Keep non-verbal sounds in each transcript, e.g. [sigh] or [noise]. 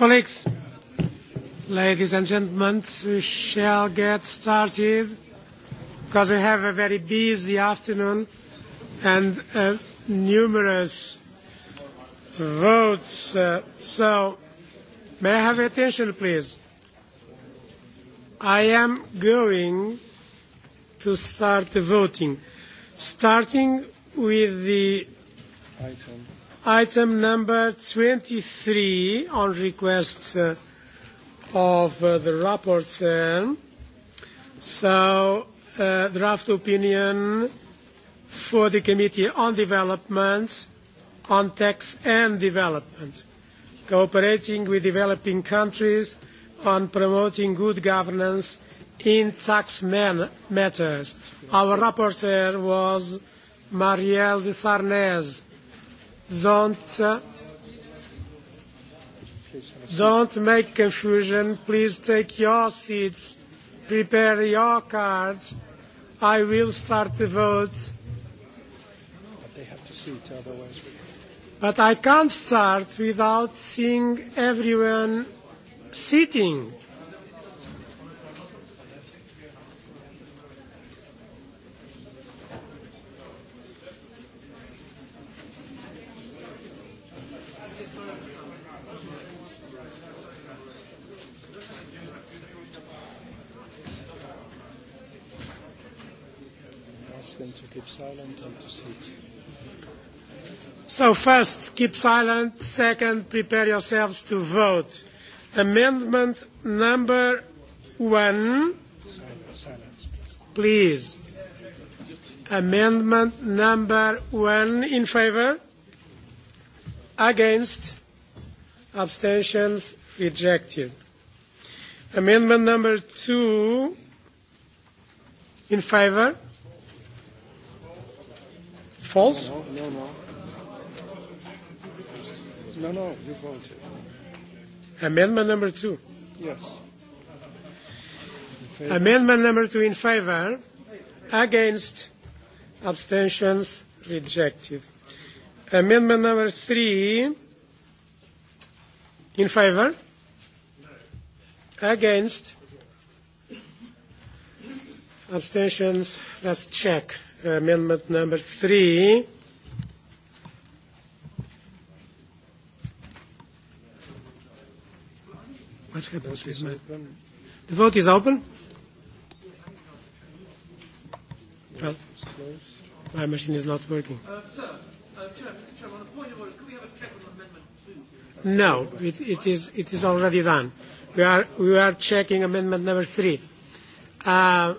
Colleagues, ladies and gentlemen, we shall get started because we have a very busy afternoon and uh, numerous votes. Uh, so, may I have your attention, please? I am going to start the voting, starting with the Item number 23 on request uh, of uh, the rapporteur. So, uh, draft opinion for the Committee on Development, on Tax and Development, cooperating with developing countries on promoting good governance in tax matters. Our rapporteur was Marielle de Sarnez. Don't, uh, don't make confusion. Please take your seats. Prepare your cards. I will start the votes. But they have to see it otherwise. But I can't start without seeing everyone sitting. So first, keep silent. Second, prepare yourselves to vote. Amendment number one. Please. Amendment number one in favour. Against. Abstentions rejected. Amendment number two in favour. False? No, no, no. No, no, you voted. Amendment number two. Yes. Amendment number two in favor. Against. Abstentions. Rejected. Amendment number three. In favor? Against? Abstentions? Let's check. Amendment number three. The vote is open. Well, no. my machine is not working. Uh, uh, no, it, it, is, it is already done. We are, we are checking Amendment number three. Uh,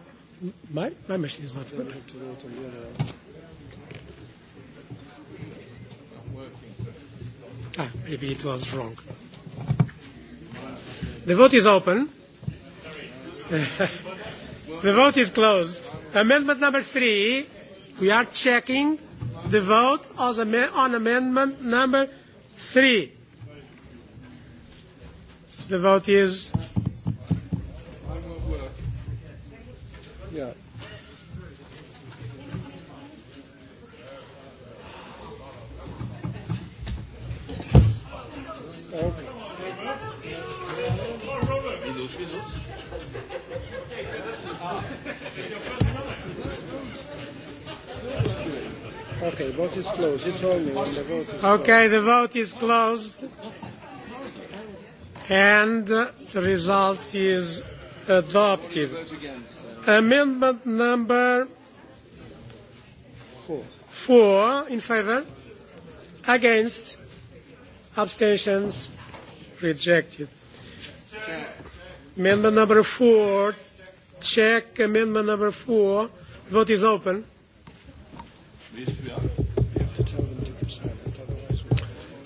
my, my machine is not working. Ah, maybe it was wrong. The vote is open. [laughs] the vote is closed. Amendment number three, we are checking the vote on amendment number three. The vote is. Yeah. Okay, vote is closed. You told me when the vote is closed. Okay, the vote is closed. And the result is adopted. Amendment number four. Four in favor, against, abstentions, rejected. Amendment number four check amendment number four. Vote is open.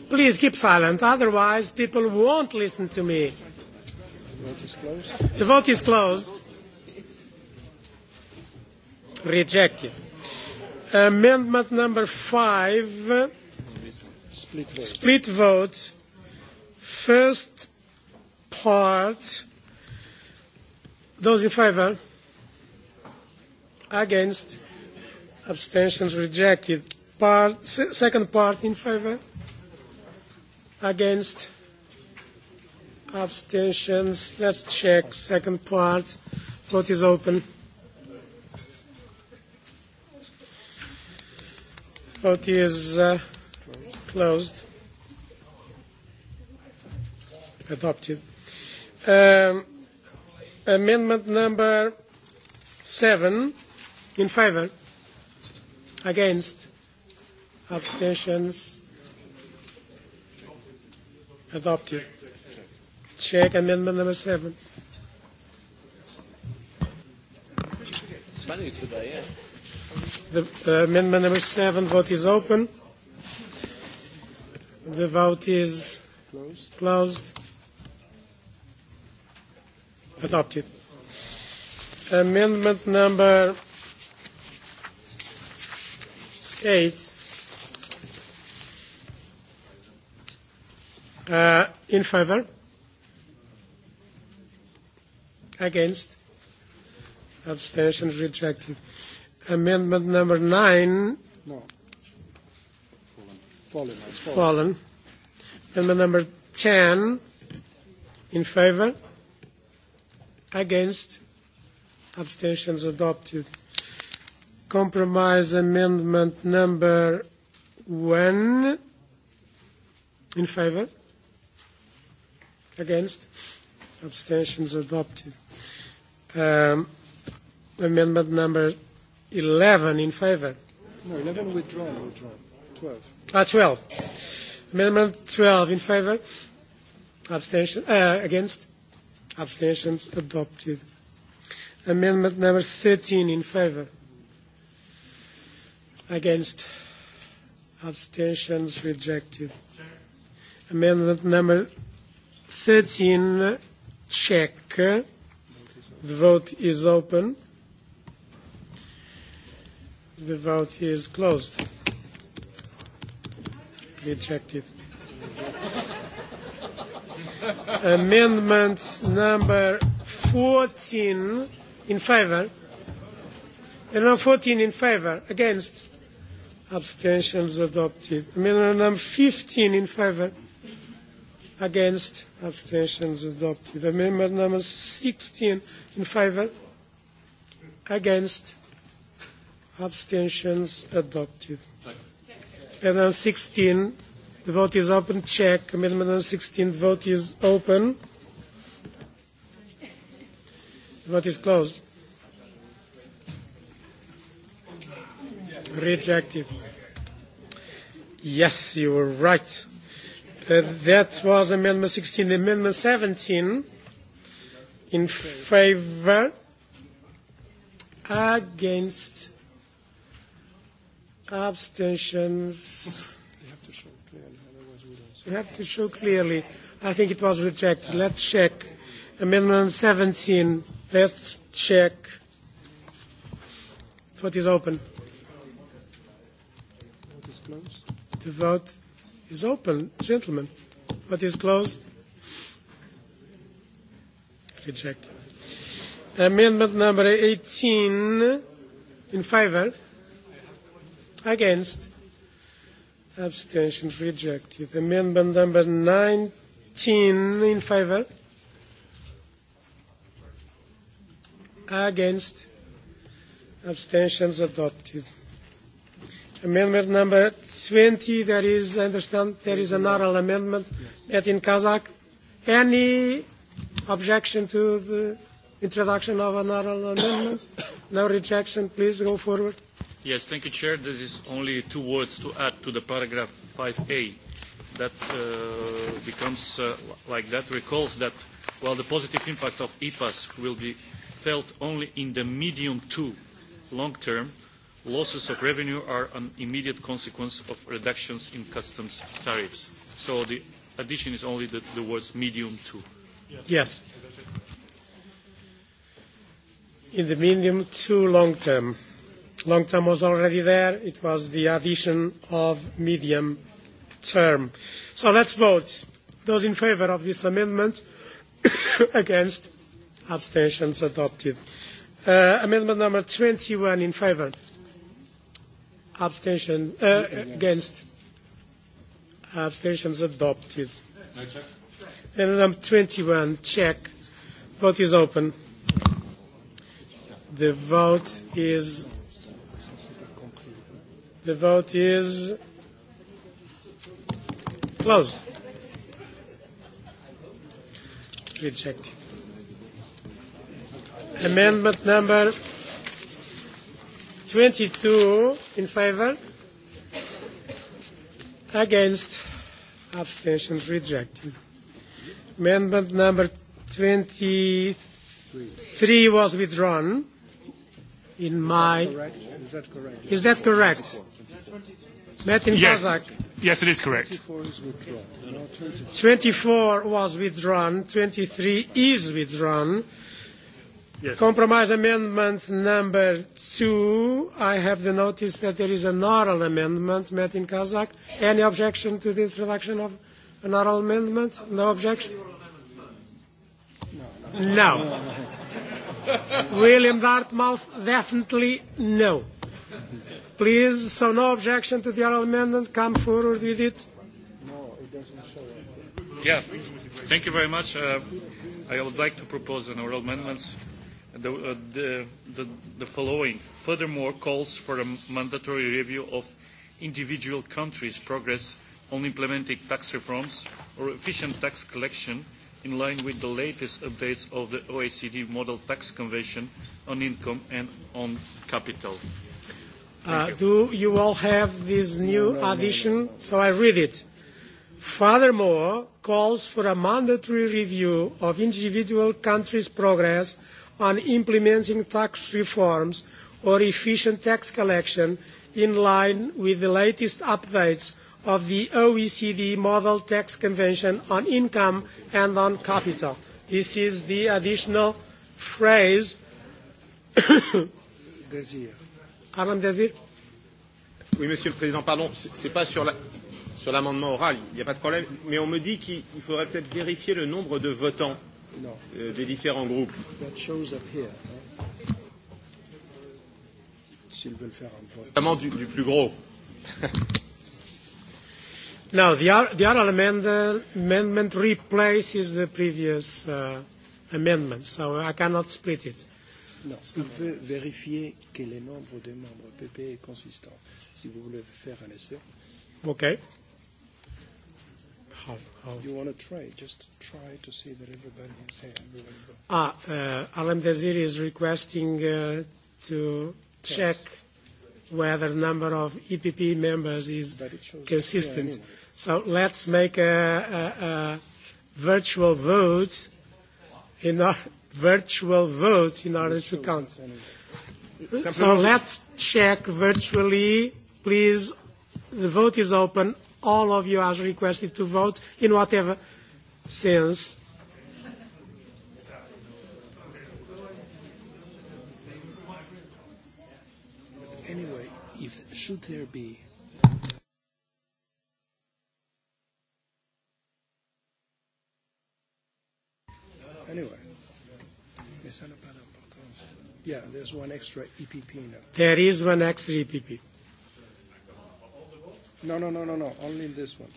Please keep silent, otherwise people won't listen to me. The vote is closed. Rejected. Amendment number five. Split vote. Split vote. First part Those in favor? Against? Abstentions rejected. Part, second part in favor? Against? Abstentions. Let's check. Second part. Vote is open. Vote is uh, closed. Adopted. Um, Amendment number seven in favour. Against. Abstentions. Adopted. Check amendment number seven. The, uh, amendment number seven vote is open. The vote is closed adopted. Amendment number eight. Uh, in favor? Against? Abstentions rejected. Amendment number nine. No. Fallen. Fallen. Fallen. Amendment number ten. In favor? Against? Abstentions adopted. Compromise amendment number one. In favor? Against? Abstentions adopted. Um, amendment number 11 in favor? No, 11 withdrawn. withdrawn. 12. Ah, 12. Amendment 12 in favor? Abstention? Uh, against? abstentions adopted. Amendment number 13 in favour. Against. Abstentions rejected. Check. Amendment number 13. Check. The vote is open. The vote is closed. Rejected. Amendments number 14 in favour. Amendment 14 in favour. Against. Abstentions adopted. Amendment number 15 in favour. Against. Abstentions adopted. Amendment number 16 in favour. Against. Abstentions adopted. Amendment 16 The vote is open. Check. Amendment number 16. The vote is open. The vote is closed. Rejected. Yes, you were right. Uh, that was Amendment 16. Amendment 17 in favor against abstentions You have to show clearly. I think it was rejected. Let's check. Amendment 17. Let's check. Vote is open. Vote is closed. The vote is open, gentlemen. Vote is closed. Rejected. Amendment number 18. In favour? Against? abstentions rejected. Amendment number 19 in favor. Against. Abstentions adopted. Amendment number 20, there is, I understand, there is an oral amendment that in Kazakh. Any objection to the introduction of an oral amendment? No rejection, please go forward. Yes, thank you, Chair. This is only two words to add to the paragraph 5A. That uh, becomes uh, like that, recalls that while the positive impact of EPAS will be felt only in the medium to long term, losses of revenue are an immediate consequence of reductions in customs tariffs. So the addition is only the, the words medium to. Yes. yes. In the medium to long term. Long term was already there. It was the addition of medium term. So let's vote. Those in favour of this amendment? [coughs] Against? Abstentions adopted. Uh, amendment number 21 in favour? Abstention uh, against? Abstentions adopted. Amendment number 21, check. Vote is open. The vote is The vote is closed. Rejected. Amendment number 22 in favor. Against. Abstentions rejected. Amendment number 23 was withdrawn in my. Is that correct? Is that correct? Is that correct? Metin yes. Kazak. Yes, it is correct. 24 was withdrawn. 23 is withdrawn. Yes. Compromise amendment number two. I have the notice that there is an oral amendment met in Kazakh. Any objection to the introduction of an oral amendment? No objection? No. William Dartmouth, definitely no. Please, so no objection to the oral amendment. Come forward with it. No, it doesn't show. Yeah. Thank you very much. Uh, I would like to propose an oral amendment. The, uh, the, the, the following. Furthermore, calls for a mandatory review of individual countries' progress on implementing tax reforms or efficient tax collection in line with the latest updates of the OECD Model Tax Convention on income and on capital. Uh, do you all have this no, new no, no, addition? So I read it. Furthermore, calls for a mandatory review of individual countries' progress on implementing tax reforms or efficient tax collection in line with the latest updates of the OECD Model Tax Convention on Income and on Capital. This is the additional phrase. [coughs] Aram Dazir Oui, Monsieur le Président, pardon, n'est pas sur la, sur l'amendement oral, il n'y a pas de problème, mais on me dit qu'il faudrait peut-être vérifier le nombre de votants euh, des différents groupes. S'ils veulent faire un vote. Notamment du, du plus gros. [laughs] Now, the, the other amend, amendment replaces the previous uh, amendment, so I cannot split it. Non, il veut vérifier que le nombre de membres PP est consistant. Si vous voulez faire un essai. OK. You want to try? Just try to see that everybody is here. Everybody go. ah, uh, Alam Daziri is requesting uh, to yes. check whether the number of EPP members is consistent. Yeah, anyway. So let's make a, a, a virtual vote in order virtual vote in order to count. So let's check virtually, please. The vote is open. All of you are requested to vote in whatever sense. Anyway, if should there be anyway. Yeah, there's one extra EPP now. There is one extra EPP. No, no, no, no, no. Only in this one.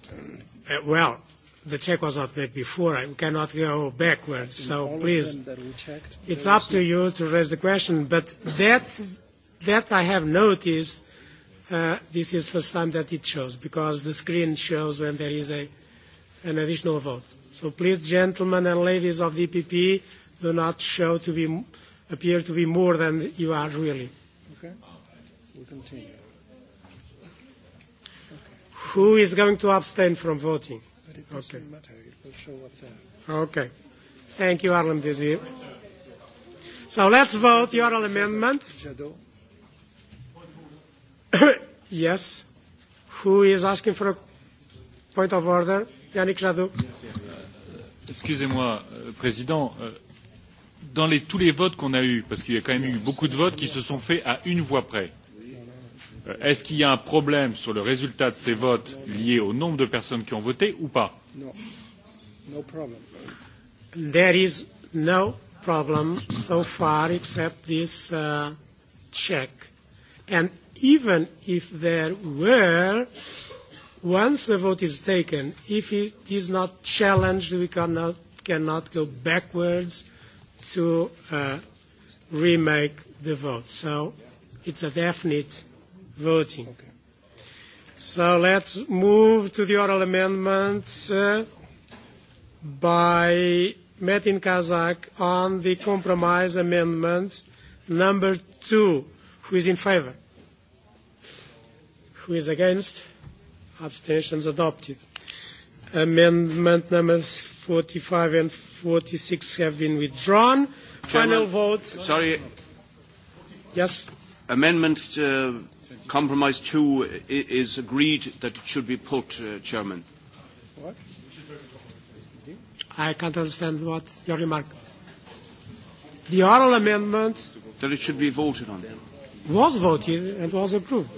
Uh, well, the check was not made before. I, we cannot go backwards. So please, checked, it's up to you to raise the question. But that that I have noticed. Uh, this is first time that it shows because the screen shows when there is a, an additional vote. So please, gentlemen and ladies of the EPP, do not show to be, appear to be more than you are really. Okay. We continue. Okay. Who is going to abstain from voting? But it doesn't okay. matter. It will show there. Okay. Thank you, Arlem Desir. So let's vote your amendment. [coughs] yes. Who is asking for a point of order? Yannick Jadot. Excusez-moi, euh, Président. Uh, dans les, tous les votes qu'on a eus, parce qu'il y a quand même eu beaucoup de votes qui se sont faits à une voix près, euh, est-ce qu'il y a un problème sur le résultat de ces votes lié au nombre de personnes qui ont voté ou pas no. no. problem. There is no problem so far except this uh, check. And even if there were, once the vote is taken, if it is not challenged, we cannot, cannot go backwards to uh, remake the vote. So it's a definite voting. Okay. So let's move to the oral amendments uh, by Metin Kazak on the compromise amendment number two. Who is in favour? Who is against? Abstentions adopted. Amendment number 45 and 46 have been withdrawn. Final votes. Sorry. Yes. Amendment uh, compromise two is agreed that it should be put, uh, Chairman. What? I can't understand what your remark. The oral amendments. That it should be voted on. Was voted and was approved.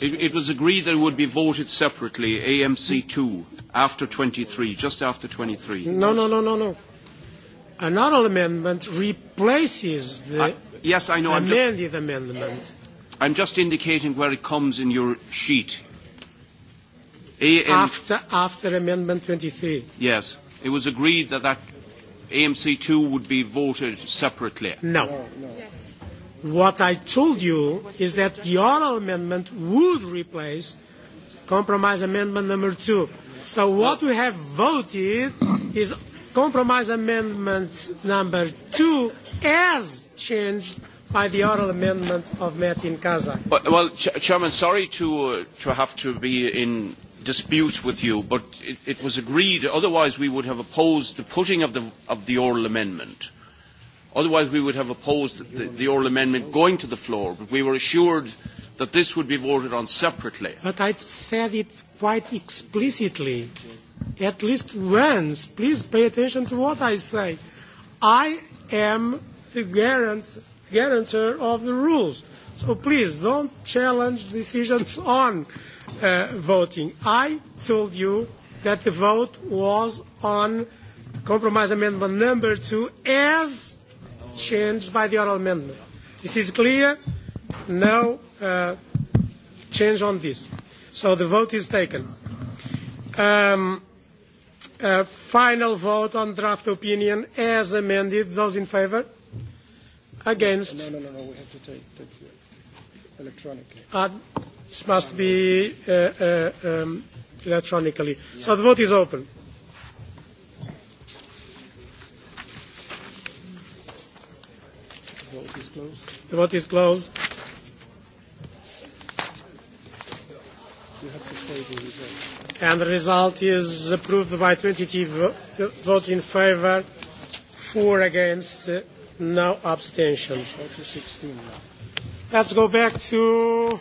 It, it was agreed that it would be voted separately, AMC 2, after 23, just after 23. No, no, no, no, no. Another amendment replaces the I, yes, I know, amended I'm just, amendment. I'm just indicating where it comes in your sheet. AM, after, after Amendment 23. Yes. It was agreed that, that AMC 2 would be voted separately. No. no, no. Yes. What I told you is that the oral amendment would replace compromise amendment number two. So what we have voted is compromise amendment number two as changed by the oral amendments of Martin Kazak. Well, well Ch Chairman, sorry to, uh, to have to be in dispute with you, but it, it was agreed, otherwise we would have opposed the putting of the, of the oral amendment. Otherwise, we would have opposed the, the oral amendment going to the floor, but we were assured that this would be voted on separately. But I said it quite explicitly, at least once. Please pay attention to what I say. I am the guarant, guarantor of the rules. So please don't challenge decisions on uh, voting. I told you that the vote was on compromise amendment number two as changed by the oral amendment. This is clear. No uh, change on this. So the vote is taken. Um, uh, final vote on draft opinion as amended. Those in favour? Against? No, no, no, no. We have to take, take you electronically. Uh, this must be uh, uh, um, electronically. Yeah. So the vote is open. The vote is closed. result. And the result is approved by 22 votes in favour, four against, no abstentions. 16 Let's go back to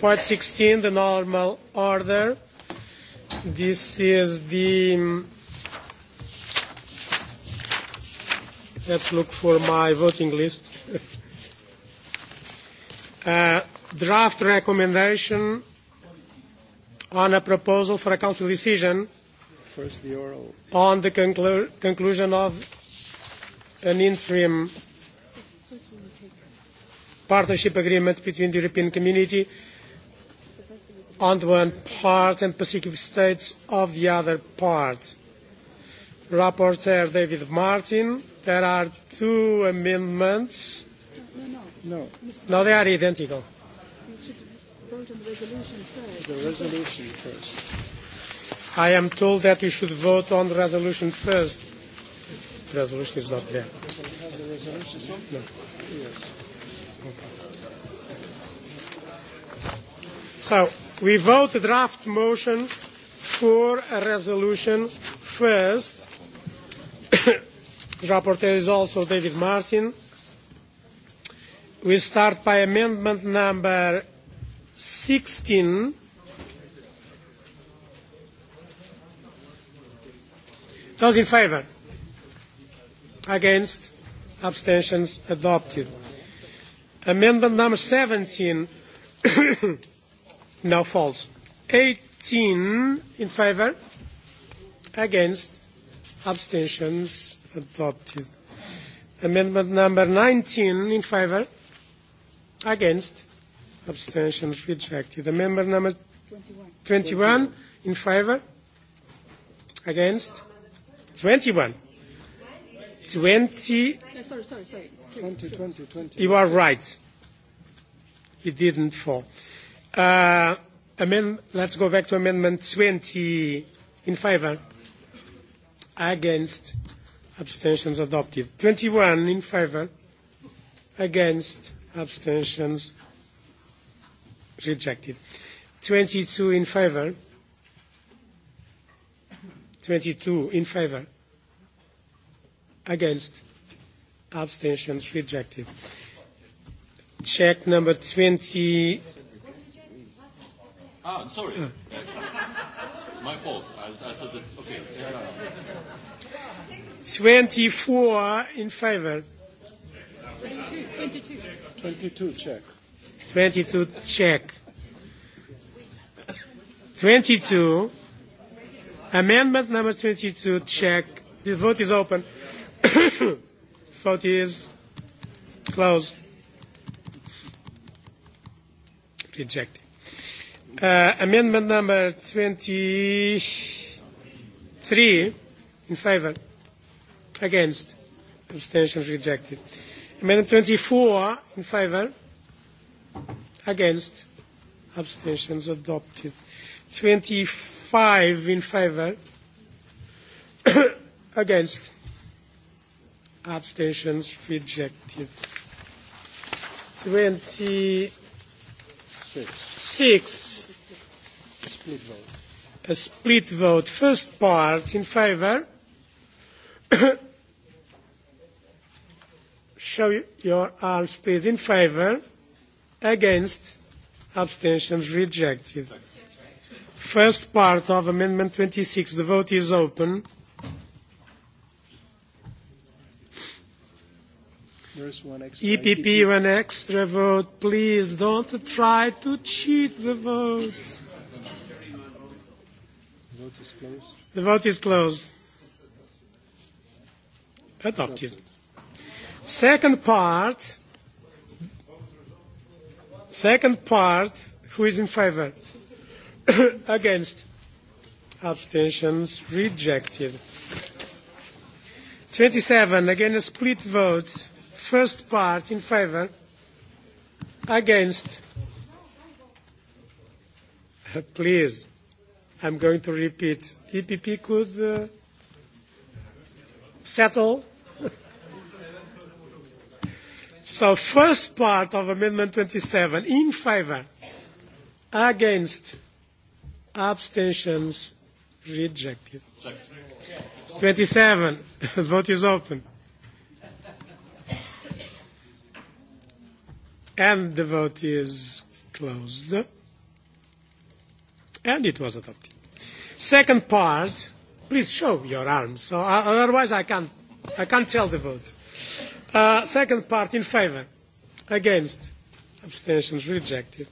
Point 16, the normal order. This is the Let's look for my voting list. uh, draft recommendation on a proposal for a council decision First the oral. on the conclu conclusion of an interim partnership agreement between the European Community on the one part and Pacific States of the other part. Rapporteur David Martin. There are two amendments. No. No, no, no, no they are identical. should vote on the resolution first. The resolution first. I am told that we should vote on the resolution first. The resolution is not there. No. Yes. So, we vote the draft motion for a resolution first The rapporteur is also David Martin. We start by amendment number 16. Those in favour? Against? Abstentions? Adopted. Amendment number 17. [coughs] now false. 18 in favour? Against? Abstentions? adopted. Amendment number 19 in favour, against, abstentions rejected. Amendment number 21, in favour, against, 21. 20. No, sorry, sorry, sorry. 20, 20, 20. You are right. It didn't fall. Uh, amend, let's go back to amendment 20 in favour, against, abstentions adopted. 21 in favor, against, abstentions rejected. 22 in favor, 22 in favor, against, abstentions rejected. Check number 20. Ah, I'm sorry. Uh. My fault. I, I said that. Okay. 24 in favor. 22. 22 check. 22 check. 22. Amendment number 22 check. The vote is open. [coughs] vote is closed. Rejected. Uh, amendment number 23 in favor. Against. Abstentions rejected. Amendment 24 in favor Against. Abstentions adopted. 25 in favor [coughs] against. Abstentions rejected. 26. Split vote. A split vote. First part in favor [coughs] show your arms, please, in favour, against, abstentions rejected. First part of Amendment 26, the vote is open. EPP, e EPP, one extra vote. Please don't try to cheat the votes. The vote is closed. The vote is closed. Adopted. Adopted. Second part, second part, who is in favor? [coughs] Against? Abstentions? Rejected. 27, again a split vote. First part in favor? Against? [laughs] Please, I'm going to repeat. EPP could uh, settle So first part of Amendment 27, in favour, against, abstentions, rejected. 27, [laughs] vote is open. And the vote is closed. And it was adopted. Second part, please show your arms, so, uh, otherwise I can't, I can't tell the vote. Uh, second part in favour. Against. Abstentions rejected.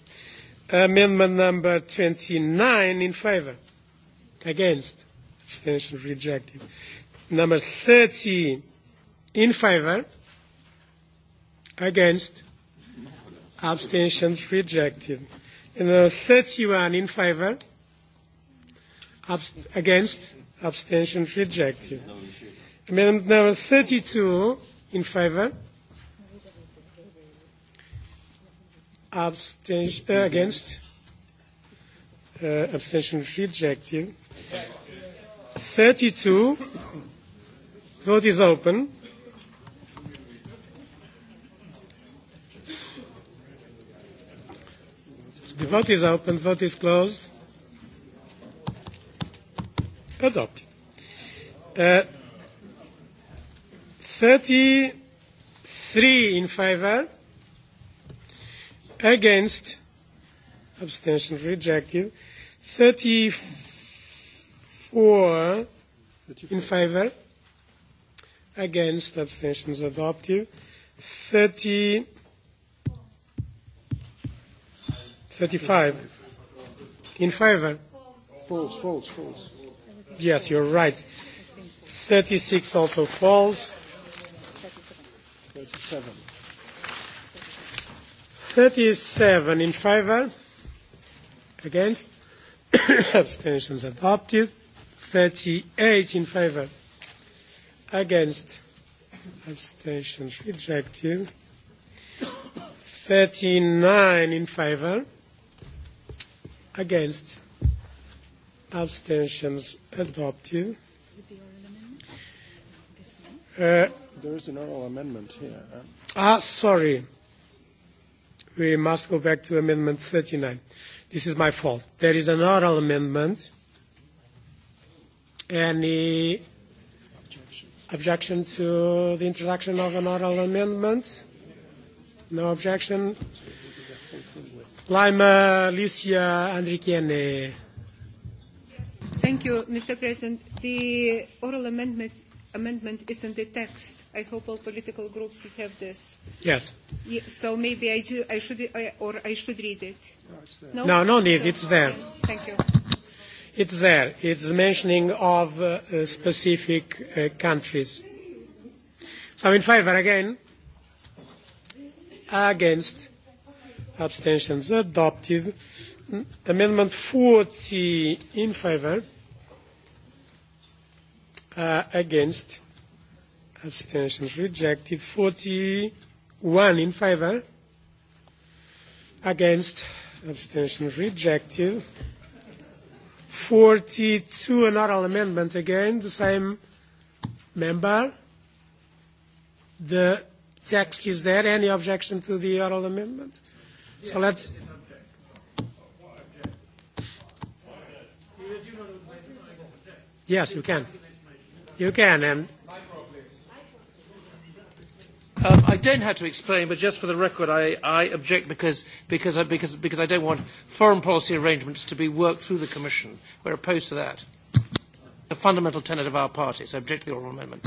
Amendment number 29 in favour. Against. Abstentions rejected. Number 30 in favour. Against. Abstentions rejected. And number 31 in favour. Abst- against. Abstentions rejected. Amendment number 32 in favor? Abstention, uh, against? Uh, abstention rejected. 32. Vote is open. The vote is open. Vote is closed. Adopted. Uh, 33 in favor, against, abstention rejected, 34 in favor, against, abstentions adopted, 30, 35 in favor. False, false, false. Yes, you're right. 36 also false. 37. 37 in favor, against, [coughs] abstentions adopted. 38 in favor, against, abstentions rejected. 39 in favor, against, abstentions adopted. Uh, there is an oral amendment here. Ah, sorry. We must go back to Amendment 39. This is my fault. There is an oral amendment. Any objection, objection to the introduction of an oral amendment? No objection. Lima Lucia Andrikiene. Thank you, Mr. President. The oral amendments amendment is in the text. I hope all political groups have this. Yes. Yeah, so maybe I, do, I should, I, or I should read it. No, it's there. no, no, no need. So, it's there. thank you. It's there. It's mentioning of uh, uh specific uh, countries. So in favour again. Against. Abstentions adopted. Amendment 40 in favour Uh, against, abstentions rejected. 41 in favor, against, abstentions rejected. 42, an oral amendment again, the same member. The text is there. Any objection to the oral amendment? Yes. So let's. Yes, you can. You can. Um... Um, I don't have to explain, but just for the record, I, I object because, because, I, because, because I don't want foreign policy arrangements to be worked through the Commission. We're opposed to that. The fundamental tenet of our party, so I object to the oral amendment.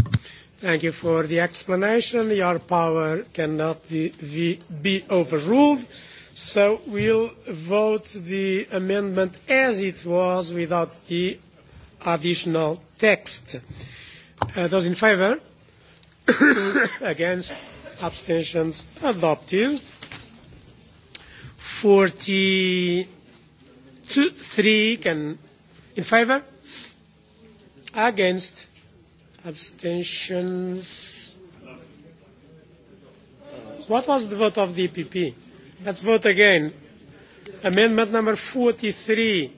Thank you for the explanation. Your power cannot be, be, be overruled. So we'll vote the amendment as it was without the additional text. Uh, those in favour? [coughs] Against? Abstentions? Adopted. 43 can in favour? Against? Abstentions? What was the vote of the EPP? Let's vote again. Amendment number 43.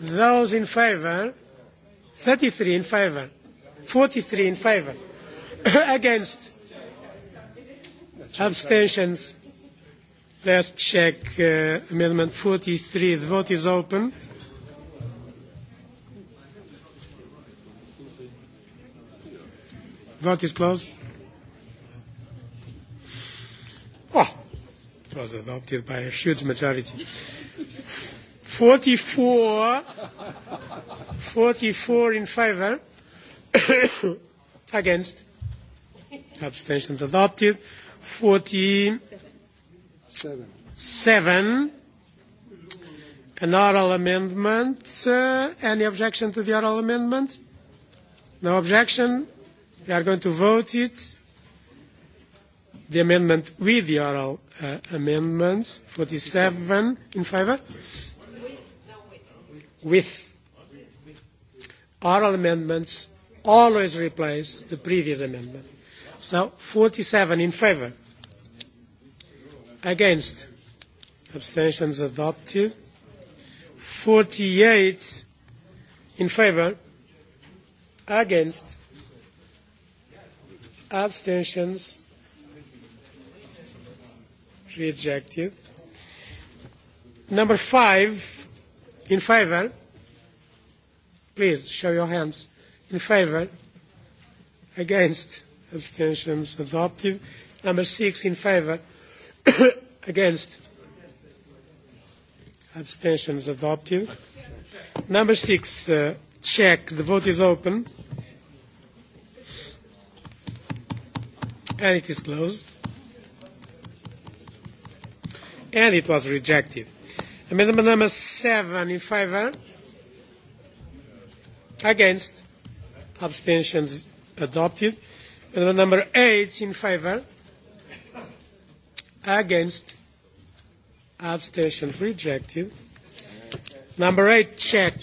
Those in favour? 33 in favour 43 in favour [coughs] against abstentions let's check uh, amendment 43 the vote is open vote is closed oh it was adopted by a huge majority 44, 44 in favor, [coughs] against, abstentions adopted, 47, an oral amendment, uh, any objection to the oral amendment? No objection, we are going to vote it. The amendment with the oral uh, amendments, 47 in favor with oral amendments always replace the previous amendment. So 47 in favour. Against. Abstentions adopted. 48 in favour. Against. Abstentions rejected. Number five In favor, Please show your hands. In favor, Against? Abstentions adopted. Number six in favor, [coughs] against? Abstentions adopted. Number six, uh, check. The vote is open. And it is closed. And it was rejected. Amendment number seven in favour. Against. Abstentions adopted. Amendment number eight in favour. Against. Abstentions rejected. Number eight, check.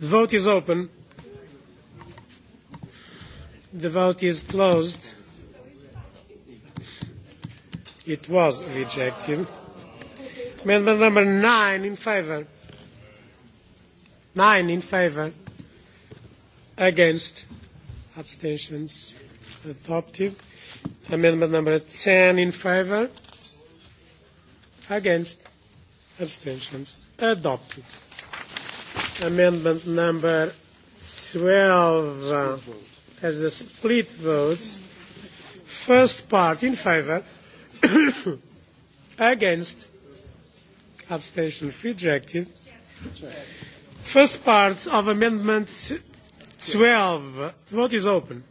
The vote is open. The vote is closed. It was rejected. Amendment number nine in favor. Nine in favor. Against. Abstentions. Adopted. Amendment number 10 in favor. Against. Abstentions. Adopted. Amendment number 12 uh, as a split votes. First part in favor. [coughs] against abstentions rejected. First part of amendment 12. Vote is open.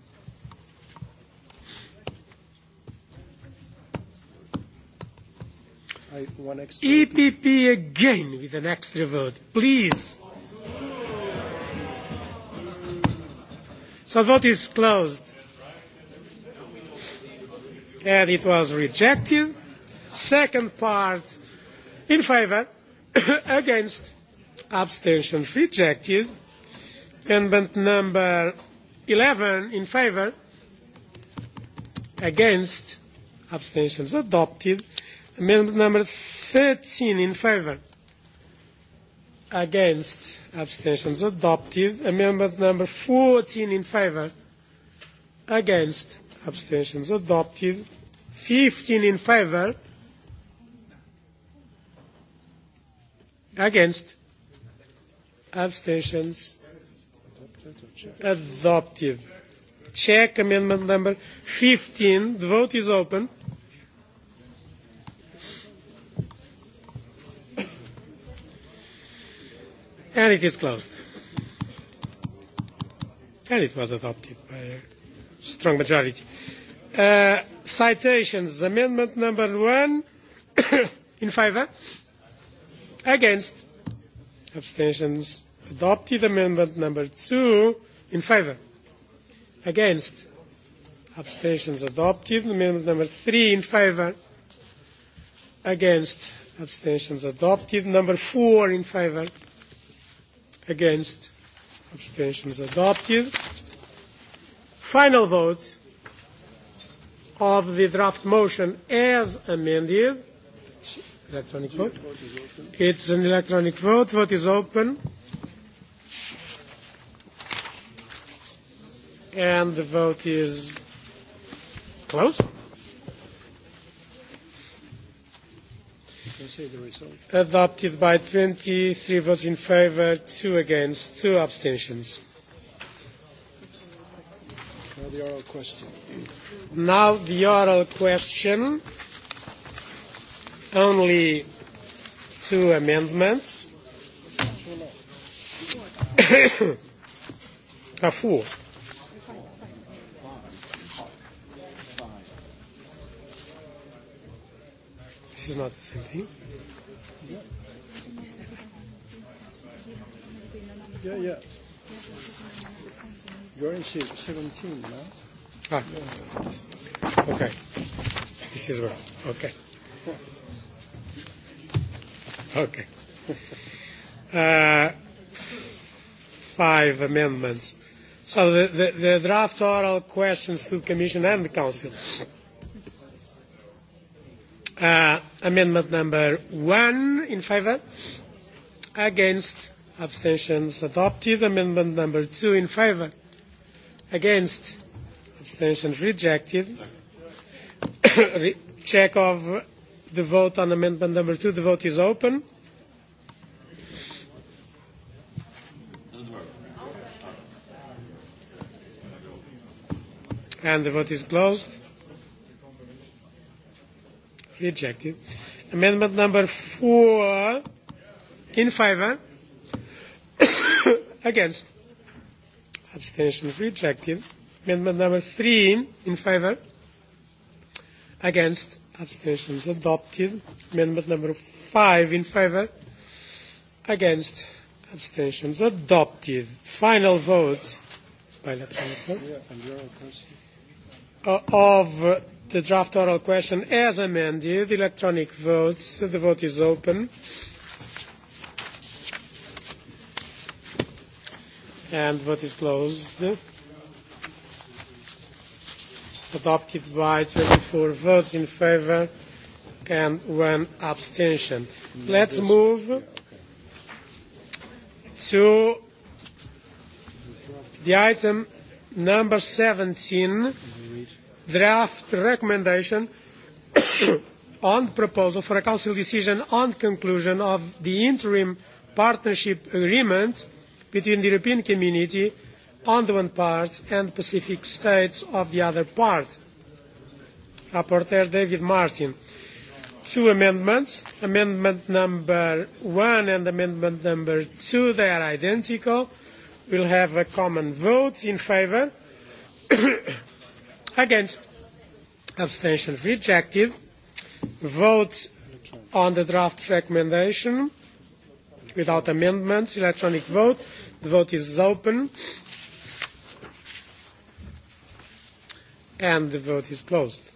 I, one extra. EPP again with an extra vote. Please. So vote is closed. And it was rejected. Second part in favour [coughs] against abstention rejected amendment number 11 in favour against abstentions adopted amendment number 13 in favour against abstentions adopted amendment number 14 in favour against abstentions adopted 15 in favour Against? Abstentions? Adopted. Check amendment number 15. The vote is open. And it is closed. And it was adopted by a strong majority. Uh, citations, amendment number one, [coughs] in favour, Against? Abstentions adopted. Amendment number two in favor. Against? Abstentions adopted. Amendment number three in favor. Against? Abstentions adopted. Number four in favor. Against? Abstentions adopted. Final votes of the draft motion as amended electronic vote. It's an electronic vote. Vote is open. And the vote is closed. Adopted by 23 votes in favor, two against, two abstentions. Now the oral question. Now the oral question only two amendments. [coughs] ah, four. This is not the same thing. Yeah, yeah. You're in 17 now. Ah. Okay. This is well. Okay. [laughs] Okay. Uh, five amendments. So the, the, the draft oral questions to the Commission and the Council. Uh, amendment number one in favour, against, abstentions adopted. Amendment number two in favour, against, abstentions rejected. [coughs] Re- check of the vote on amendment number two. The vote is open. And the vote is closed. Rejected. Amendment number four in favor. [coughs] Against. Abstention rejected. Amendment number three in favor. Against abstentions adopted. Amendment number five in favor, against, abstentions adopted. Final votes by electronic vote uh, of the draft oral question as amended. Electronic votes. The vote is open. And vote is closed adopted by 24 votes in favor and one abstention. Let's move to the item number 17, draft recommendation [coughs] on proposal for a council decision on conclusion of the interim partnership agreement between the European Community on the one part and Pacific states of the other part. Rapporteur David Martin. Two amendments, amendment number one and amendment number two, they are identical. We'll have a common vote in favour, [coughs] against, abstention rejected. Vote on the draft recommendation without amendments, electronic vote. The vote is open. and the vote is closed.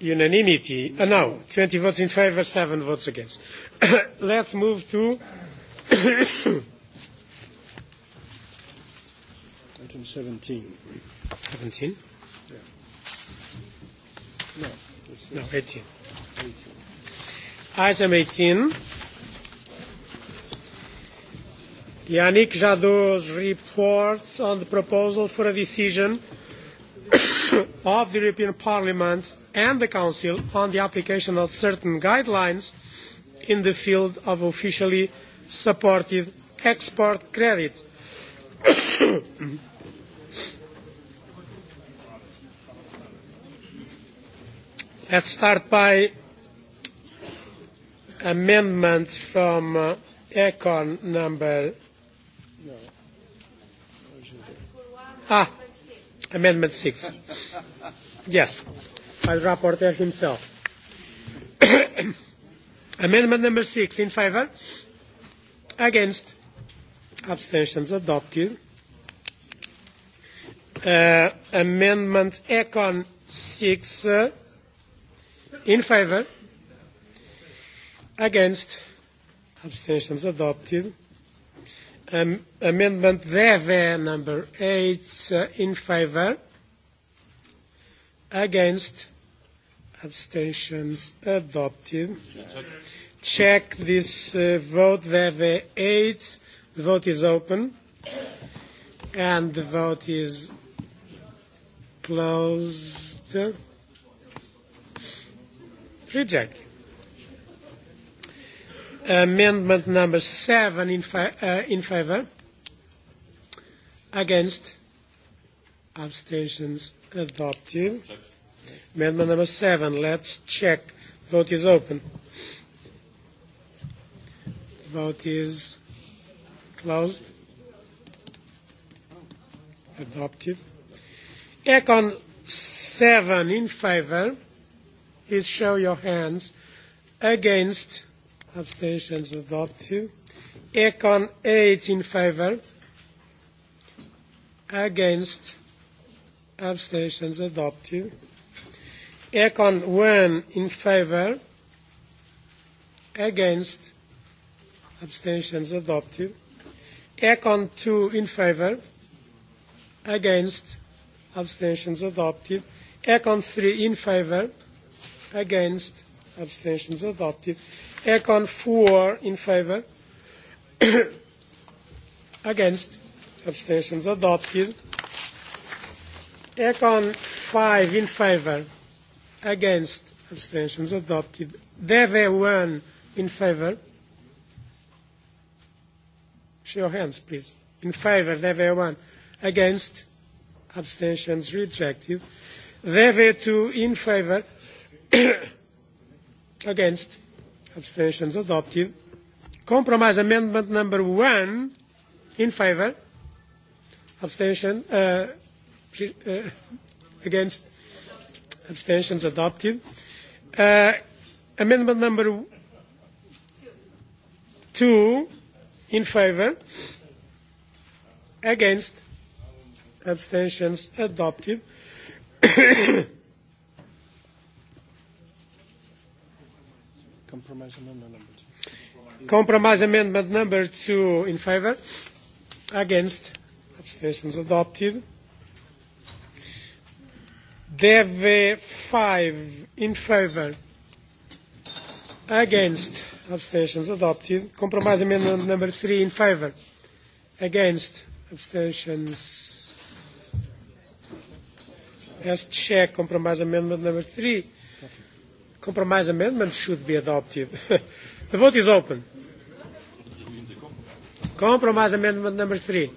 Unanimity. Uh, no, 20 votes in favor, 7 votes against. [coughs] Let's move to item 17. 17? Yeah. No, no, 18. 18. Item 18 Yannick Jadot's reports on the proposal for a decision [coughs] of the European Parliament and the Council on the application of certain guidelines in the field of officially supported export credit. [coughs] Let's start by amendment from uh, Econ number Ah, Amendment 6. Yes, by the rapporteur himself. [coughs] Amendment number 6 in favour. Against. Abstentions adopted. Uh, amendment Econ 6 uh, in favour. Against. Abstentions adopted amendment there, there, number eight, uh, in favor against, abstentions adopted. Check, this uh, vote, there, there, eight. The vote is open. And the vote is closed. reject Amendment number seven in, fa uh, in favor. Against. Abstentions adopted. Check. Amendment number seven. Let's check. Vote is open. Vote is closed. Adopted. Econ seven in favor. Please show your hands. Against abstentions adopted. Econ 8 in favor, against, abstentions adopted. Econ 1 in favor, against, abstentions adopted. Econ 2 in favor, against, abstentions adopted. Econ 3 in favor, against, abstentions adopted. Aircon 4 in favour. [coughs] Against. Abstentions adopted. Aircon 5 in favour. Against. Abstentions adopted. Deve 1 in favour. Show your hands, please. In favour, Deve 1. Against. Abstentions rejected. Deve 2 in favour. [coughs] Against abstentions adopted. Compromise amendment number one in favour, abstention uh, uh, against, abstentions adopted. Uh, amendment number two in favour, against, abstentions adopted. [coughs] Compromise amendment number two. Compromise amendment number two in favor. Against. Abstentions adopted. Dev 5 in favor. Against. Abstentions adopted. Compromise amendment number three in favor. Against. Abstentions. Let's check compromise amendment number three compromise amendment should be adopted. [laughs] the vote is open. Compromise amendment number three.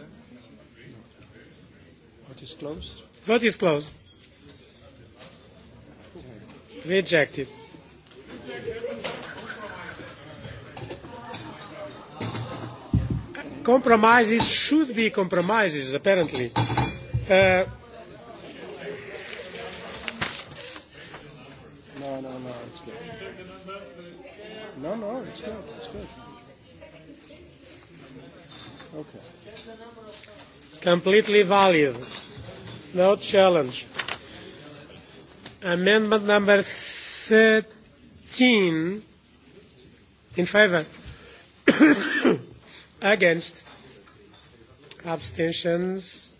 Vote is closed. Vote is closed. Rejected. Compromises should be compromises, apparently. Uh, No, no, it's good. No, no, it's good. It's good. Okay. Completely valid. No challenge. Amendment number 13 in favor. [coughs] Against. Abstentions.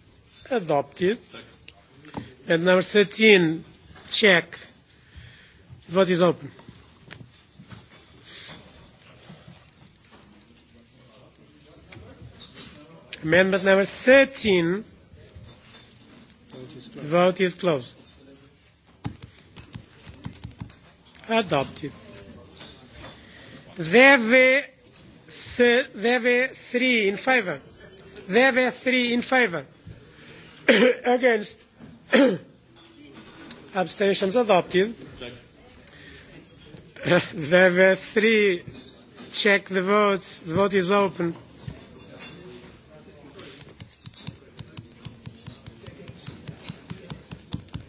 Adopted. And number 13, check vote is Amendment number 13. The vote is closed. Adopted. There were, there were three in favor. There were three in favor. [coughs] Against. [coughs] Abstentions adopted there were three. Check the votes. The vote is open.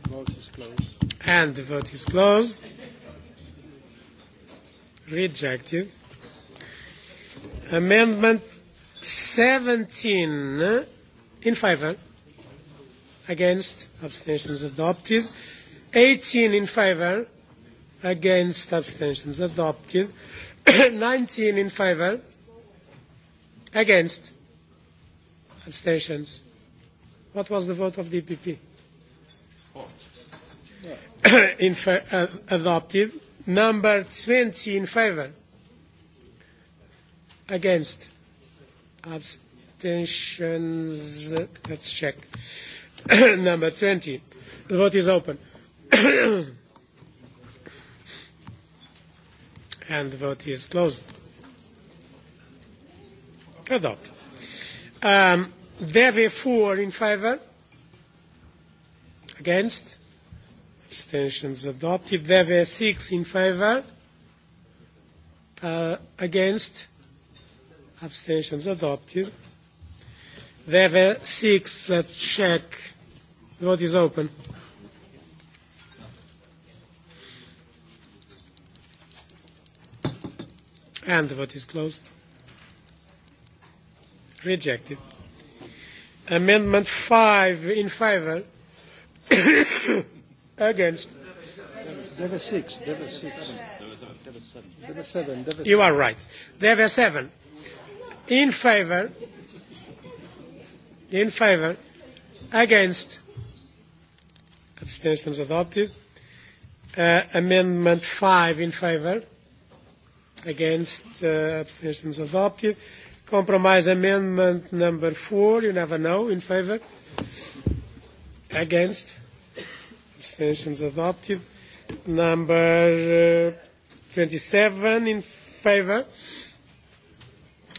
Vote is closed. And the vote is closed. Rejected. Amendment 17 in favour. Against. Abstentions adopted. 18 in favour against abstentions adopted 19 [coughs] in favor against abstentions what was the vote of the EPP [coughs] in uh, adopted number 20 in favor against abstentions let's check [coughs] number 20 the vote is open And the vote is closed. Adopt. Um, Deve 4 in favour. Against. Abstentions adopted. There were six in favour. Uh, against. Abstentions adopted. There were six. let's check. The vote is open. And the vote is closed. Rejected. Amendment five in favor. [coughs] Against. There six. There six. There seven. There seven. There seven. You are right. There seven. In favor. In favor. Against. Abstentions adopted. Uh, amendment five in favor. Against? Uh, abstentions adopted. Compromise amendment number four. You never know. In favor? Against? Abstentions adopted. Number uh, 27 in favor?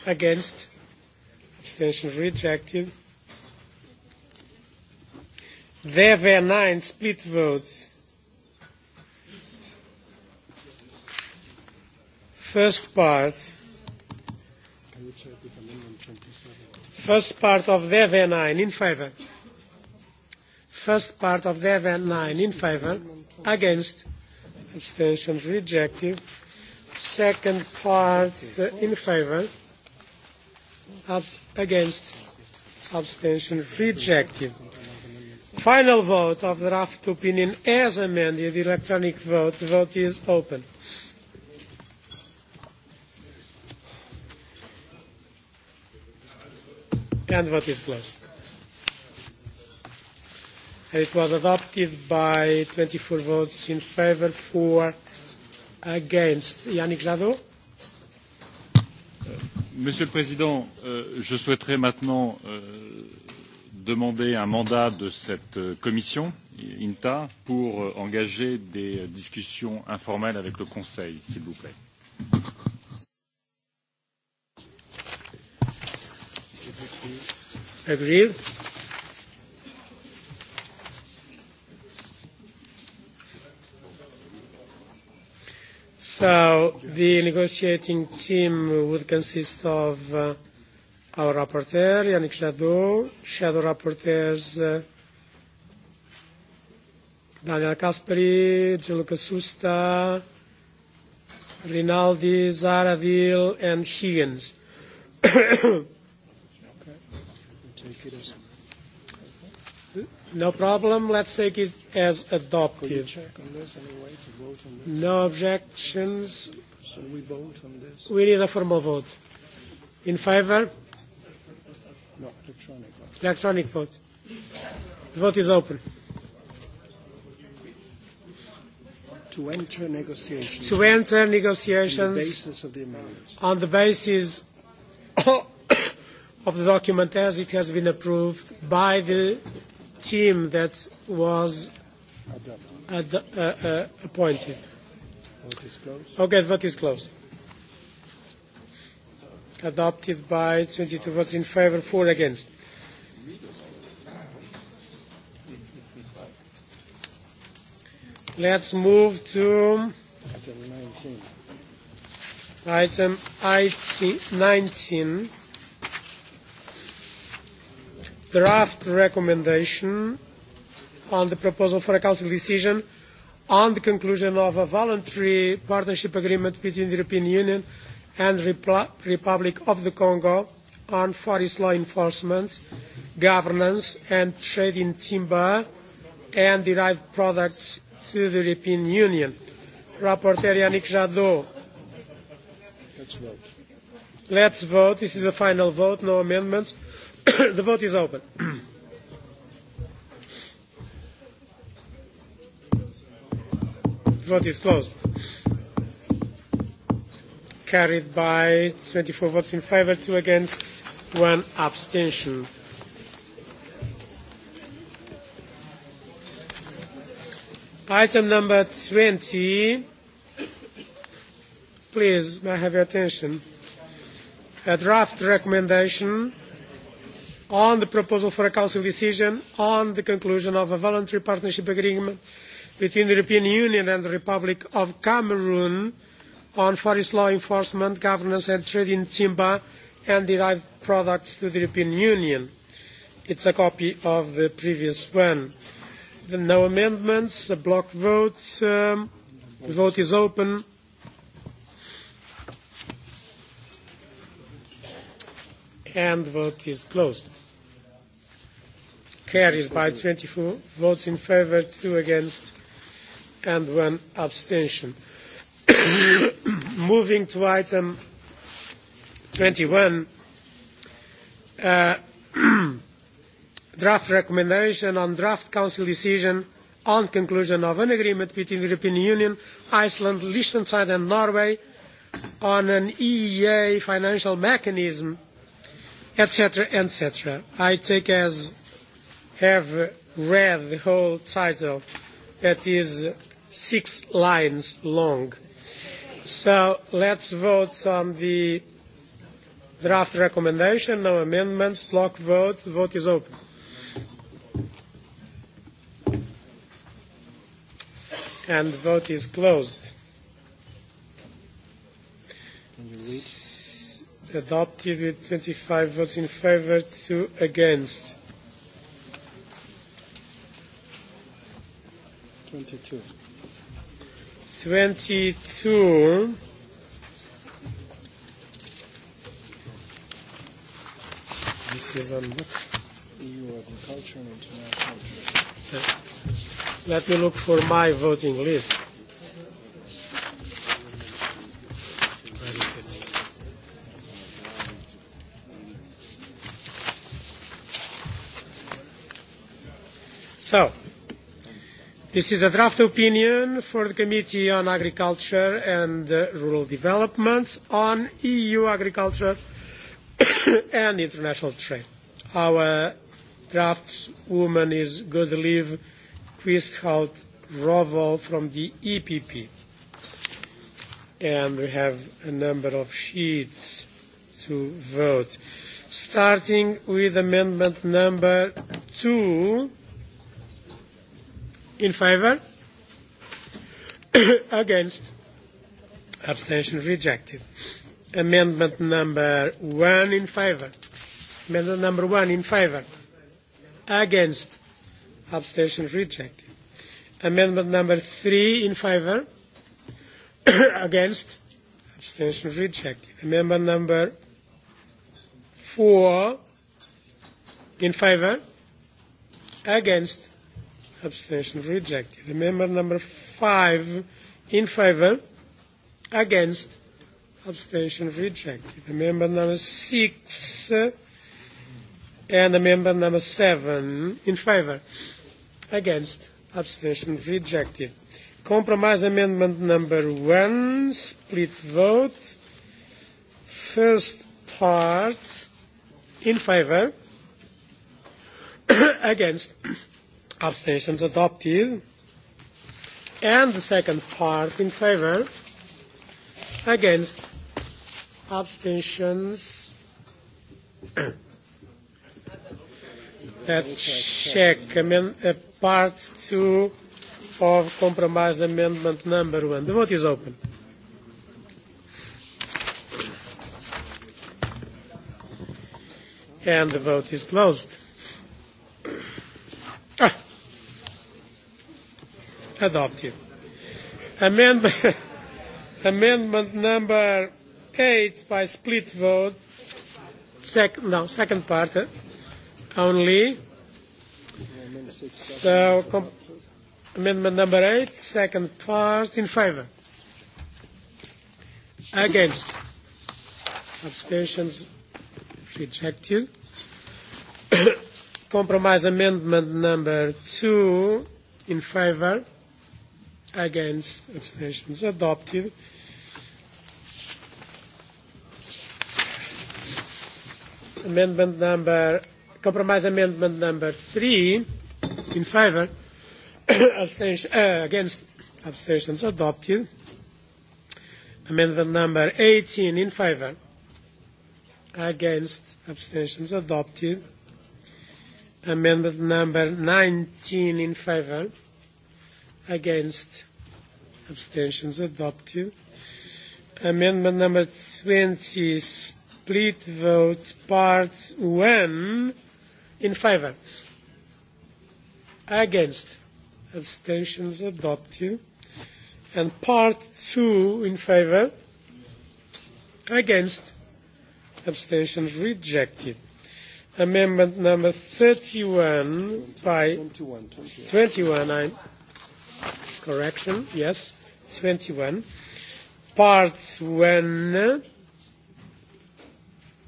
Against? Abstentions rejected. There were nine split votes First part. First part of the 9 in favor. First part of the 9 in favor. Against. Abstentions rejected. Second part uh, in favor. of against. Abstention rejected. Final vote of the draft opinion as amended. Electronic vote. The vote is open. And what is closed. And it was adopted by 24 votes in favor, four against. Yannick Jadot. Monsieur le Président, euh, je souhaiterais maintenant euh, demander un mandat de cette euh, commission, INTA, pour euh, engager des discussions informelles avec le Conseil, s'il vous plaît. Agreed? So the negotiating team would consist of uh, our rapporteur, Yannick Jadot, shadow rapporteurs, uh, Daniel Caspari, Gianluca Susta, Rinaldi, Zaradil, and Higgins. [coughs] No problem. Let's take it as adopted. No objections. So we vote on this. We need a formal vote. In favor? No, electronic vote. Electronic vote. The vote is open. To enter negotiations. To enter negotiations. On the basis of the amendments. On the basis of the document as it has been approved by the team that was ad, uh, uh, appointed. is closed. Okay, the vote is closed. Adopted by 22 votes in favour, four against. Let's move to item 19. Item 19 draft recommendation on the proposal for a Council decision on the conclusion of a voluntary partnership agreement between the European Union and the Republic of the Congo on forest law enforcement, governance and trade in timber and derived products to the European Union. Rapporteur Yannick Jadot. Let's vote. Let's vote. This is a final vote, no amendments. [coughs] the vote is open. the vote is closed. Carried by 24 votes in favour, two against, one abstention. Item number 20. Please, may I have your attention? A draft recommendation on the proposal for a Council decision on the conclusion of a voluntary partnership agreement between the European Union and the Republic of Cameroon on forest law enforcement, governance and trade in timber and derived products to the European Union. It's a copy of the previous one. There are no amendments, a block vote. Um, the vote is open. and the vote is closed. Carried by 24 votes in favour, two against, and one abstention. [coughs] Moving to item 21, uh, [coughs] draft recommendation on draft council decision on conclusion of an agreement between the European Union, Iceland, Liechtenstein and Norway on an EEA financial mechanism etc., etc. I take as have read the whole title that is six lines long. So let's vote on the draft recommendation, no amendments, block vote, the vote is open. And the vote is closed. Can you read? adopted 25 votes in favor, two against. 22. 22. This is on what? EU agriculture and international trade. Let me look for my voting list. So, this is a draft opinion for the Committee on Agriculture and uh, Rural Development on EU agriculture [coughs] and international trade. Our draftswoman is Godelieve Quisthout Roval from the EPP. And we have a number of sheets to vote. Starting with amendment number two in favor [coughs] against abstention rejected amendment number one in favor amendment number one in favor against abstention rejected amendment number three in favor [coughs] against abstention rejected amendment number four in favor against abstention rejected. Amendment number five in favor, against, abstention rejected. Amendment number six and amendment number seven in favor, against, abstention rejected. Compromise amendment number one, split vote. First part in favor, [coughs] against, abstentions adopted. And the second part in favor, against, abstentions. [coughs] Let's check amend, uh, part two of compromise amendment number one. The vote is open. And the vote is closed. adopted. Amendment, [laughs] amendment number eight by split vote, sec, no, second part uh, only. So com, amendment number eight, second part in favor. Against. Abstentions rejected. [coughs] Compromise amendment number two in favor against abstentions adopted. Amendment number, compromise amendment number three, in favour, [coughs] abstention, uh, against abstentions adopted. Amendment number 18 in favour, against abstentions adopted. Amendment number 19 in favour Against? Abstentions adopted. Amendment number 20, split vote, part 1, in favor. Against? Abstentions adopted. And part 2, in favor. Against? Abstentions rejected amendment number 31 by 21, 21. 21 I, correction, yes, 21. Parts when [coughs] uh,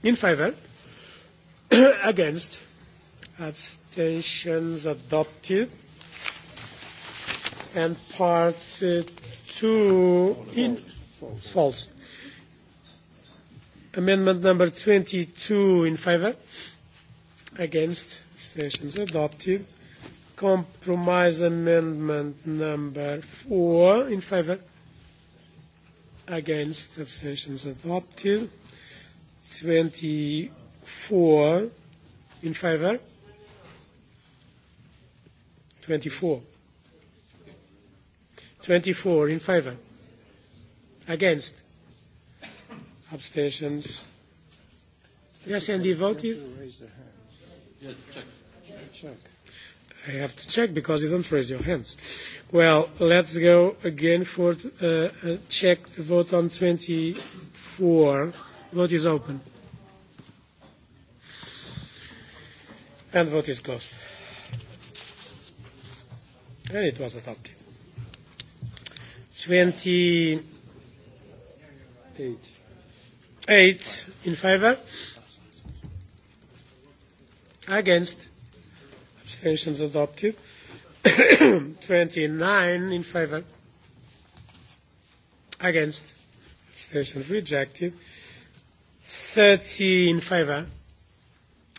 in favor, against, abstentions adopted. And part uh, 2, in, false. false. Amendment number 22 in favor, against, abstentions adopted. Compromise amendment number four in favor, against, abstentions adopted. 24 in favor, 24. 24 in favor, against, abstentions. Yes, and the vote is? check. Check. I have to check because you don't raise your hands. Well, let's go again for uh, uh check the vote on 24. Vote is open. And vote is closed. And it was adopted. 28 Eight in favor. Against abstentions adopted. 29 [coughs] in favor, against, abstentions rejected. 30 in favor,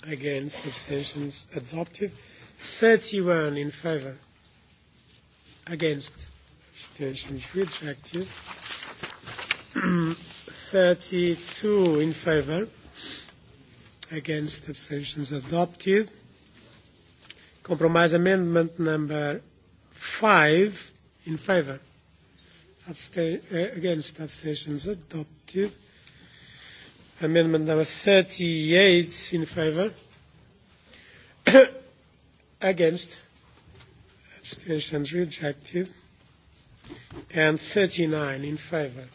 against, abstentions adopted. 31 in favor, against, abstentions rejected. 32 [coughs] in favor, against, abstentions adopted. Compromise amendment number five in favour. Abstain, uh, against abstentions adopted. Amendment number 38 in favour. [coughs] against abstentions rejected. And 39 in favour.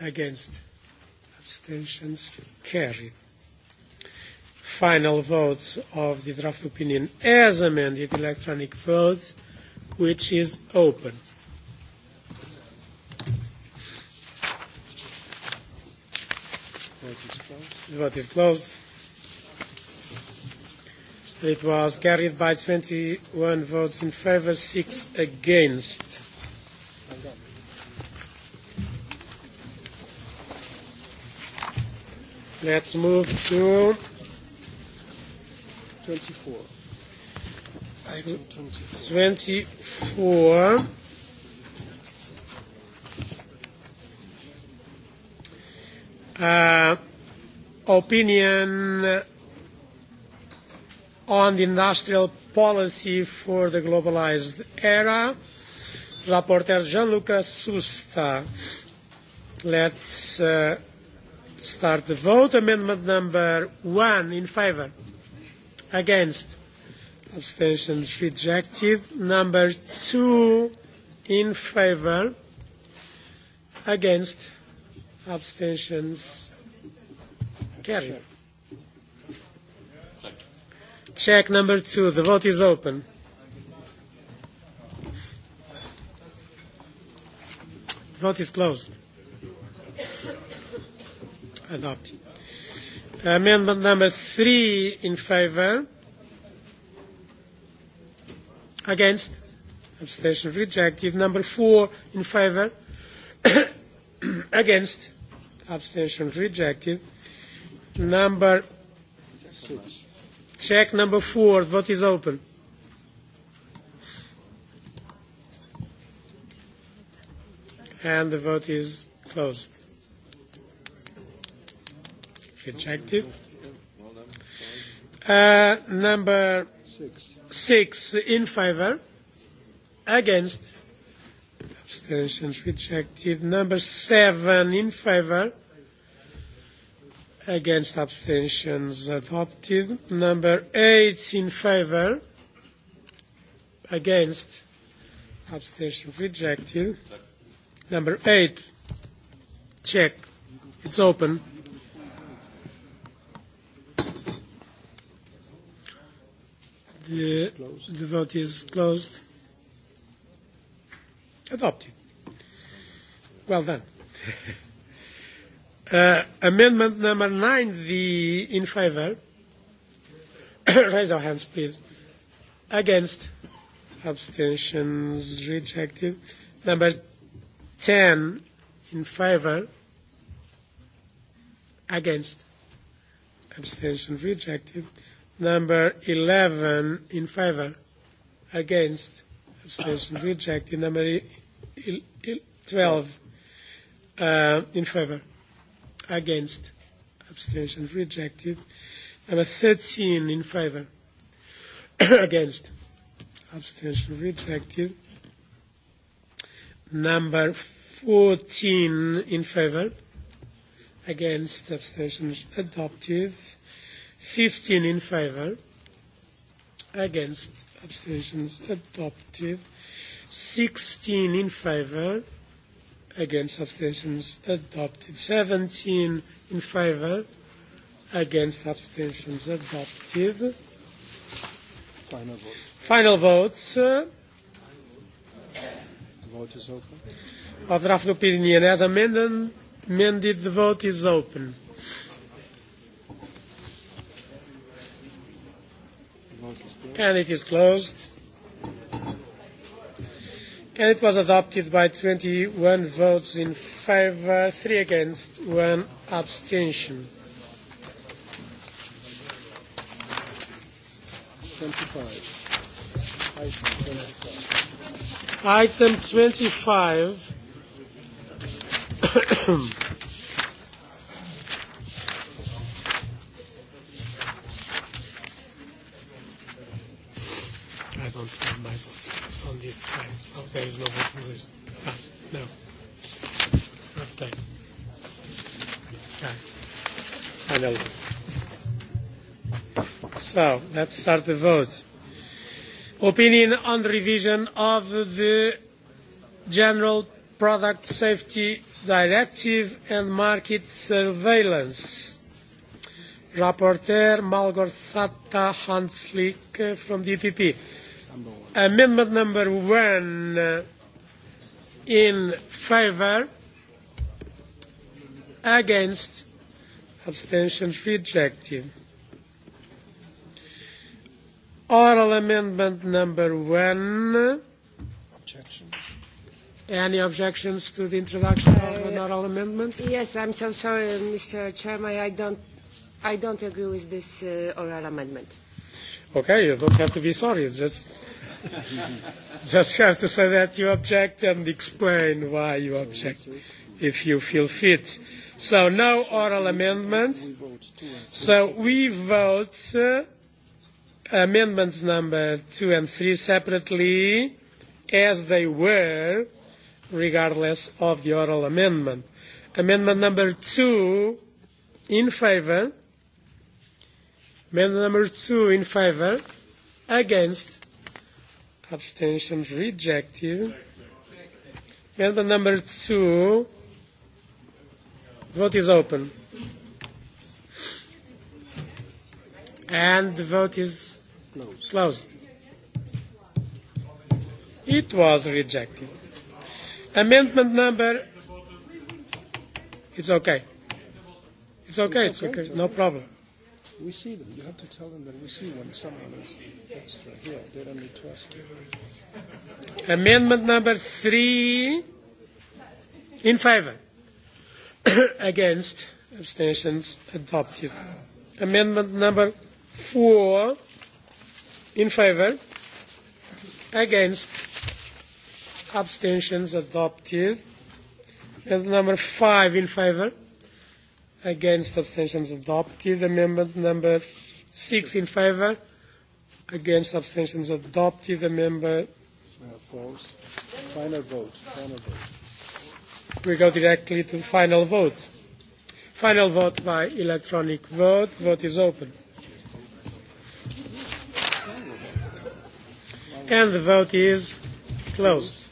Against abstentions carried final votes of the draft opinion as amended electronic votes, which is open. The vote is closed. It was carried by 21 votes in favor, six against. Let's move to 24. Item 24. 24. Uh, opinion on the industrial policy for the globalized era. Rapporteur Gianluca Susta. Let's uh, start the vote. Amendment number one in favor against abstentions rejected number two in favor against abstentions carried check. number two the vote is open the vote is closed adopted Amendment eh, number three in favour. Against. Abstention rejected. Number four in favour. [coughs] Against. Abstention rejected. Number. Check number four. Vote is open. And the vote is closed rejected. Uh, number six. six in favor, against, abstentions rejected. Number seven in favor, against abstentions adopted. Number eight in favor, against, abstentions rejected. Number eight, check. It's open. The, the vote is closed. Adopted. Well done. [laughs] uh, amendment number nine, the in favour. [coughs] Raise your hands, please. Against. Abstentions rejected. Number 10 in favour. Against. Abstention rejected. Number 11 in favor, against, abstention rejected. Number 12 e, e, e, uh, in favor, against, abstention rejected. Number 13 in favor, [coughs] against, abstention rejected. Number 14 in favor, against, abstention adopted. 15 in favor, against, abstentions adopted. 16 in favor, against, abstentions adopted. 17 in favor, against, abstentions adopted. Final vote. Final votes. Uh, vote is open. Of draft opinion as amended, amended, the vote is open. and it is closed. And it was adopted by 21 votes in favour, three against, one abstention. 25. Item 25. this time. So there is no voting list. Ah, no. Okay. Okay. final. So let's start the votes. Opinion on the revision of the General Product Safety Directive and Market Surveillance. Rapporteur Malgorzata Hanslik from the EPP. Amendment number one uh, in favour, against, abstentions rejected. Oral amendment number one. Objection. Any objections to the introduction of an uh, oral amendment? Yes, I'm so sorry, Mr. Chairman. I don't, I don't agree with this uh, oral amendment. Okay, you don't have to be sorry. Just [laughs] Just have to say that you object and explain why you object, if you feel fit. So no oral amendments. So we vote uh, amendments number two and three separately as they were, regardless of the oral amendment. Amendment number two in favour. Amendment number two in favour. Against abstentions rejected. Amendment number two. Vote is open. And the vote is closed. closed. It was rejected. Amendment number. It's okay. It's okay. It's okay. It's okay. No problem. We see them. You have to tell them that we see when someone is extra here. They don't need to ask you. Amendment number three. In favor. [coughs] Against. Abstentions. Adopted. Amendment number four. In favor. Against. Abstentions. Adopted. And number five in favor against abstentions adopted. Amendment number six in favour, against abstentions adopted. Amendment Opposed. Final vote. Final vote. We go directly to the final vote. Final vote by electronic vote. Vote is open. And the vote is closed.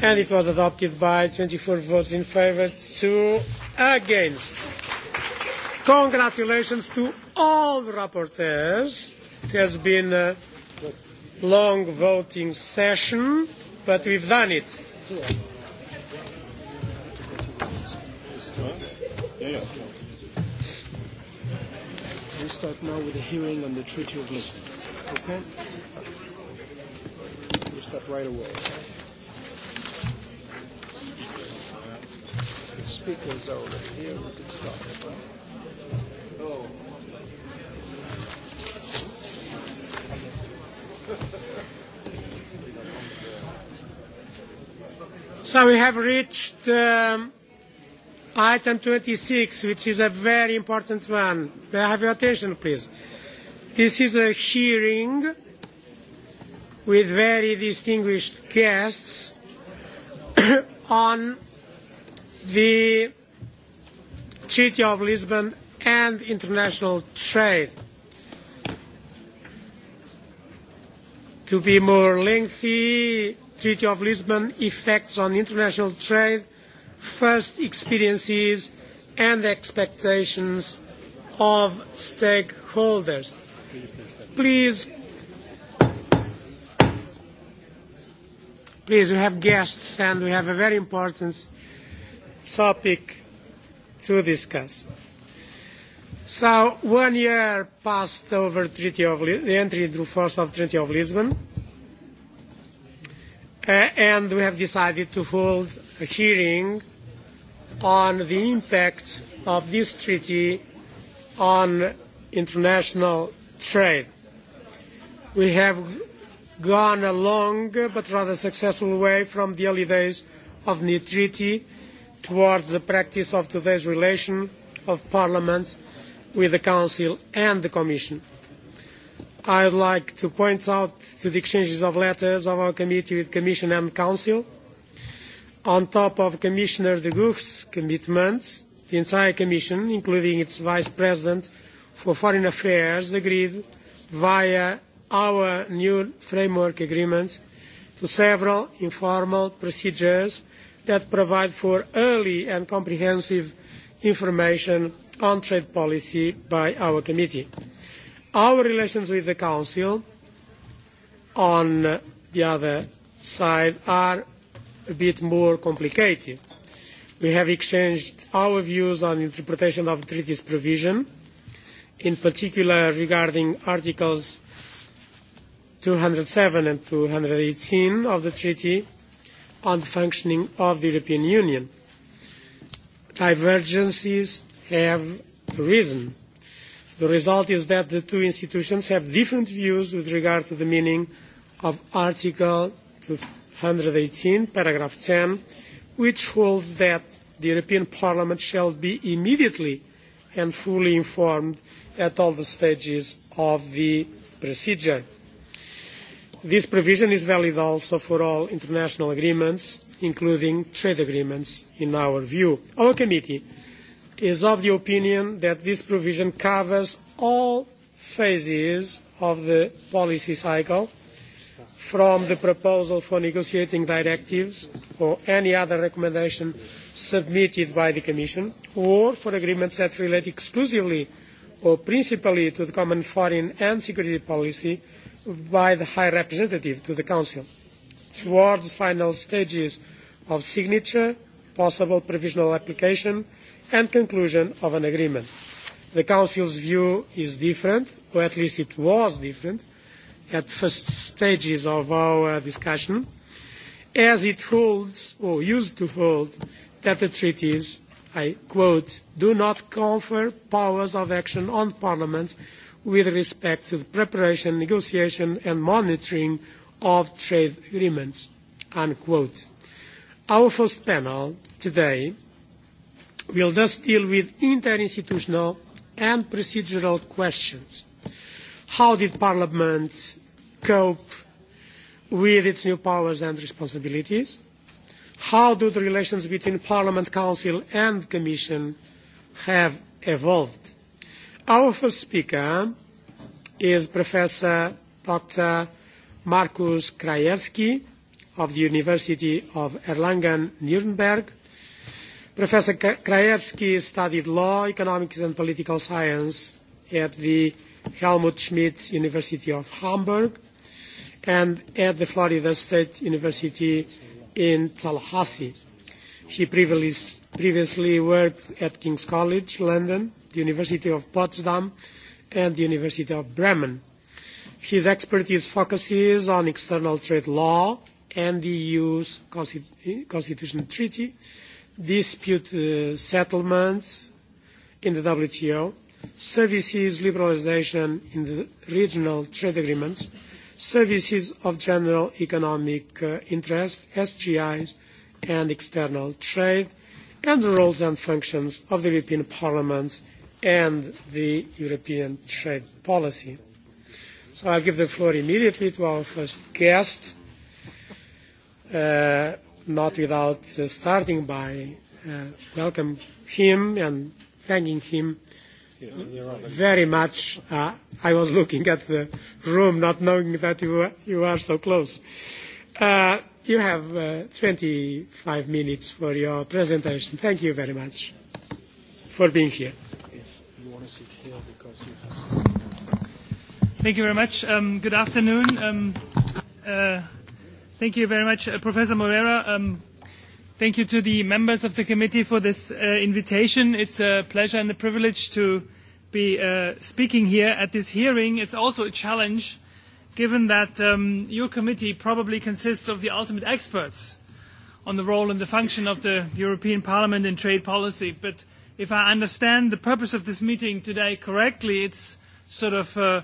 And it was adopted by 24 votes in favour, two Against. Congratulations to all the rapporteurs. It has been a long voting session, but we've done it. We start now with a hearing on the Treaty of Lisbon. Okay? We start right away. speakers over here. We can start. Oh. So we have reached um, item 26, which is a very important one. May I have your attention, please? This is a hearing with very distinguished guests [coughs] on the Treaty of Lisbon and international trade. To be more lengthy, Treaty of Lisbon effects on international trade, first experiences and expectations of stakeholders. Please, please, we have guests and we have a very important topic to discuss. So one year passed over Treaty of the entry into force of Treaty of Lisbon, uh, and we have decided to hold a hearing on the impact of this treaty on international trade. We have gone a long but rather successful way from the early days of the treaty towards the practice of today's relation of parliaments with the Council and the Commission. I would like to point out to the exchanges of letters of our committee with Commission and Council. On top of Commissioner de Gucht's commitments, the entire Commission, including its Vice President for Foreign Affairs, agreed via our new framework agreement to several informal procedures that provide for early and comprehensive information on trade policy by our committee. Our relations with the Council, on the other side, are a bit more complicated. We have exchanged our views on interpretation of treaties provision, in particular regarding Articles 207 and 218 of the treaty, on the functioning of the European Union. Divergences have arisen. The result is that the two institutions have different views with regard to the meaning of Article 118, paragraph 10, which holds that the European Parliament shall be immediately and fully informed at all the stages of the procedure. This provision is valid also for all international agreements, including trade agreements, in our view. Our committee is of the opinion that this provision covers all phases of the policy cycle, from the proposal for negotiating directives or any other recommendation submitted by the Commission, or for agreements that relate exclusively or principally to the common foreign and security policy, by the High Representative to the Council towards final stages of signature, possible provisional application and conclusion of an agreement. The Council's view is different, or at least it was different, at first stages of our discussion, as it holds, or used to hold, that the treaties, I quote, do not confer powers of action on parliaments with respect to the preparation, negotiation and monitoring of trade agreements. Unquote. Our first panel today will thus deal with interinstitutional and procedural questions. How did Parliament cope with its new powers and responsibilities? How do the relations between Parliament, Council and Commission have evolved? Our first speaker is Professor Dr. Markus Krajewski of the University of Erlangen-Nuremberg. Professor Krajewski studied law, economics and political science at the Helmut Schmidt University of Hamburg and at the Florida State University in Tallahassee. He previously, previously worked at King's College, London, the University of Potsdam, and the University of Bremen. His expertise focuses on external trade law and the EU's Constitu constitutional treaty, dispute uh, settlements in the WTO, services liberalisation in the regional trade agreements, services of general economic uh, interest, SGIs, and external trade, and the roles and functions of the European Parliament's and the European trade policy. So I'll give the floor immediately to our first guest, uh, not without uh, starting by uh, welcoming him and thanking him yeah, very much. Uh, I was looking at the room not knowing that you are, you are so close. Uh, you have uh, 25 minutes for your presentation. Thank you very much for being here. Thank you very much. Um, good afternoon. Um, uh, thank you very much, uh, Professor Moreira. Um, thank you to the members of the committee for this uh, invitation. It's a pleasure and a privilege to be uh, speaking here at this hearing. It's also a challenge given that um, your committee probably consists of the ultimate experts on the role and the function of the European Parliament in trade policy. But if I understand the purpose of this meeting today correctly, it's sort of uh,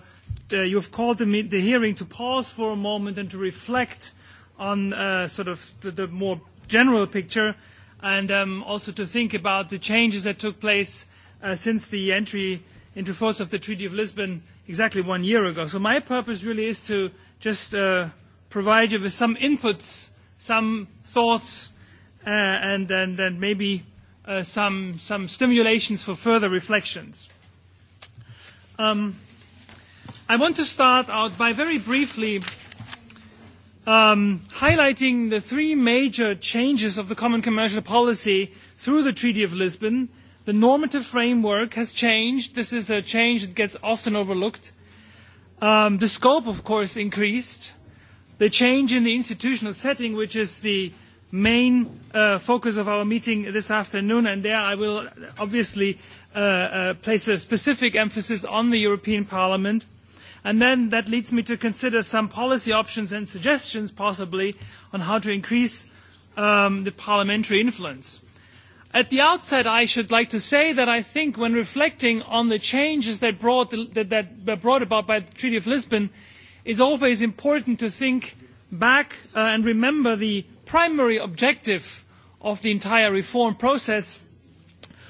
uh, you've called the, the hearing to pause for a moment and to reflect on uh, sort of the, the more general picture and um, also to think about the changes that took place uh, since the entry into force of the Treaty of Lisbon exactly one year ago. So my purpose really is to just uh, provide you with some inputs, some thoughts, uh, and then maybe uh, some, some stimulations for further reflections. Um, i want to start out by very briefly um, highlighting the three major changes of the common commercial policy through the Treaty of Lisbon. The normative framework has changed. This is a change that gets often overlooked. Um, the scope, of course, increased. The change in the institutional setting, which is the main uh, focus of our meeting this afternoon, and there I will obviously uh, uh, place a specific emphasis on the European Parliament. And then that leads me to consider some policy options and suggestions, possibly, on how to increase um, the parliamentary influence. At the outset, I should like to say that I think when reflecting on the changes that, brought the, that, that were brought about by the Treaty of Lisbon, it's always important to think back uh, and remember the primary objective of the entire reform process,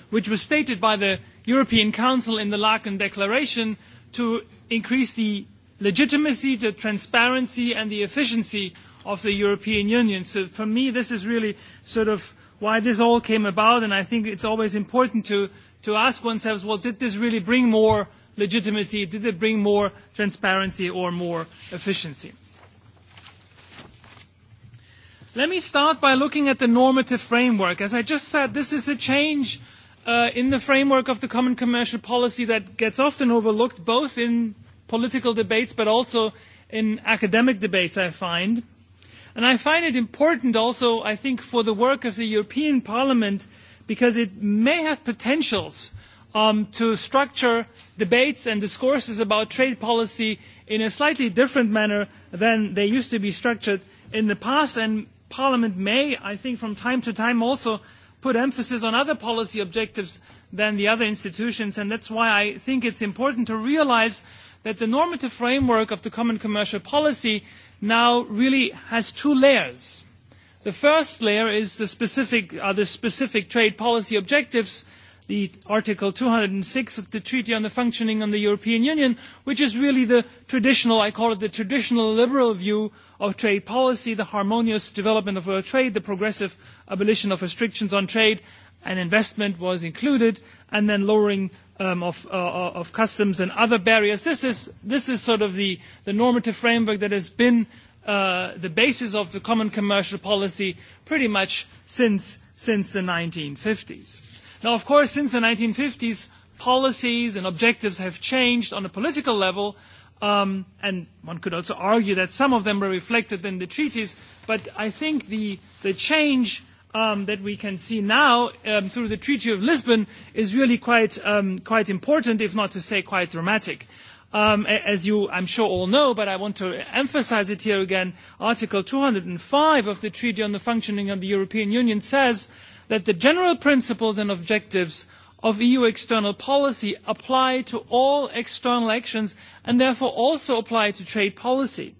which was stated by the European Council in the Laken Declaration to increase the legitimacy, the transparency, and the efficiency of the European Union. So for me, this is really sort of why this all came about, and I think it's always important to, to ask oneself, well, did this really bring more legitimacy? Did it bring more transparency or more efficiency? Let me start by looking at the normative framework. As I just said, this is a change – uh, in the framework of the common commercial policy that gets often overlooked, both in political debates but also in academic debates, I find. And I find it important also, I think, for the work of the European Parliament because it may have potentials um, to structure debates and discourses about trade policy in a slightly different manner than they used to be structured in the past. And Parliament may, I think, from time to time also put emphasis on other policy objectives than the other institutions, and that's why I think it's important to realize that the normative framework of the common commercial policy now really has two layers. The first layer is the specific, uh, the specific trade policy objectives, the Article 206 of the Treaty on the Functioning of the European Union, which is really the traditional, I call it the traditional liberal view of trade policy, the harmonious development of world trade, the progressive abolition of restrictions on trade and investment was included, and then lowering um, of, uh, uh, of customs and other barriers. This is, this is sort of the, the normative framework that has been uh, the basis of the common commercial policy pretty much since, since the 1950s. Now, of course, since the 1950s, policies and objectives have changed on a political level, um, and one could also argue that some of them were reflected in the treaties, but I think the, the change – um, that we can see now um, through the Treaty of Lisbon is really quite, um, quite important, if not to say quite dramatic. Um, as you, I'm sure, all know, but I want to emphasize it here again, Article 205 of the Treaty on the Functioning of the European Union says that the general principles and objectives of EU external policy apply to all external actions and therefore also apply to trade policy.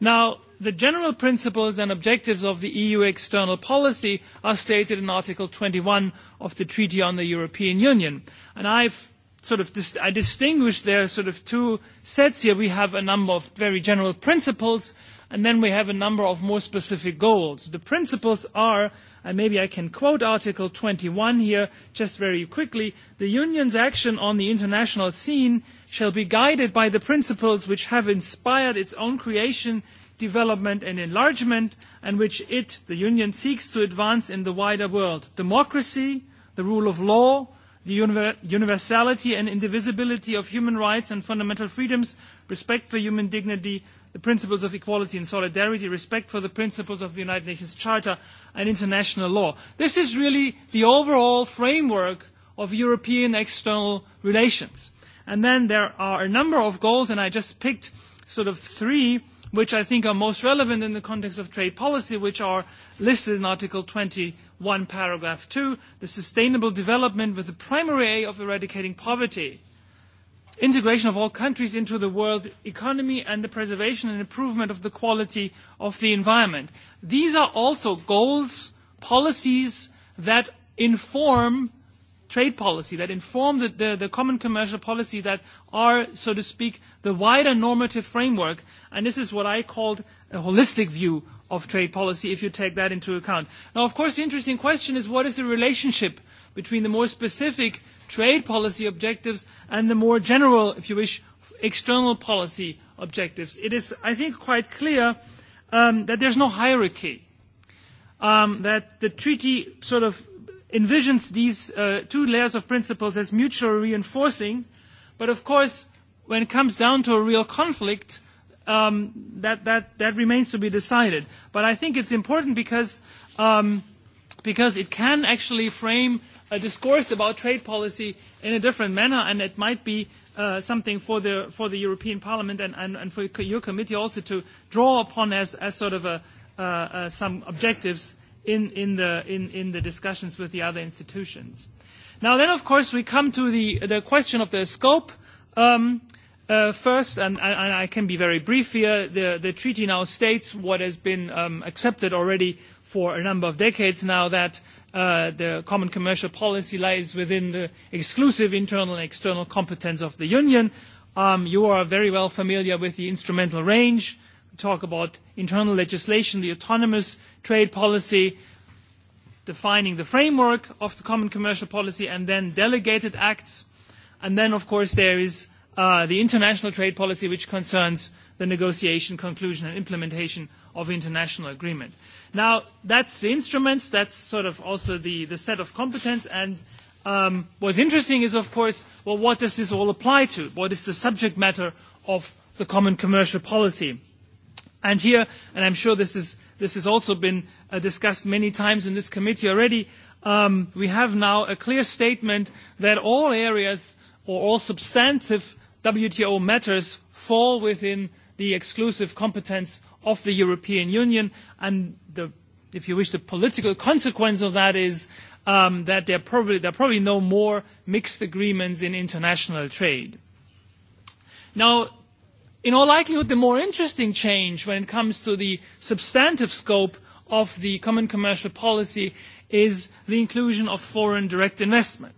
Now, the general principles and objectives of the EU external policy are stated in Article 21 of the Treaty on the European Union. And I've sort of dis- I distinguish there are sort of two sets here. We have a number of very general principles, and then we have a number of more specific goals. The principles are and maybe I can quote Article 21 here just very quickly. The Union's action on the international scene shall be guided by the principles which have inspired its own creation, development and enlargement, and which it, the Union, seeks to advance in the wider world. Democracy, the rule of law, the universality and indivisibility of human rights and fundamental freedoms, respect for human dignity, the principles of equality and solidarity, respect for the principles of the United Nations Charter and international law. This is really the overall framework of European external relations. And then there are a number of goals, and I just picked sort of three which I think are most relevant in the context of trade policy, which are listed in Article 21, paragraph 2, the sustainable development with the primary aim of eradicating poverty integration of all countries into the world economy and the preservation and improvement of the quality of the environment. These are also goals, policies that inform trade policy, that inform the, the, the common commercial policy that are, so to speak, the wider normative framework. And this is what I called a holistic view of trade policy if you take that into account. Now, of course, the interesting question is what is the relationship between the more specific trade policy objectives and the more general, if you wish, external policy objectives. It is, I think, quite clear um, that there's no hierarchy, um, that the treaty sort of envisions these uh, two layers of principles as mutually reinforcing, but of course, when it comes down to a real conflict, um, that, that, that remains to be decided. But I think it's important because um, – because it can actually frame a discourse about trade policy in a different manner, and it might be uh, something for the for the European Parliament and, and, and for your committee also to draw upon as, as sort of a, uh, uh, some objectives in, in, the, in, in the discussions with the other institutions. Now then, of course, we come to the, the question of the scope. Um, uh, Uh, first, and, and I can be very brief here, the, the treaty now states what has been um, accepted already for a number of decades now that uh, the common commercial policy lies within the exclusive internal and external competence of the Union. Um, you are very well familiar with the instrumental range. We talk about internal legislation, the autonomous trade policy, defining the framework of the common commercial policy, and then delegated acts. And then, of course, there is Uh, the international trade policy, which concerns the negotiation, conclusion, and implementation of international agreement. Now, that's the instruments, that's sort of also the, the set of competence, and um, what's interesting is, of course, well, what does this all apply to? What is the subject matter of the common commercial policy? And here, and I'm sure this, is, this has also been uh, discussed many times in this committee already, um, we have now a clear statement that all areas or all substantive WTO matters fall within the exclusive competence of the European Union, and the, if you wish, the political consequence of that is um, that there, probably, there are probably no more mixed agreements in international trade. Now, in all likelihood, the more interesting change when it comes to the substantive scope of the common commercial policy is the inclusion of foreign direct investment.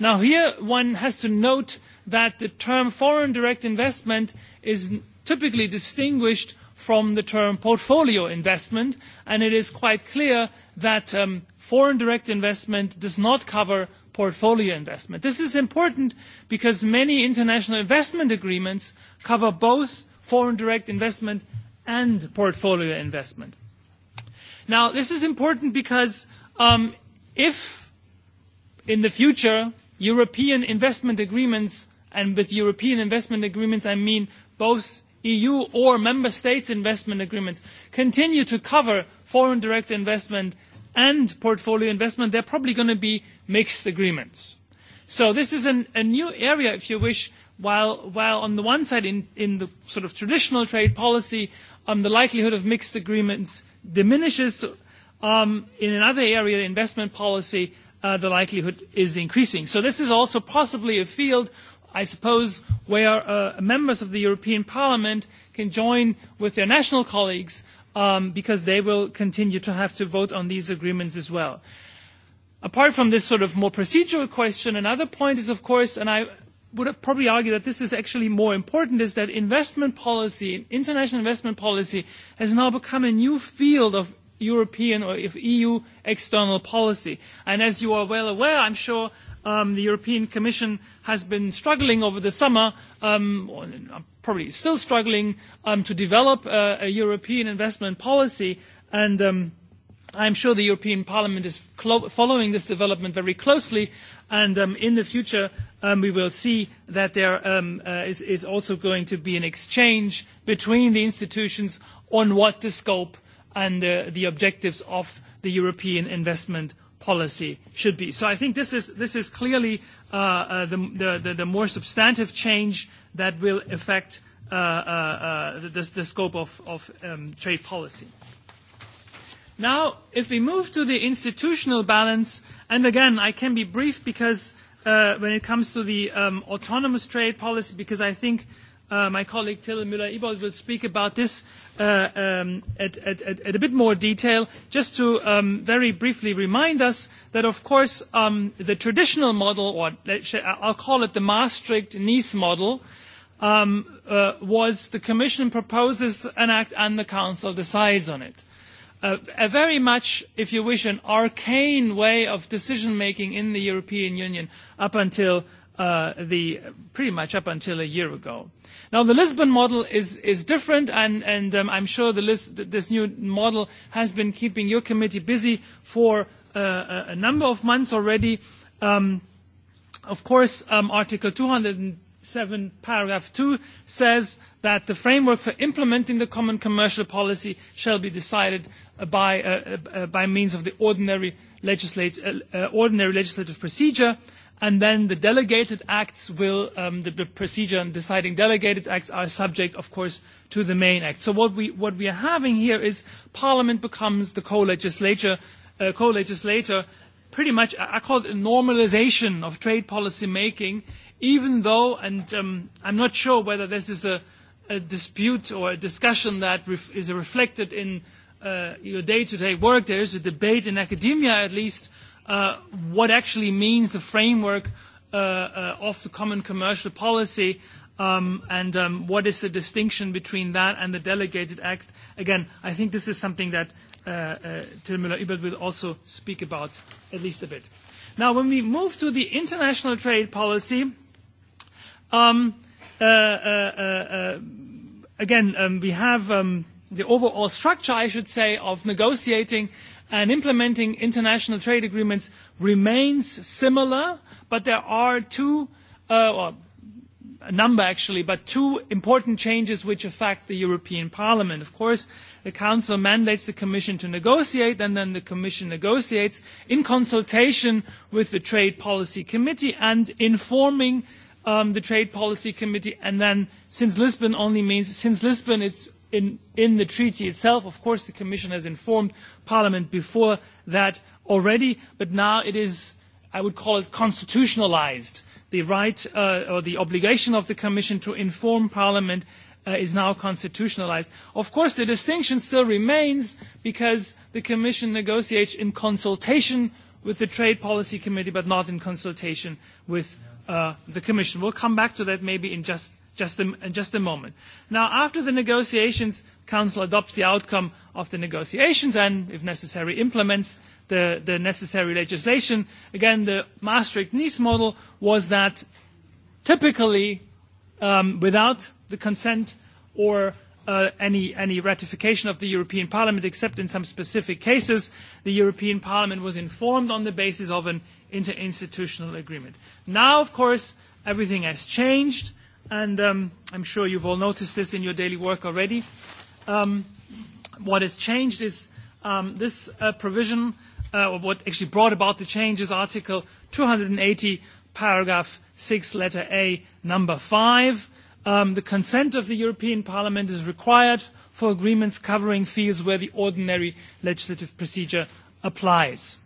Now here one has to note that the term foreign direct investment is typically distinguished from the term portfolio investment, and it is quite clear that um, foreign direct investment does not cover portfolio investment. This is important because many international investment agreements cover both foreign direct investment and portfolio investment. Now, this is important because um, if in the future European investment agreements, and with European investment agreements I mean both EU or member states investment agreements, continue to cover foreign direct investment and portfolio investment. They're probably going to be mixed agreements. So this is an, a new area, if you wish, while, while on the one side in, in the sort of traditional trade policy, um, the likelihood of mixed agreements diminishes, um, in another area, investment policy, uh, the likelihood is increasing. So this is also possibly a field, I suppose, where uh, members of the European Parliament can join with their national colleagues um, because they will continue to have to vote on these agreements as well. Apart from this sort of more procedural question, another point is, of course, and I would probably argue that this is actually more important is that investment policy, international investment policy, has now become a new field of European or if EU external policy. And as you are well aware, I'm sure um, the European Commission has been struggling over the summer, um, or probably still struggling, um, to develop uh, a European investment policy. And um, I'm sure the European Parliament is following this development very closely. And um, in the future, um, we will see that there um, uh, is, is also going to be an exchange between the institutions on what the scope and the objectives of the European investment policy should be. So I think this is, clearly uh, uh, the, more substantive change that will affect uh, the, scope of, um, trade policy. Now, if we move to the institutional balance, and again, I can be brief because when it comes to the um, autonomous trade policy, because I think uh, Uh, my colleague Till Müller-Ebold will speak about this uh, um, at, at, at, a bit more detail, just to um, very briefly remind us that, of course, um, the traditional model, or I'll call it the Maastricht-Nice model, um, uh, was the Commission proposes an act and the Council decides on it. Uh, a very much, if you wish, an arcane way of decision making in the European Union up until uh, the pretty much up until a year ago. Now the Lisbon model is is different, and and um, I'm sure the this new model has been keeping your committee busy for uh, a number of months already. Um, of course, um, Article 207, paragraph 2 says that the framework for implementing the common commercial policy shall be decided by, uh, uh, by means of the ordinary, uh, uh, ordinary legislative procedure. Uh, And then the delegated acts will, um, the, the procedure on deciding delegated acts are subject, of course, to the main act. So what we, what we are having here is Parliament becomes the co-legislator, uh, co-legislator pretty much, I call it a normalization of trade policy making, even though, and um, I'm not sure whether this is a, a dispute or a discussion that ref- is reflected in uh, your day-to-day work, there is a debate in academia at least, Uh, what actually means the framework uh, uh, of the common commercial policy um, and um, what is the distinction between that and the delegated act. Again, I think this is something that uh, uh, Till Müller-Ebert will also speak about at least a bit. Now, when we move to the international trade policy, um, uh, uh, uh, uh again, um, we have um, the overall structure, I should say, of negotiating and implementing international trade agreements remains similar, but there are two, uh, well, a number actually, but two important changes which affect the European Parliament. Of course, the Council mandates the Commission to negotiate, and then the Commission negotiates in consultation with the Trade Policy Committee and informing um, the Trade Policy Committee. And then, since Lisbon only means, since Lisbon, it's in, in the treaty itself. Of course, the Commission has informed Parliament before that already, but now it is, I would call it constitutionalized. The right uh, or the obligation of the Commission to inform Parliament uh, is now constitutionalized. Of course, the distinction still remains because the Commission negotiates in consultation with the Trade Policy Committee, but not in consultation with uh, the Commission. We'll come back to that maybe in just Just a, just a moment. Now, after the negotiations, Council adopts the outcome of the negotiations and, if necessary, implements the, the necessary legislation. Again, the Maastricht-Nice model was that typically, um, without the consent or uh, any, any ratification of the European Parliament, except in some specific cases, the European Parliament was informed on the basis of an interinstitutional agreement. Now, of course, everything has changed And um, I'm sure you've all noticed this in your daily work already. Um, what has changed is um, this uh, provision, uh, or what actually brought about the change is Article 280, paragraph 6, letter A, number 5. Um, the consent of the European Parliament is required for agreements covering fields where the ordinary legislative procedure applies.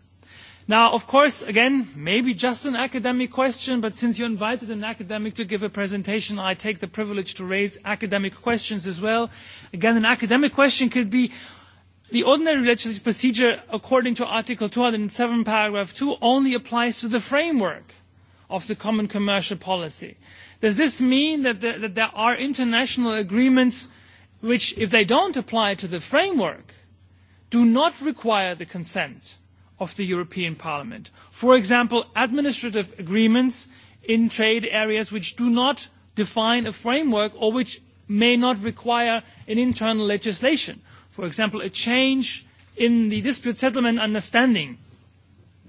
Now, of course, again, maybe just an academic question, but since you invited an academic to give a presentation, I take the privilege to raise academic questions as well. Again, an academic question could be, the ordinary legislative procedure, according to Article 207, paragraph 2, only applies to the framework of the common commercial policy. Does this mean that, the, that there are international agreements which, if they don't apply to the framework, do not require the consent of the European Parliament. For example, administrative agreements in trade areas which do not define a framework or which may not require an internal legislation. For example, a change in the dispute settlement understanding.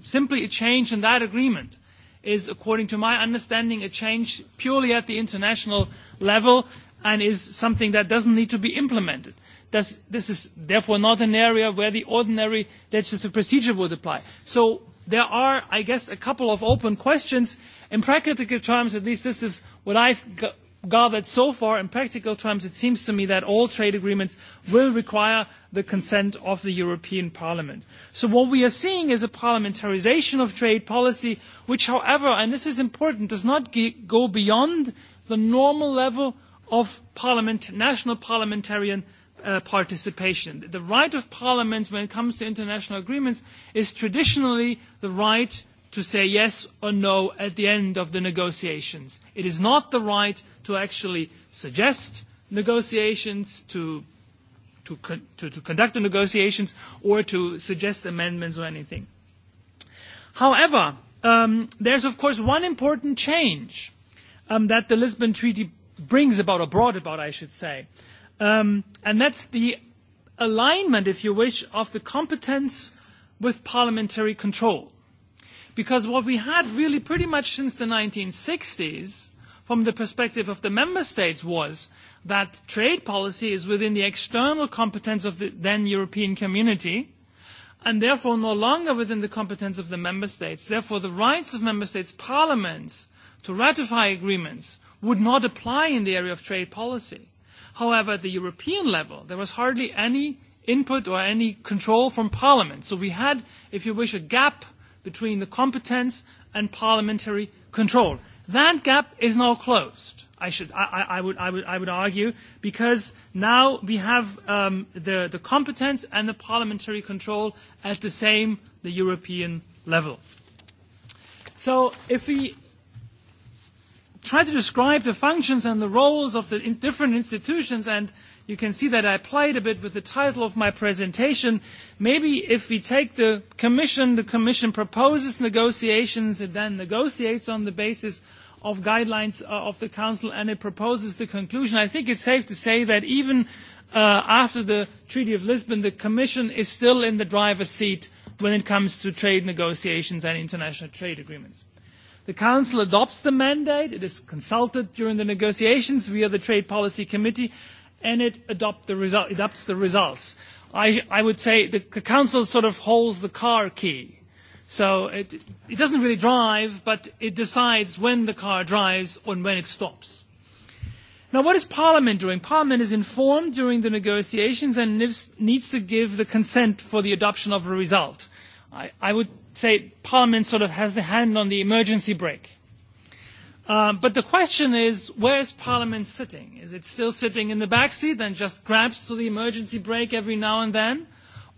Simply a change in that agreement is, according to my understanding, a change purely at the international level and is something that doesn't need to be implemented. Does, this is therefore not an area where the ordinary legislative procedure would apply. So there are, I guess, a couple of open questions. In practical terms, at least this is what I've gathered so far. In practical terms, it seems to me that all trade agreements will require the consent of the European Parliament. So what we are seeing is a parliamentarization of trade policy, which, however, and this is important, does not go beyond the normal level of parliament, national parliamentarian Uh, participation. The right of parliaments when it comes to international agreements is traditionally the right to say yes or no at the end of the negotiations. It is not the right to actually suggest negotiations, to, to, con- to, to conduct the negotiations, or to suggest amendments or anything. However, um, there's of course one important change um, that the Lisbon Treaty brings about, or brought about, I should say. Uh, Um, and that's the alignment, if you wish, of the competence with parliamentary control. Because what we had really pretty much since the 1960s, from the perspective of the member states, was that trade policy is within the external competence of the then European community, and therefore no longer within the competence of the member states. Therefore, the rights of member states' parliaments to ratify agreements would not apply in the area of trade policy. However, at the European level, there was hardly any input or any control from Parliament. So we had, if you wish, a gap between the competence and parliamentary control. That gap is now closed. I should, I, I would, I would, I would argue, because now we have um, the, the competence and the parliamentary control at the same, the European level. So if we try to describe the functions and the roles of the in different institutions and you can see that I played a bit with the title of my presentation. Maybe if we take the Commission, the Commission proposes negotiations, it then negotiates on the basis of guidelines uh, of the Council and it proposes the conclusion. I think it's safe to say that even uh, after the Treaty of Lisbon, the Commission is still in the driver's seat when it comes to trade negotiations and international trade agreements. The Council adopts the mandate. It is consulted during the negotiations via the Trade Policy Committee, and it adopt the result, adopts the results. I, I would say the, the Council sort of holds the car key. So it, it doesn't really drive, but it decides when the car drives and when it stops. Now, what is Parliament doing? Parliament is informed during the negotiations and needs to give the consent for the adoption of a result. I, I would say Parliament sort of has the hand on the emergency brake. Uh, but the question is, where is Parliament sitting? Is it still sitting in the back seat and just grabs to the emergency brake every now and then?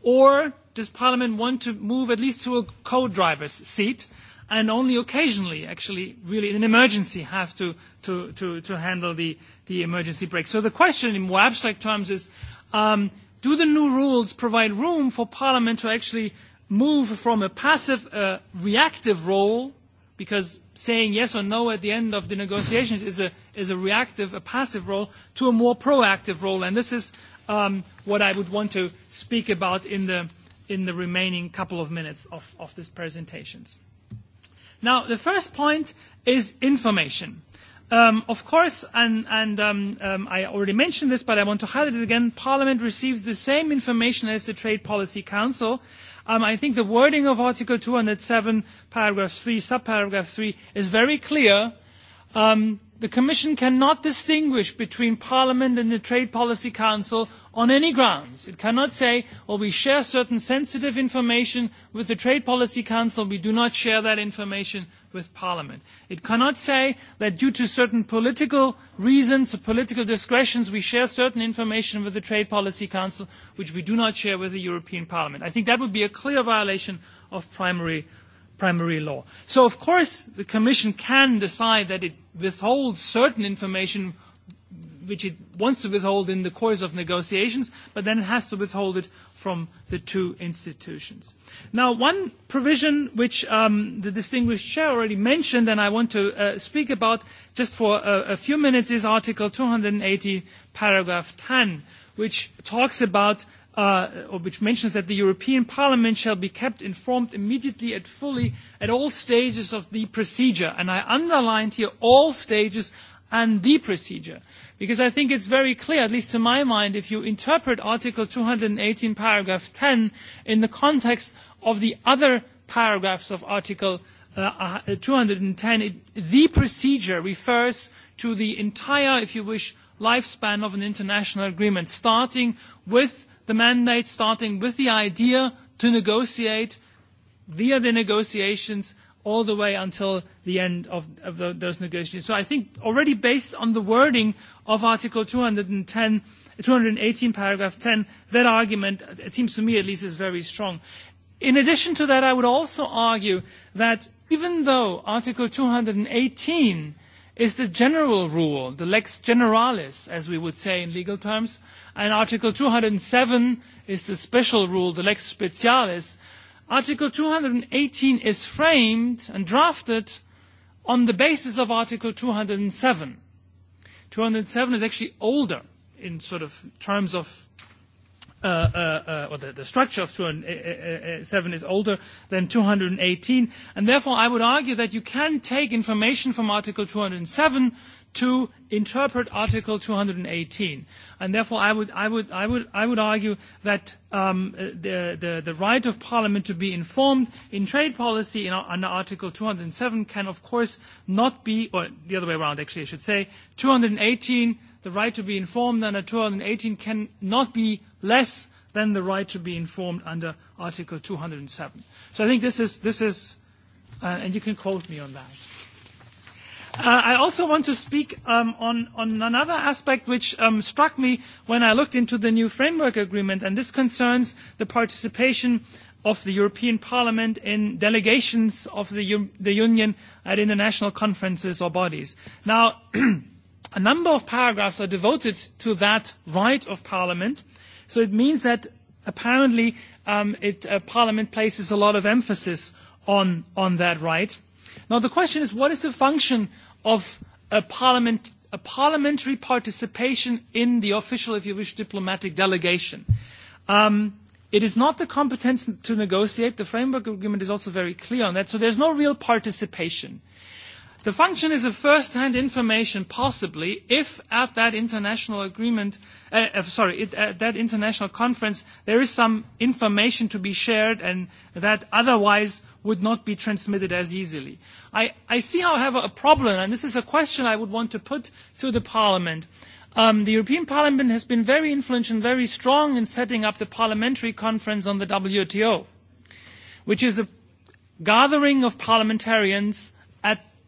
Or does Parliament want to move at least to a co-driver's seat and only occasionally, actually, really in an emergency, have to, to, to, to handle the, the emergency brake? So the question in more abstract terms is, um, do the new rules provide room for Parliament to actually move from a passive, uh, reactive role, because saying yes or no at the end of the negotiations is a, is a reactive, a passive role, to a more proactive role. And this is um, what I would want to speak about in the, in the remaining couple of minutes of, of this presentation. Now, the first point is information. Um, of course, and, and um, um, I already mentioned this, but I want to highlight it again, Parliament receives the same information as the Trade Policy Council, Um, I think the wording of Article 207, paragraph 3, subparagraph 3, is very clear. Um, the Commission cannot distinguish between Parliament and the Trade Policy Council on any grounds. It cannot say, well, oh, we share certain sensitive information with the Trade Policy Council, we do not share that information with Parliament. It cannot say that due to certain political reasons or political discretions, we share certain information with the Trade Policy Council, which we do not share with the European Parliament. I think that would be a clear violation of primary, primary law. So, of course, the Commission can decide that it withholds certain information which it wants to withhold in the course of negotiations, but then it has to withhold it from the two institutions. Now, one provision which um, the distinguished chair already mentioned and I want to uh, speak about just for a, a few minutes is Article 280, paragraph 10, which talks about uh, or which mentions that the European Parliament shall be kept informed immediately and fully at all stages of the procedure. And I underlined here all stages and the procedure Because I think it's very clear, at least to my mind, if you interpret Article 218, paragraph 10, in the context of the other paragraphs of Article uh, 210, uh, it, the procedure refers to the entire, if you wish, lifespan of an international agreement, starting with the mandate, starting with the idea to negotiate via the negotiations all the way until the end of, of the, those negotiations. So I think already based on the wording of Article 210, 218, paragraph 10, that argument, it seems to me at least, is very strong. In addition to that, I would also argue that even though Article 218 is the general rule, the lex generalis, as we would say in legal terms, and Article 207 is the special rule, the lex specialis, Article 218 is framed and drafted on the basis of Article 207. 207 is actually older in sort of terms of uh, uh, uh, or the, the structure of 207 is older than 218, and therefore I would argue that you can take information from Article 207 to interpret Article 218. And therefore, I would, I would, I would, I would argue that um, the, the, the right of Parliament to be informed in trade policy in, under Article 207 can, of course, not be, or the other way around, actually, I should say, 218, the right to be informed under 218 can not be less than the right to be informed under Article 207. So I think this is, this is uh, and you can quote me on that. Uh, I also want to speak um, on, on another aspect which um, struck me when I looked into the new framework agreement, and this concerns the participation of the European Parliament in delegations of the, the Union at international conferences or bodies. Now, [clears throat] a number of paragraphs are devoted to that right of Parliament, so it means that apparently um, it, uh, Parliament places a lot of emphasis on, on that right. Now, the question is, what is the function of a, parliament, a parliamentary participation in the official, if you wish, diplomatic delegation. Um, it is not the competence to negotiate. The framework agreement is also very clear on that. So there's no real participation. The function is a first-hand information, possibly, if at that international agreement, uh, uh, sorry, it, at that international conference, there is some information to be shared and that otherwise would not be transmitted as easily. I, I see, however, a problem, and this is a question I would want to put to the Parliament. Um, the European Parliament has been very influential and very strong in setting up the parliamentary conference on the WTO, which is a gathering of parliamentarians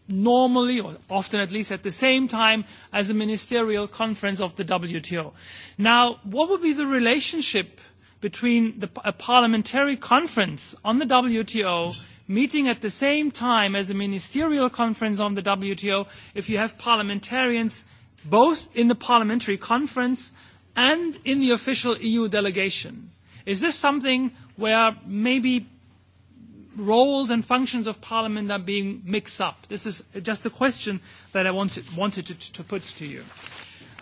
normally or often at least at the same time as a ministerial conference of the WTO. Now, what would be the relationship between the, a parliamentary conference on the WTO meeting at the same time as a ministerial conference on the WTO if you have parliamentarians both in the parliamentary conference and in the official EU delegation? Is this something where maybe roles and functions of Parliament are being mixed up. This is just a question that I wanted, wanted to, to put to you.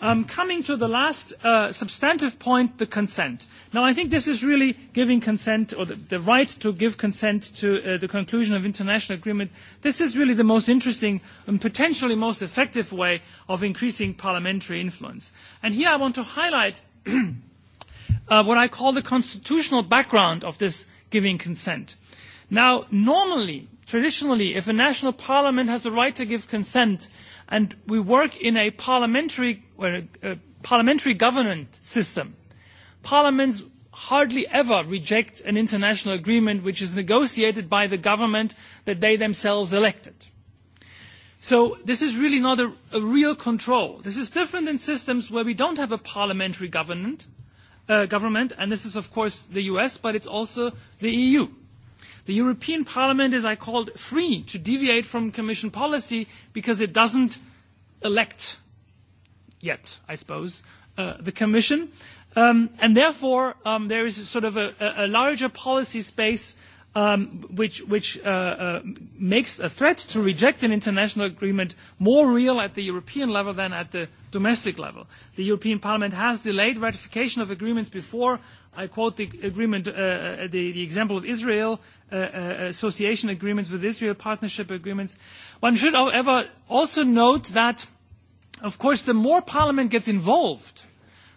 Um, coming to the last uh, substantive point, the consent. Now, I think this is really giving consent, or the, the right to give consent to uh, the conclusion of international agreement. This is really the most interesting and potentially most effective way of increasing parliamentary influence. And here I want to highlight [clears throat] uh, what I call the constitutional background of this giving consent. Now, normally, traditionally, if a national parliament has the right to give consent, and we work in a parliamentary, or a, a parliamentary government system, parliaments hardly ever reject an international agreement which is negotiated by the government that they themselves elected. So this is really not a, a real control. This is different in systems where we don't have a parliamentary government, uh, government, and this is of course the US, but it's also the EU. The European Parliament is, I called, free to deviate from Commission policy because it doesn't elect yet, I suppose, uh, the Commission. Um, and therefore, um, there is sort of a, a larger policy space um, which, which uh, uh, makes a threat to reject an international agreement more real at the European level than at the domestic level. The European Parliament has delayed ratification of agreements before. I quote the agreement, uh, uh the, the example of Israel Uh, uh, association agreements with Israel, partnership agreements. One should, however, also note that, of course, the more Parliament gets involved,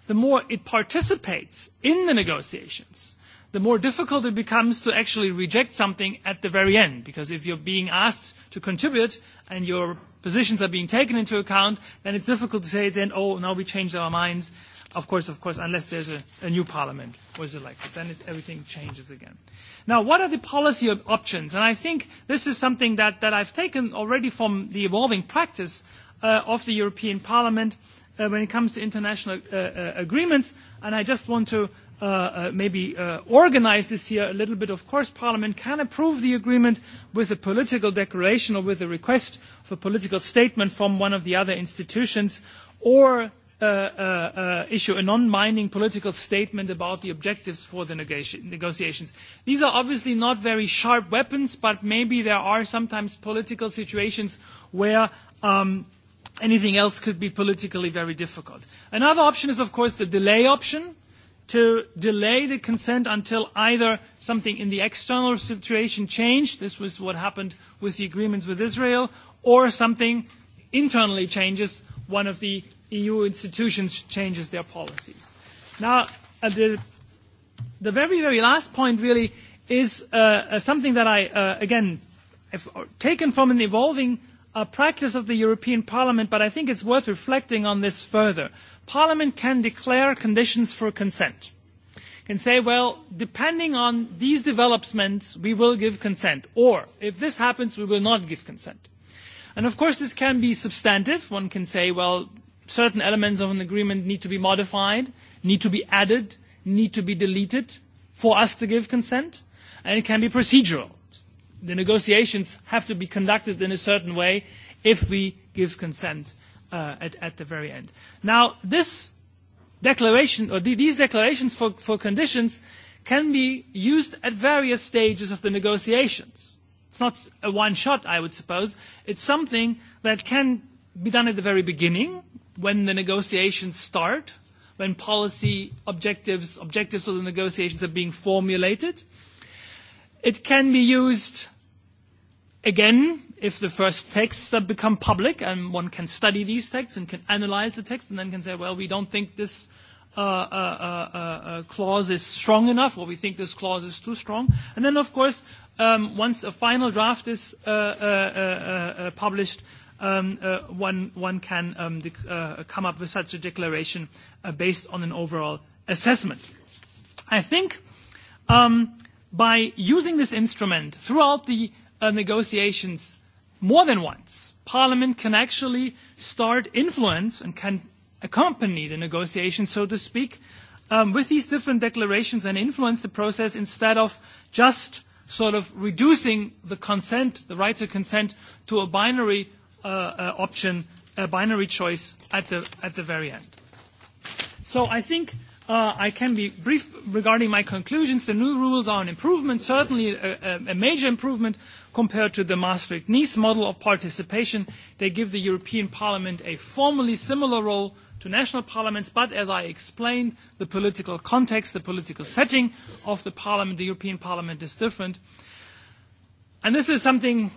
the more it participates in the negotiations, the more difficult it becomes to actually reject something at the very end. Because if you're being asked to contribute and your positions are being taken into account, then it's difficult to say at the end, oh, now we changed our minds Of course, of course, unless there's a, a new parliament was elected, then it's, everything changes again. Now, what are the policy op- options? And I think this is something that, that I've taken already from the evolving practice uh, of the European Parliament uh, when it comes to international uh, uh, agreements. And I just want to uh, uh, maybe uh, organize this here a little bit. Of course, Parliament can approve the agreement with a political declaration or with a request for political statement from one of the other institutions or Uh, uh, uh, issue a non-binding political statement about the objectives for the negotiations. These are obviously not very sharp weapons, but maybe there are sometimes political situations where um, anything else could be politically very difficult. Another option is, of course, the delay option to delay the consent until either something in the external situation changed, this was what happened with the agreements with Israel, or something internally changes, one of the EU institutions changes their policies. Now, uh, the, the very, very last point really is uh, uh, something that I, uh, again, have taken from an evolving uh, practice of the European Parliament, but I think it's worth reflecting on this further. Parliament can declare conditions for consent. Can say, well, depending on these developments, we will give consent, or if this happens, we will not give consent. And of course, this can be substantive. One can say, well, certain elements of an agreement need to be modified, need to be added, need to be deleted for us to give consent, and it can be procedural. The negotiations have to be conducted in a certain way if we give consent uh, at, at the very end. Now, this declaration, or these declarations for, for conditions, can be used at various stages of the negotiations. It's not a one shot, I would suppose. It's something that can be done at the very beginning when the negotiations start, when policy objectives, objectives of the negotiations are being formulated. It can be used again if the first texts have become public and one can study these texts and can analyze the text and then can say, well, we don't think this uh, uh, uh, uh, uh clause is strong enough or we think this clause is too strong. And then, of course, um, once a final draft is uh, uh, uh, uh, uh published, um, uh, one, one can um, uh, come up with such a declaration uh, based on an overall assessment. I think um, by using this instrument throughout the uh, negotiations more than once, Parliament can actually start influence and can accompany the negotiations, so to speak, um, with these different declarations and influence the process instead of just sort of reducing the consent, the right to consent, to a binary Uh, uh, option, a binary choice at the, very end. So I think uh, I can be brief regarding my conclusions. The new rules are an improvement, certainly a, a major improvement compared to the Maastricht-Nice model of participation. They give the European Parliament a formally similar role to national parliaments, but as I explained, the political context, the political setting of the Parliament, the European Parliament is different. And this is something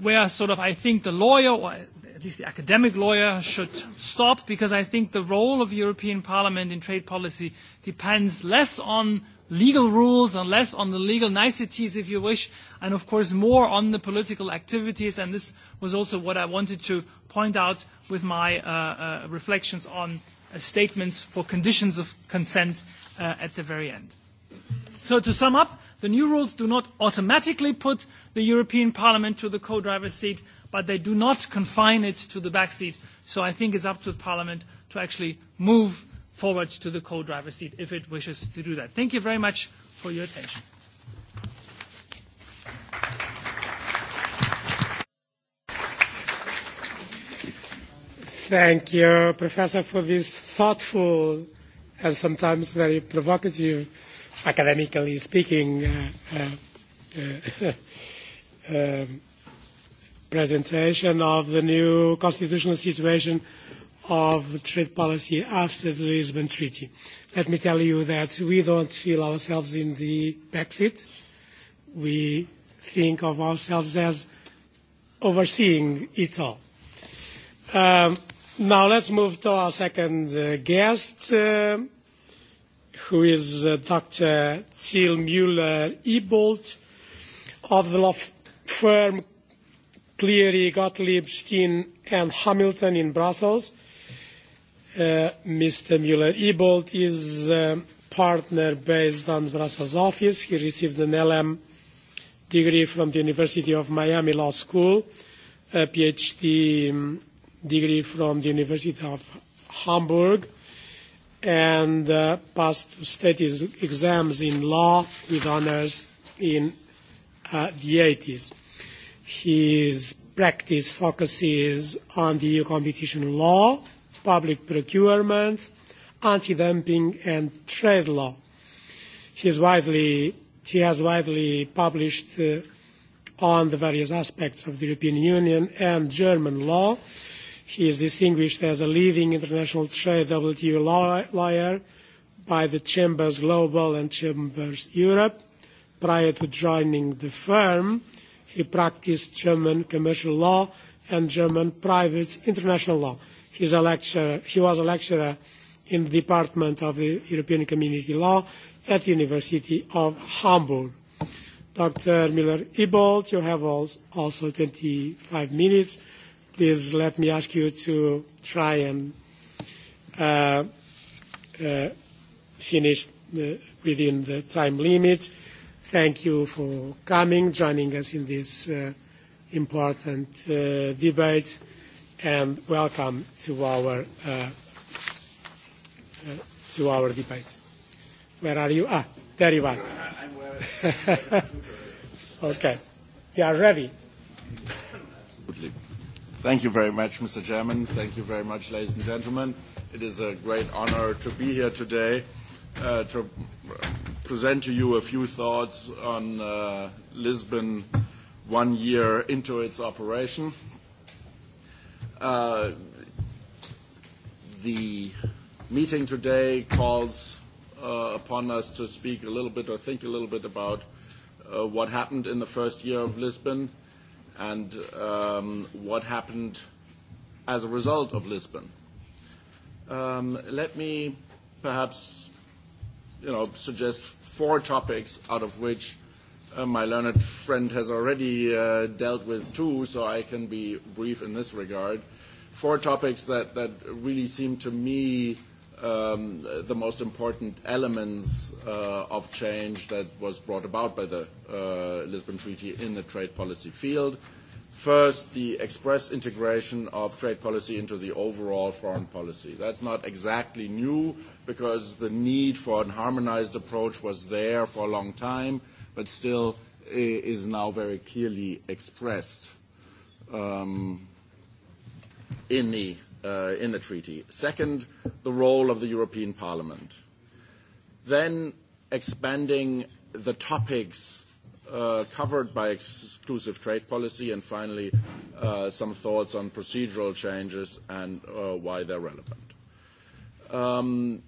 where sort of I think the lawyer, or at least the academic lawyer, should stop because I think the role of European Parliament in trade policy depends less on legal rules and less on the legal niceties, if you wish, and of course more on the political activities. And this was also what I wanted to point out with my uh, uh, reflections on uh, statements for conditions of consent uh, at the very end. So to sum up, The new rules do not automatically put the European Parliament to the co-driver's seat, but they do not confine it to the back seat. So I think it's up to Parliament to actually move forward to the co-driver's seat if it wishes to do that. Thank you very much for your attention. Thank you, Professor, for this thoughtful and sometimes very provocative academically speaking, uh, uh, uh, [laughs] um, presentation of the new constitutional situation of trade policy after the Lisbon Treaty. Let me tell you that we don't feel ourselves in the backseat. We think of ourselves as overseeing it all. Um, now let's move to our second uh, guest. Uh, who is uh, Dr. Thiel Müller-Ebold of the law firm Cleary, Gottlieb, Steen and Hamilton in Brussels. Uh, Mr. Müller-Ebold is a um, partner based on Brussels office. He received an LM degree from the University of Miami Law School, a PhD um, degree from the University of Hamburg, and uh, passed state exams in law with honors in uh, the 80s. His practice focuses on the EU competition law, public procurement, anti-dumping and trade law. He's widely, he has widely published uh, on the various aspects of the European Union and German law. He is distinguished as a leading international trade WTO lawyer by the Chambers Global and Chambers Europe. Prior to joining the firm, he practiced German commercial law and German private international law. He's a lecturer, he was a lecturer in the Department of the European Community Law at the University of Hamburg. Dr. Miller-Ebold, you have also 25 minutes please let me ask you to try and uh, uh, finish the, uh, within the time limit. Thank you for coming, joining us in this uh, important uh, debate, and welcome to our uh, uh, to our debate. Where are you? Ah, there you are. [laughs] okay, you are ready. Absolutely. Thank you very much, Mr. Chairman. Thank you very much, ladies and gentlemen. It is a great honor to be here today uh, to present to you a few thoughts on uh, Lisbon one year into its operation. Uh, the meeting today calls uh, upon us to speak a little bit or think a little bit about uh, what happened in the first year of Lisbon – and um, what happened as a result of Lisbon. Um, let me perhaps you know, suggest four topics out of which uh, my learned friend has already uh, dealt with two, so I can be brief in this regard. Four topics that, that really seem to me um, the most important elements uh, of change that was brought about by the uh, Lisbon Treaty in the trade policy field. First, the express integration of trade policy into the overall foreign policy. That's not exactly new because the need for an harmonized approach was there for a long time, but still is now very clearly expressed um, in the uh, in the treaty. Second, the role of the European Parliament. Then expanding the topics uh, covered by exclusive trade policy, and finally, uh, some thoughts on procedural changes and uh, why they're relevant. Um,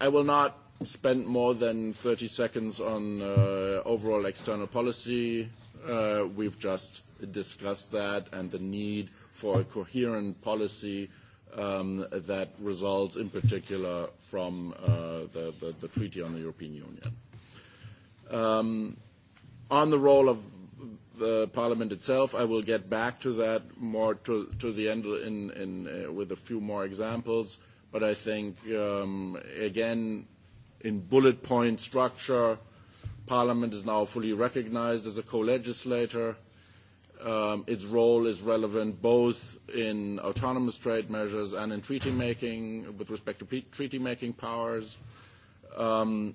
I will not spend more than 30 seconds on uh, overall external policy. Uh, we've just discussed that and the need for a coherent policy um, that results in particular from uh, the, the, the Treaty on the European Union. Um, on the role of the Parliament itself, I will get back to that more to, to the end in, in, uh, with a few more examples. But I think, um, again, in bullet point structure, Parliament is now fully recognized as a co-legislator. Um, its role is relevant both in autonomous trade measures and in treaty making with respect to treaty making powers. Um,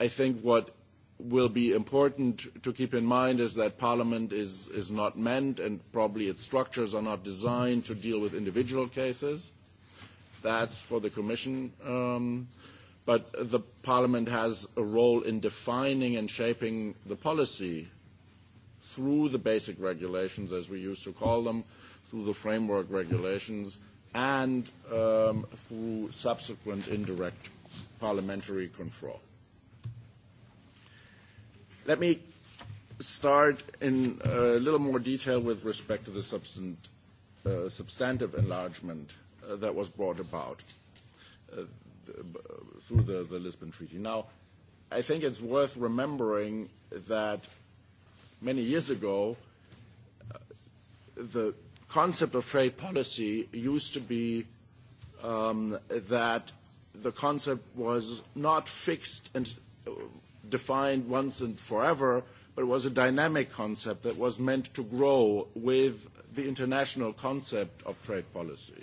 I think what will be important to keep in mind is that Parliament is, is not meant and probably its structures are not designed to deal with individual cases. That's for the Commission. Um, but the Parliament has a role in defining and shaping the policy through the basic regulations, as we used to call them, through the framework regulations, and um, through subsequent indirect parliamentary control. Let me start in a little more detail with respect to the substant, uh, substantive enlargement uh, that was brought about uh, through the, the Lisbon Treaty. Now, I think it's worth remembering that many years ago, uh, the concept of trade policy used to be um, that the concept was not fixed and uh, defined once and forever, but was a dynamic concept that was meant to grow with the international concept of trade policy.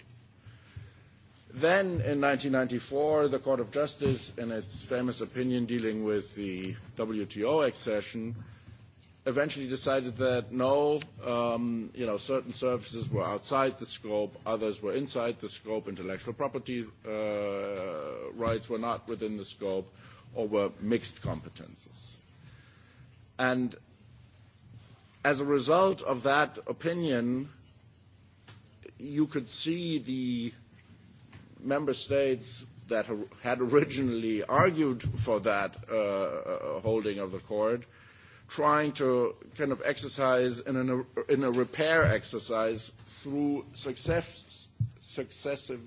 Then in 1994, the Court of Justice, in its famous opinion dealing with the WTO accession, eventually decided that no, um, you know, certain services were outside the scope, others were inside the scope, intellectual property uh, rights were not within the scope, or were mixed competences. And as a result of that opinion, you could see the member states that had originally argued for that uh, holding of the court uh, trying to kind of exercise in, an, in a repair exercise through success, successive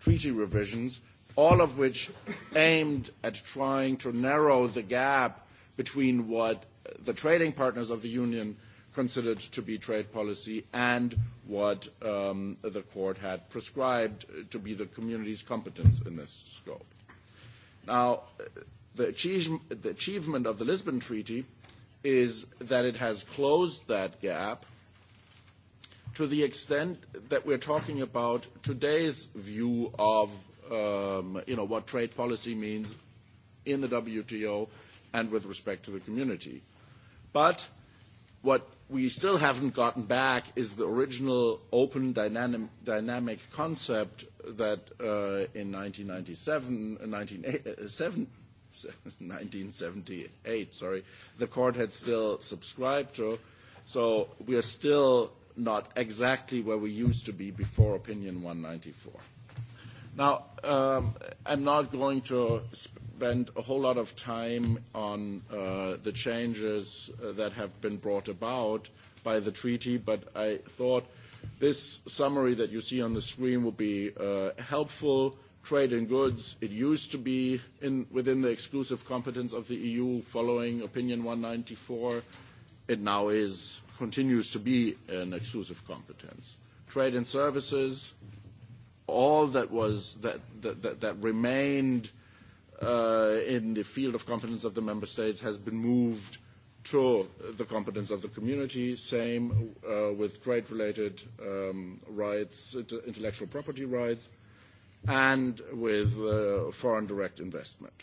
treaty revisions, all of which aimed at trying to narrow the gap between what the trading partners of the Union considered to be trade policy and what um, the court had prescribed to be the community's competence in this scope. Now, the, achieve, the achievement of the Lisbon Treaty is that it has closed that gap to the extent that we're talking about today's view of um, you know, what trade policy means in the WTO and with respect to the community. But what we still haven't gotten back is the original open dynamic concept that uh, in 1997, 1970, 1978, [laughs] sorry, the court had still subscribed to. So we are still not exactly where we used to be before Opinion 194. Now, um, I'm not going to spend a whole lot of time on uh, the changes uh, that have been brought about by the treaty, but I thought this summary that you see on the screen would be uh, helpful trade in goods. It used to be in, within the exclusive competence of the EU following Opinion 194. It now is, continues to be an exclusive competence. Trade in services, all that was that, that, that, that remained uh, in the field of competence of the member states has been moved to the competence of the community. Same uh, with trade-related um, rights, intellectual property rights and with uh, foreign direct investment.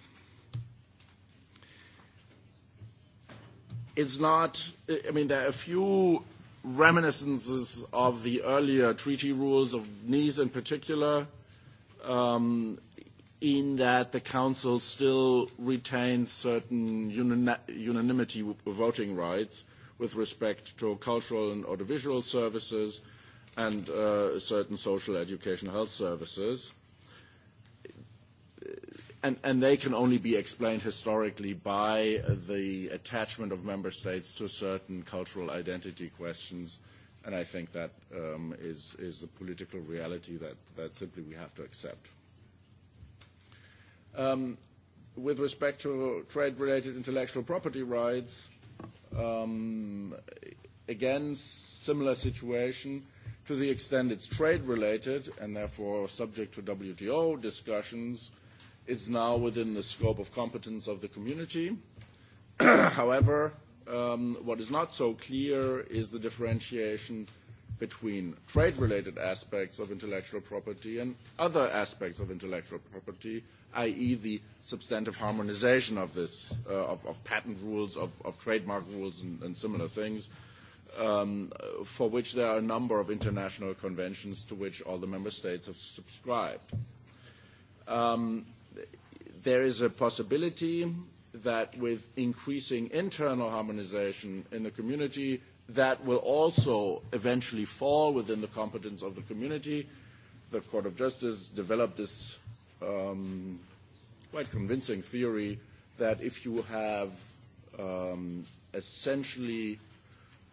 It's not, I mean, there are a few reminiscences of the earlier treaty rules of Nice in particular, um, in that the Council still retains certain unanimity voting rights with respect to cultural and audiovisual services and uh, certain social education health services and, they can only be explained historically by the attachment of member states to certain cultural identity questions. And I think that um, is, is the political reality that, that simply we have to accept. Um, with respect to trade-related intellectual property rights, um, again, similar situation to the extent it's trade-related and therefore subject to WTO discussions – is now within the scope of competence of the community. [clears throat] However, um, what is not so clear is the differentiation between trade-related aspects of intellectual property and other aspects of intellectual property, i.e. the substantive harmonization of this, uh, of, patent rules, of, trademark rules and, similar things, um, for which there are a number of international conventions to which all the member states have subscribed. Um, there is a possibility that with increasing internal harmonization in the community, that will also eventually fall within the competence of the community. The Court of Justice developed this um, quite convincing theory that if you have um, essentially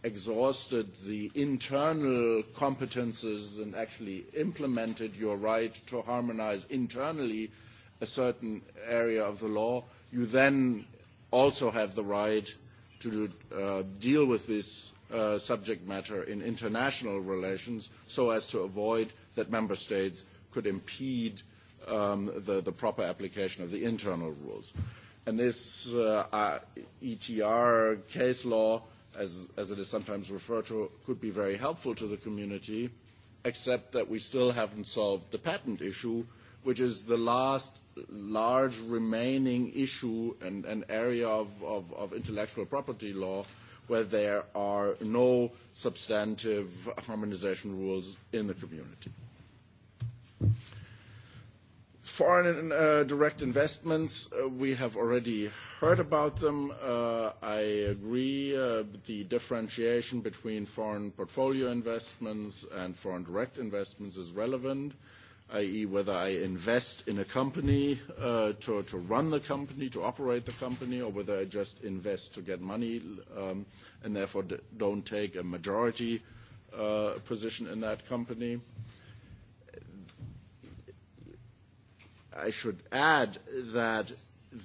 exhausted the internal competences and actually implemented your right to harmonize internally, a certain area of the law, you then also have the right to uh, deal with this uh, subject matter in international relations so as to avoid that member states could impede um, the, the, proper application of the internal rules. And this uh, uh ETR case law, as, as it is sometimes referred to, could be very helpful to the community, except that we still haven't solved the patent issue which is the last large remaining issue and, and area of, of, of intellectual property law where there are no substantive harmonization rules in the community. Foreign uh, direct investments, uh, we have already heard about them. Uh, I agree uh, the differentiation between foreign portfolio investments and foreign direct investments is relevant. Uh, i.e., whether I invest in a company uh, to, run the company, to operate the company, or whether I just invest to get money um, and therefore d- don't take a majority uh, position in that company. I should add that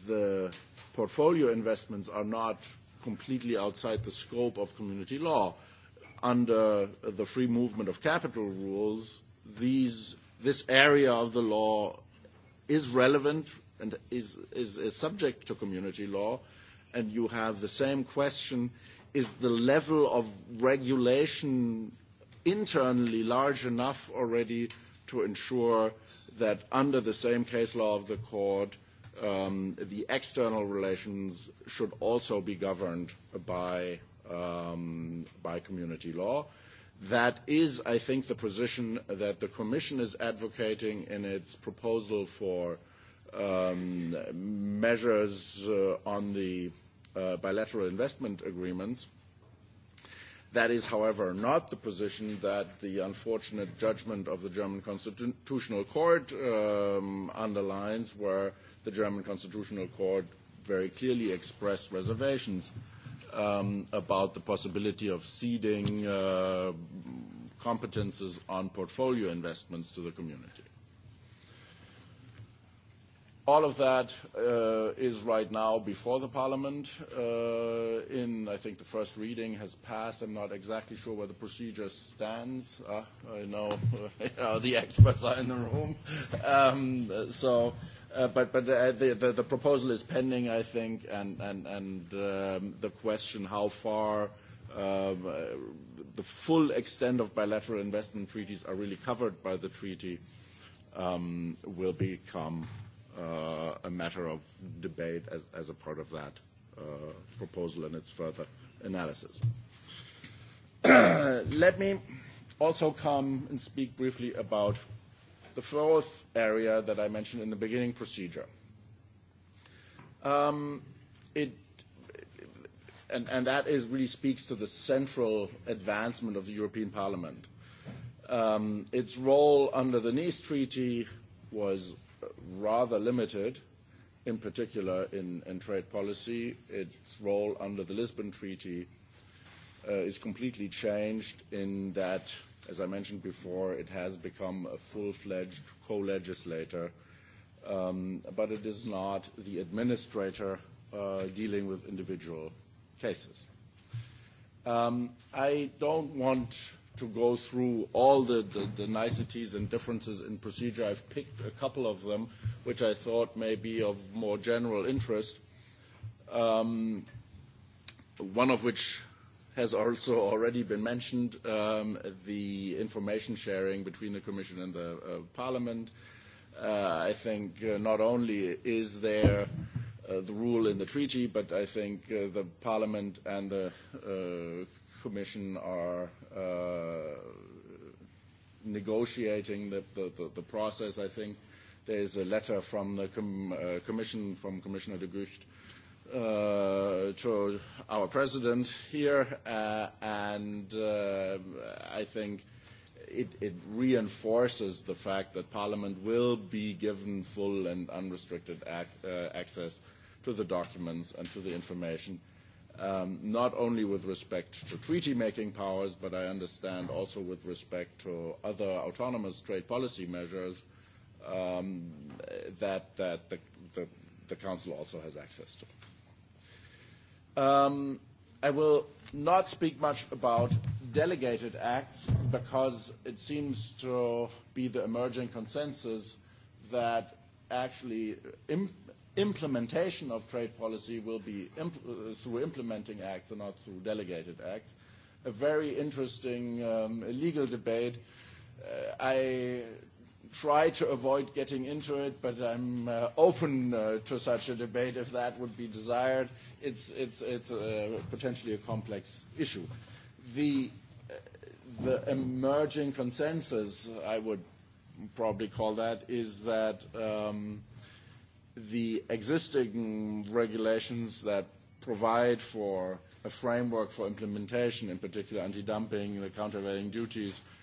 the portfolio investments are not completely outside the scope of community law. Under the free movement of capital rules, these this area of the law is relevant and is, is, is subject to community law, and you have the same question, is the level of regulation internally large enough already to ensure that under the same case law of the court, um, the external relations should also be governed by, um, by community law? That is, I think, the position that the Commission is advocating in its proposal for um, measures uh, on the uh, bilateral investment agreements. That is, however, not the position that the unfortunate judgment of the German Constitutional Court um, underlines, where the German Constitutional Court very clearly expressed reservations uh, um, about the possibility of ceding uh, competences on portfolio investments to the community. All of that uh, is right now before the parliament. Uh, in, I think, the first reading has passed. I'm not exactly sure where the procedure stands. Uh, I know, [laughs] you know the experts are in the room. Um, so Uh, but but uh, the, the, the proposal is pending, I think, and, and, and um, the question how far um, uh, the full extent of bilateral investment treaties are really covered by the treaty um, will become uh, a matter of debate as, as a part of that uh, proposal and its further analysis. [clears throat] Let me also come and speak briefly about the fourth area that I mentioned in the beginning, procedure. Um, it, and, and that is really speaks to the central advancement of the European Parliament. Um, its role under the Nice Treaty was rather limited, in particular in, in trade policy. Its role under the Lisbon Treaty uh, is completely changed in that As I mentioned before, it has become a full-fledged co-legislator, um, but it is not the administrator uh, dealing with individual cases. Um, I don't want to go through all the, the, the niceties and differences in procedure. I've picked a couple of them, which I thought may be of more general interest, um, one of which has also already been mentioned, um, the information sharing between the Commission and the uh, Parliament. Uh, I think uh, not only is there the rule in the treaty, but I think the Parliament and the Commission are negotiating the, process. I think there is a letter from the Commission, from Commissioner de Gucht, Uh, to our president here, uh, and uh, I think it, it reinforces the fact that Parliament will be given full and unrestricted ac uh, access to the documents and to the information, um, not only with respect to treaty-making powers, but I understand also with respect to other autonomous trade policy measures um, that, that the, the, the Council also has access to. Um, I will not speak much about delegated acts because it seems to be the emerging consensus that actually imp implementation of trade policy will be impl through implementing acts and not through delegated acts. A very interesting um, legal debate. Uh, I try to avoid getting into it, but I'm uh, open uh, to such a debate if that would be desired. It's, it's, it's uh, potentially a complex issue. The, uh, the emerging consensus, I would probably call that, is that um, the existing regulations that provide for a framework for implementation, in particular anti-dumping, the countervailing duties, uh,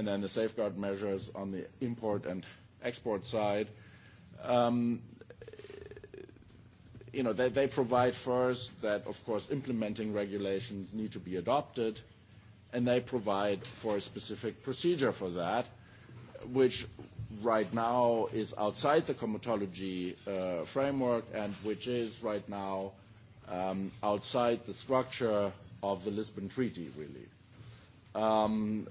and then the safeguard measures on the import and export side. Um, you know, they, they provide first that, of course, implementing regulations need to be adopted, and they provide for a specific procedure for that, which right now is outside the comitology uh, framework and which is right now um, outside the structure of the Lisbon Treaty, really. Um,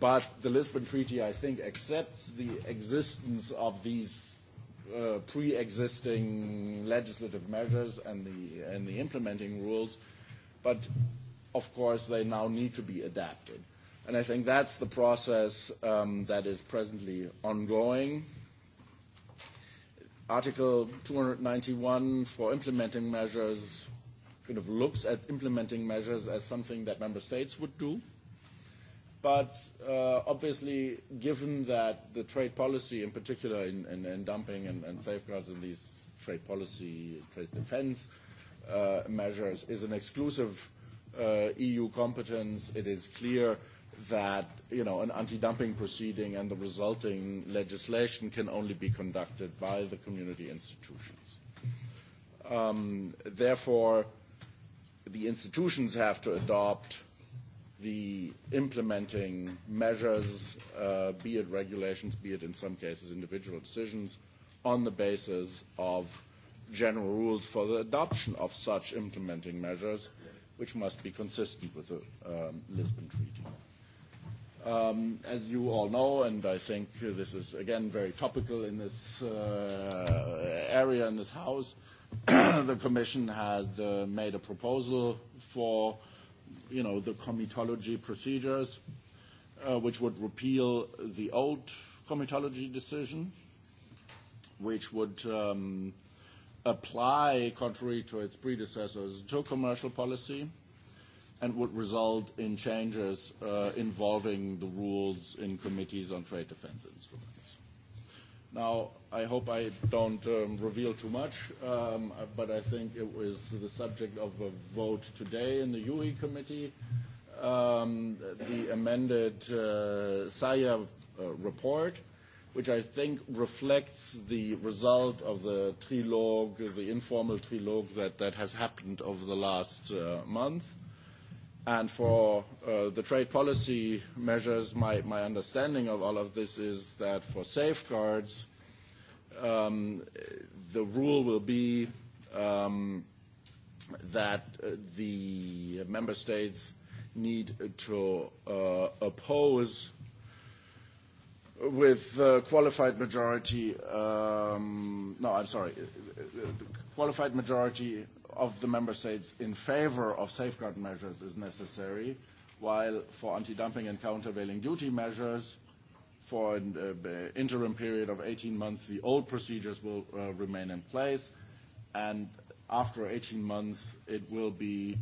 but the Lisbon Treaty, I think, accepts the existence of these uh, pre-existing legislative measures and the, and the implementing rules, but of course they now need to be adapted. And I think that's the process um, that is presently ongoing. Article 291 for implementing measures kind of looks at implementing measures as something that member states would do. But uh, obviously, given that the trade policy, in particular in, in, in dumping and, and safeguards in these trade policy, trade defense uh, measures, is an exclusive uh, EU competence, it is clear that you know an anti-dumping proceeding and the resulting legislation can only be conducted by the community institutions. Um, therefore, the institutions have to adopt the implementing measures, uh, be it regulations, be it in some cases individual decisions, on the basis of general rules for the adoption of such implementing measures, which must be consistent with the um, Lisbon Treaty. Um, as you all know, and I think this is again very topical in this uh, area in this House, [clears throat] the Commission had uh, made a proposal for you know, the comitology procedures, uh, which would repeal the old comitology decision, which would um, apply, contrary to its predecessors, to commercial policy and would result in changes uh, involving the rules in committees on trade defense instruments. Now, I hope I don't um, reveal too much, um, but I think it was the subject of a vote today in the UE committee. Um, the amended uh, SAIA uh, report, which I think reflects the result of the trilogue, the informal trilogue that, that has happened over the last uh, month And for uh, the trade policy measures, my, my understanding of all of this is that for safeguards, um, the rule will be um, that uh, the member states need to uh, oppose with uh, qualified majority. Um, no, I'm sorry. Uh, uh, qualified majority of the member states in favor of safeguard measures is necessary, while for anti-dumping and countervailing duty measures, for an uh, interim period of 18 months, the old procedures will uh, remain in place, and after 18 months, it will be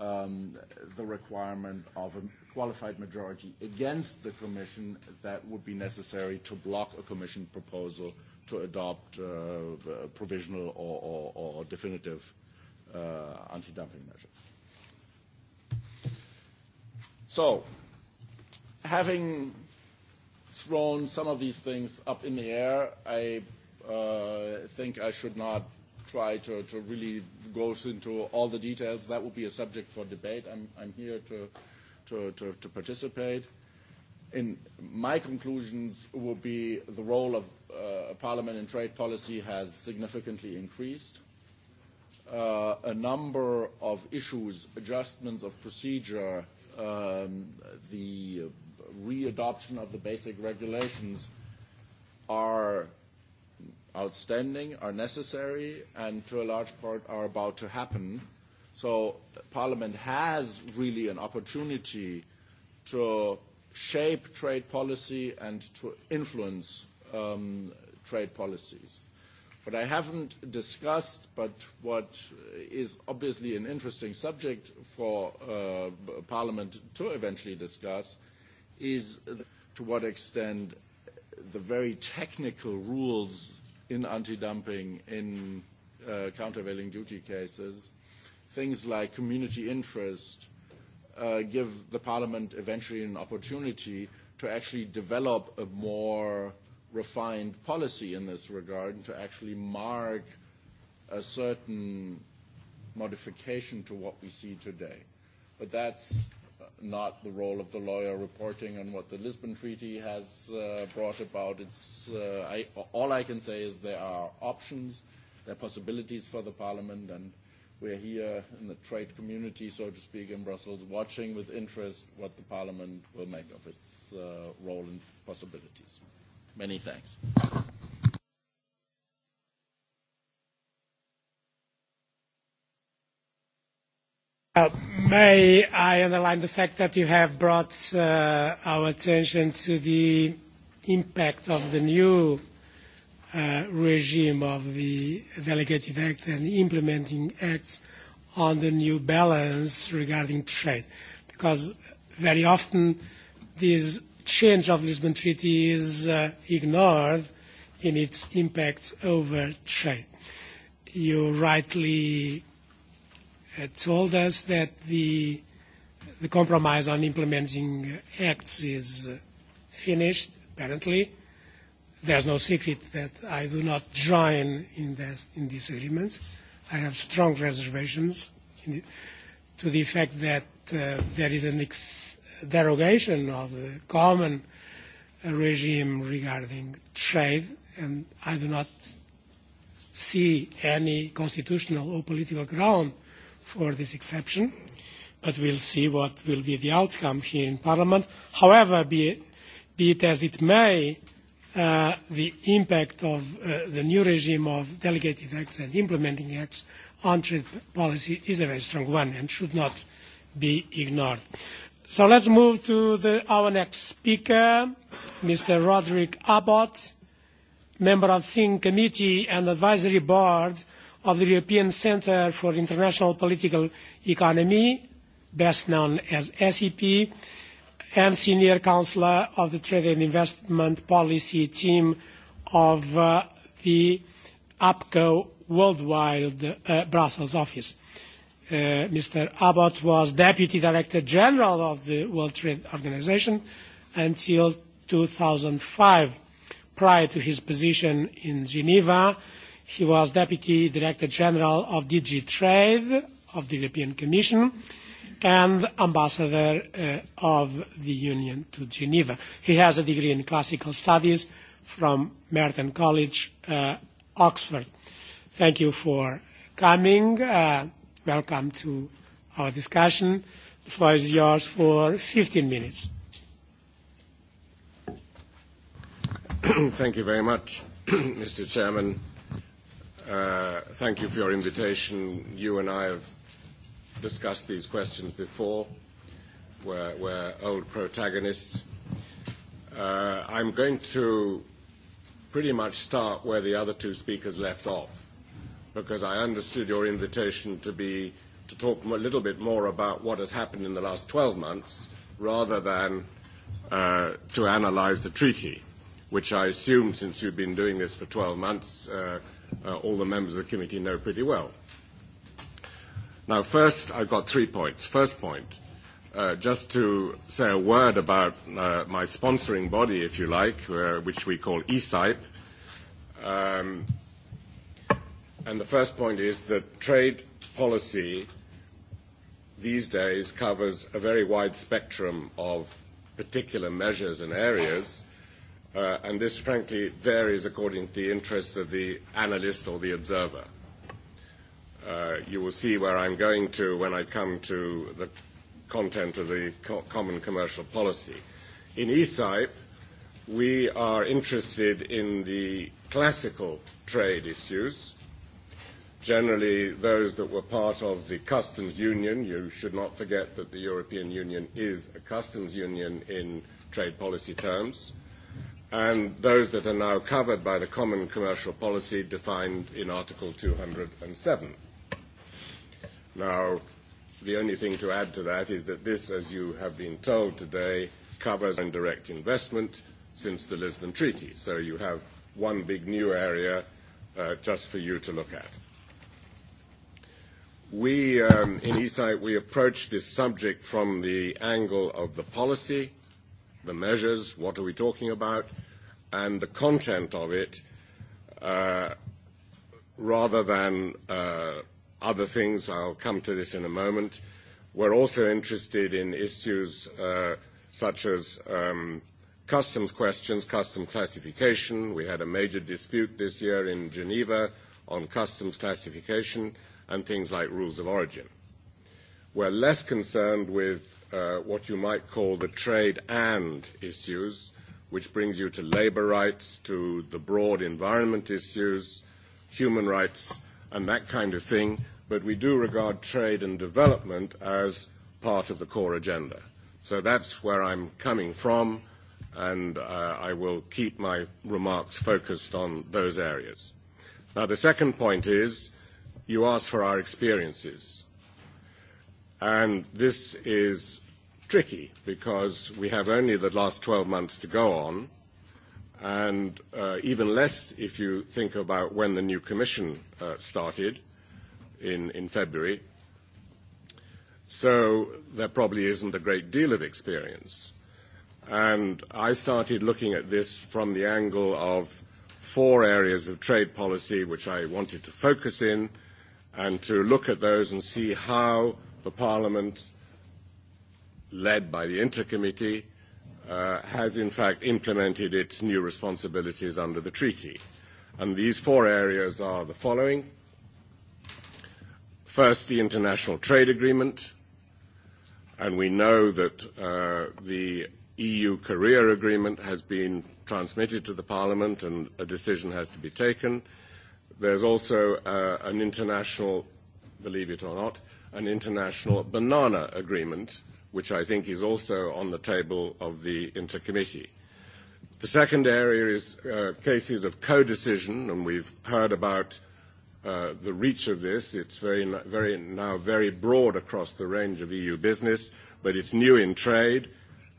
um, the requirement of a qualified majority against the Commission that would be necessary to block a Commission proposal to adopt uh, provisional or, or, or definitive Uh, anti-dumping measures. So, having thrown some of these things up in the air, I uh, think I should not try to, to really go into all the details. That would be a subject for debate. I'm, I'm here to, to, to, to participate. In my conclusions will be the role of uh, Parliament in trade policy has significantly increased. Uh, a number of issues, adjustments of procedure, the um, the readoption of the basic regulations are outstanding, are necessary, and to a large part are about to happen. So Parliament has really an opportunity to shape trade policy and to influence um, trade policies. What I haven't discussed, but what is obviously an interesting subject for uh, Parliament to eventually discuss, is to what extent the very technical rules in anti-dumping, in uh, countervailing duty cases, things like community interest, uh, give the Parliament eventually an opportunity to actually develop a more refined policy in this regard to actually mark a certain modification to what we see today. But that's uh, not the role of the lawyer reporting on what the Lisbon Treaty has uh, brought about. It's, uh, I, all I can say is there are options, there are possibilities for the Parliament, and we're here in the trade community, so to speak, in Brussels, watching with interest what the Parliament will make of its uh, role and its possibilities. Many thanks. Uh, may I underline the fact that you have brought uh, our attention to the impact of the new uh, regime of the Delegated Act and Implementing Act on the new balance regarding trade? Because very often these change of Lisbon Treaty is uh, ignored in its impacts over trade. You rightly uh, told us that the, the compromise on implementing acts is uh, finished, apparently. There's no secret that I do not join in, this, in these agreements. I have strong reservations the, to the effect that uh, there is an ex derogation of the common regime regarding trade, and I do not see any constitutional or political ground for this exception, but we'll see what will be the outcome here in Parliament. However, be it, be it as it may, uh, the impact of uh, the new regime of delegated acts and implementing acts on trade policy is a very strong one and should not be ignored. So let's move to the, our next speaker, Mr. Roderick Abbott, member of Think Committee and Advisory Board of the European Centre for International Political Economy, best known as SEP, and Senior Counselor of the Trade and Investment Policy Team of uh, the APCO Worldwide uh, Brussels office. Uh, Mr. Abbott was Deputy Director General of the World Trade Organization until 2005. Prior to his position in Geneva, he was Deputy Director General of DG Trade of the European Commission and Ambassador uh, of the Union to Geneva. He has a degree in Classical Studies from Merton College, uh, Oxford. Thank you for coming. Uh, welcome to our discussion. The floor is yours for 15 minutes. [clears throat] Thank you very much, [clears throat] Mr. Chairman. Uh, thank you for your invitation. You and I have discussed these questions before. We're, we're old protagonists. Uh, I'm going to pretty much start where the other two speakers left off because I understood your invitation to be to talk a little bit more about what has happened in the last 12 months rather than uh, to analyze the treaty, which I assume, since you've been doing this for 12 months, uh, uh, all the members of the committee know pretty well. Now, first, I've got three points. First point, uh, just to say a word about uh, my sponsoring body, if you like, uh, which we call ESIPE. Um, And the first point is that trade policy these days covers a very wide spectrum of particular measures and areas. Uh, and this, frankly, varies according to the interests of the analyst or the observer. Uh, you will see where I'm going to when I come to the content of the co common commercial policy. In ESIP, we are interested in the classical trade issues, generally those that were part of the customs union. You should not forget that the European Union is a customs union in trade policy terms. And those that are now covered by the common commercial policy defined in Article 207. Now, the only thing to add to that is that this, as you have been told today, covers indirect investment since the Lisbon Treaty. So you have one big new area uh, just for you to look at. We, um, in ESI, we approach this subject from the angle of the policy, the measures, what are we talking about, and the content of it, uh, rather than uh, other things. I'll come to this in a moment. We're also interested in issues uh, such as um, customs questions, custom classification. We had a major dispute this year in Geneva on customs classification and things like rules of origin. We're less concerned with uh, what you might call the trade and issues, which brings you to labour rights, to the broad environment issues, human rights, and that kind of thing. But we do regard trade and development as part of the core agenda. So that's where I'm coming from, and uh, I will keep my remarks focused on those areas. Now, the second point is you ask for our experiences. And this is tricky because we have only the last 12 months to go on, and uh, even less if you think about when the new commission uh, started in, in February. So there probably isn't a great deal of experience. And I started looking at this from the angle of four areas of trade policy which I wanted to focus in – and to look at those and see how the Parliament, led by the Intercommittee, uh, has in fact implemented its new responsibilities under the treaty. And these four areas are the following. First, the international trade agreement. And we know that uh, the EU career agreement has been transmitted to the Parliament and a decision has to be taken. Uh, There's also uh, an international, believe it or not, an international banana agreement, which I think is also on the table of the intercommittee. The second area is uh, cases of co-decision, and we've heard about uh, the reach of this. It's very, very, now very broad across the range of EU business, but it's new in trade.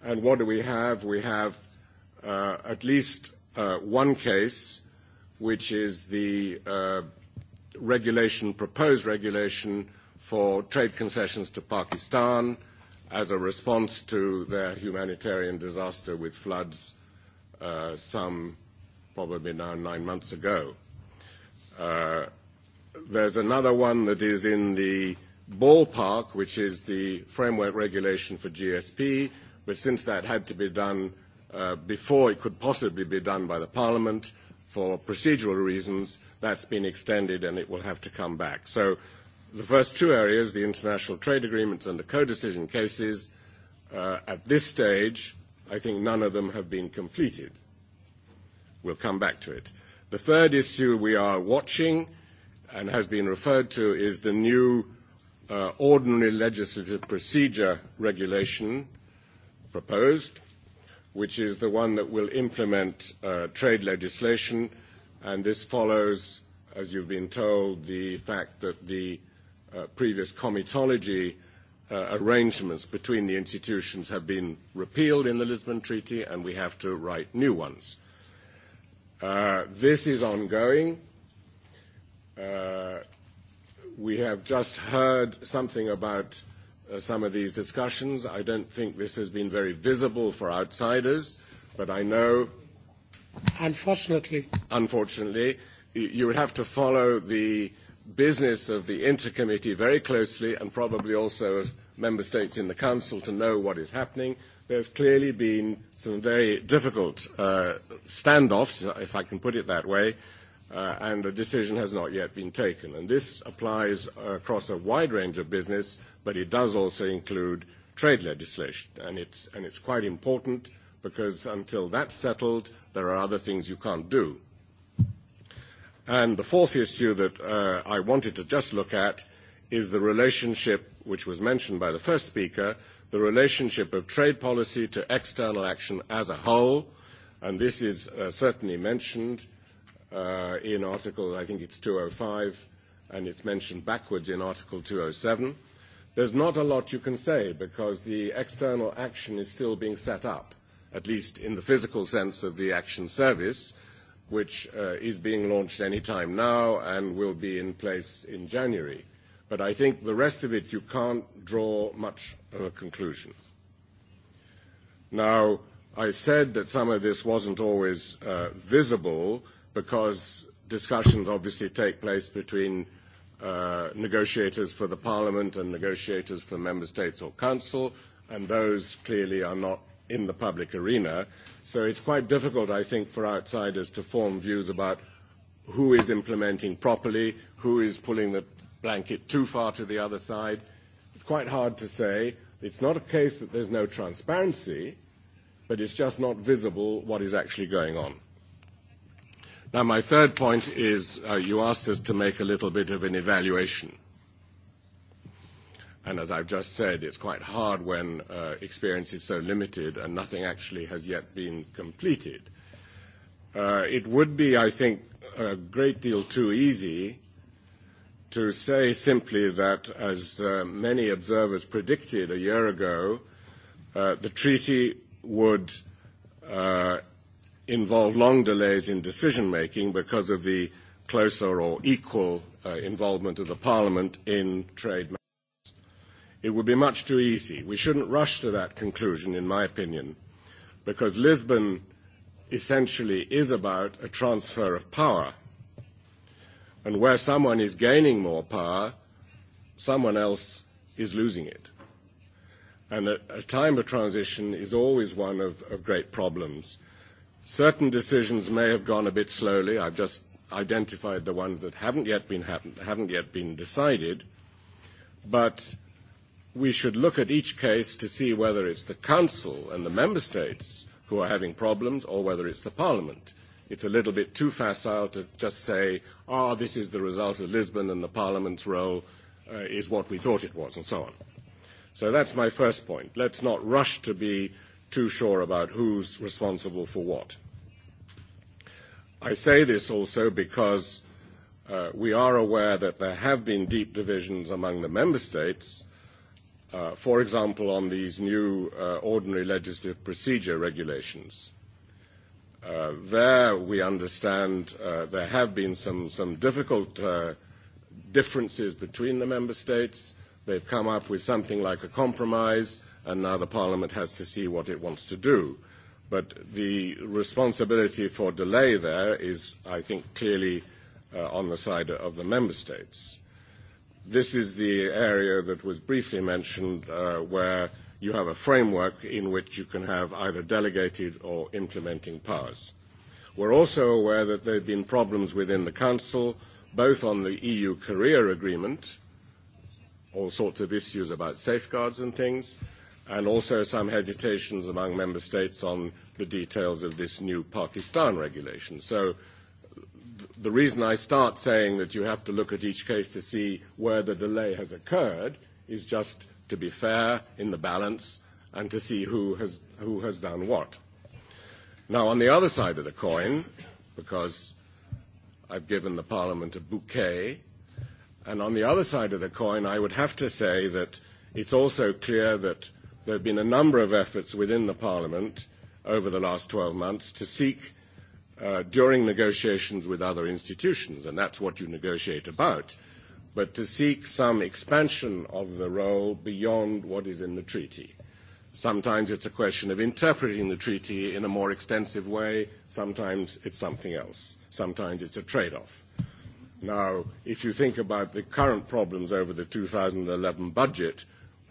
And what do we have? We have uh, at least uh, one case which is the uh, regulation, proposed regulation for trade concessions to Pakistan as a response to their humanitarian disaster with floods uh, some probably now nine months ago. Uh, there's another one that is in the ballpark, which is the framework regulation for GSP, but since that had to be done uh, before it could possibly be done by the Parliament, for procedural reasons, that's been extended and it will have to come back. So the first two areas, the international trade agreements and the co-decision cases, uh, at this stage, I think none of them have been completed. We'll come back to it. The third issue we are watching and has been referred to is the new uh, ordinary legislative procedure regulation proposed which is the one that will implement uh, trade legislation, and this follows, as you've been told, the fact that the uh, previous comitology uh, arrangements between the institutions have been repealed in the Lisbon Treaty, and we have to write new ones. Uh, this is ongoing. Uh, we have just heard something about Uh, some of these discussions. I don't think this has been very visible for outsiders, but I know. Unfortunately. Unfortunately. You would have to follow the business of the intercommittee very closely and probably also of member states in the council to know what is happening. There's clearly been some very difficult uh, standoffs, if I can put it that way, uh, and a decision has not yet been taken. And this applies across a wide range of business, but it does also include trade legislation. And it's, and it's quite important because until that's settled, there are other things you can't do. And the fourth issue that uh, I wanted to just look at is the relationship, which was mentioned by the first speaker, the relationship of trade policy to external action as a whole. And this is uh, certainly mentioned uh, in Article, I think it's 205, and it's mentioned backwards in Article 207. There's not a lot you can say because the external action is still being set up, at least in the physical sense of the action service, which uh, is being launched any time now and will be in place in January. But I think the rest of it, you can't draw much of a conclusion. Now, I said that some of this wasn't always uh, visible because discussions obviously take place between Uh, negotiators for the Parliament and negotiators for Member States or Council, and those clearly are not in the public arena. So it's quite difficult, I think, for outsiders to form views about who is implementing properly, who is pulling the blanket too far to the other side. It's quite hard to say. It's not a case that there's no transparency, but it's just not visible what is actually going on. Now, my third point is uh, you asked us to make a little bit of an evaluation. And as I've just said, it's quite hard when uh, experience is so limited and nothing actually has yet been completed. Uh, it would be, I think, a great deal too easy to say simply that, as uh, many observers predicted a year ago, uh, the treaty would uh, involve long delays in decision making because of the closer or equal uh, involvement of the Parliament in trade matters. It would be much too easy. We shouldn't rush to that conclusion, in my opinion, because Lisbon essentially is about a transfer of power. And where someone is gaining more power, someone else is losing it. And a, a time of transition is always one of, of great problems Certain decisions may have gone a bit slowly. I've just identified the ones that haven't yet been, happened, haven't yet been decided. But we should look at each case to see whether it's the Council and the Member States who are having problems or whether it's the Parliament. It's a little bit too facile to just say, ah, oh, this is the result of Lisbon and the Parliament's role uh, is what we thought it was, and so on. So that's my first point. Let's not rush to be too sure about who's responsible for what. I say this also because uh, we are aware that there have been deep divisions among the member states, uh, for example, on these new uh, ordinary legislative procedure regulations. Uh, there, we understand uh, there have been some, some difficult uh, differences between the member states. They've come up with something like a compromise and now the Parliament has to see what it wants to do. But the responsibility for delay there is, I think, clearly uh, on the side of the Member States. This is the area that was briefly mentioned uh, where you have a framework in which you can have either delegated or implementing powers. We're also aware that there have been problems within the Council, both on the EU Korea agreement, all sorts of issues about safeguards and things, and also some hesitations among member states on the details of this new Pakistan regulation. So the reason I start saying that you have to look at each case to see where the delay has occurred is just to be fair in the balance and to see who has, who has done what. Now, on the other side of the coin, because I've given the Parliament a bouquet, and on the other side of the coin, I would have to say that it's also clear that There have been a number of efforts within the Parliament over the last 12 months to seek, uh, during negotiations with other institutions, and that's what you negotiate about, but to seek some expansion of the role beyond what is in the treaty. Sometimes it's a question of interpreting the treaty in a more extensive way. Sometimes it's something else. Sometimes it's a trade-off. Now, if you think about the current problems over the 2011 budget,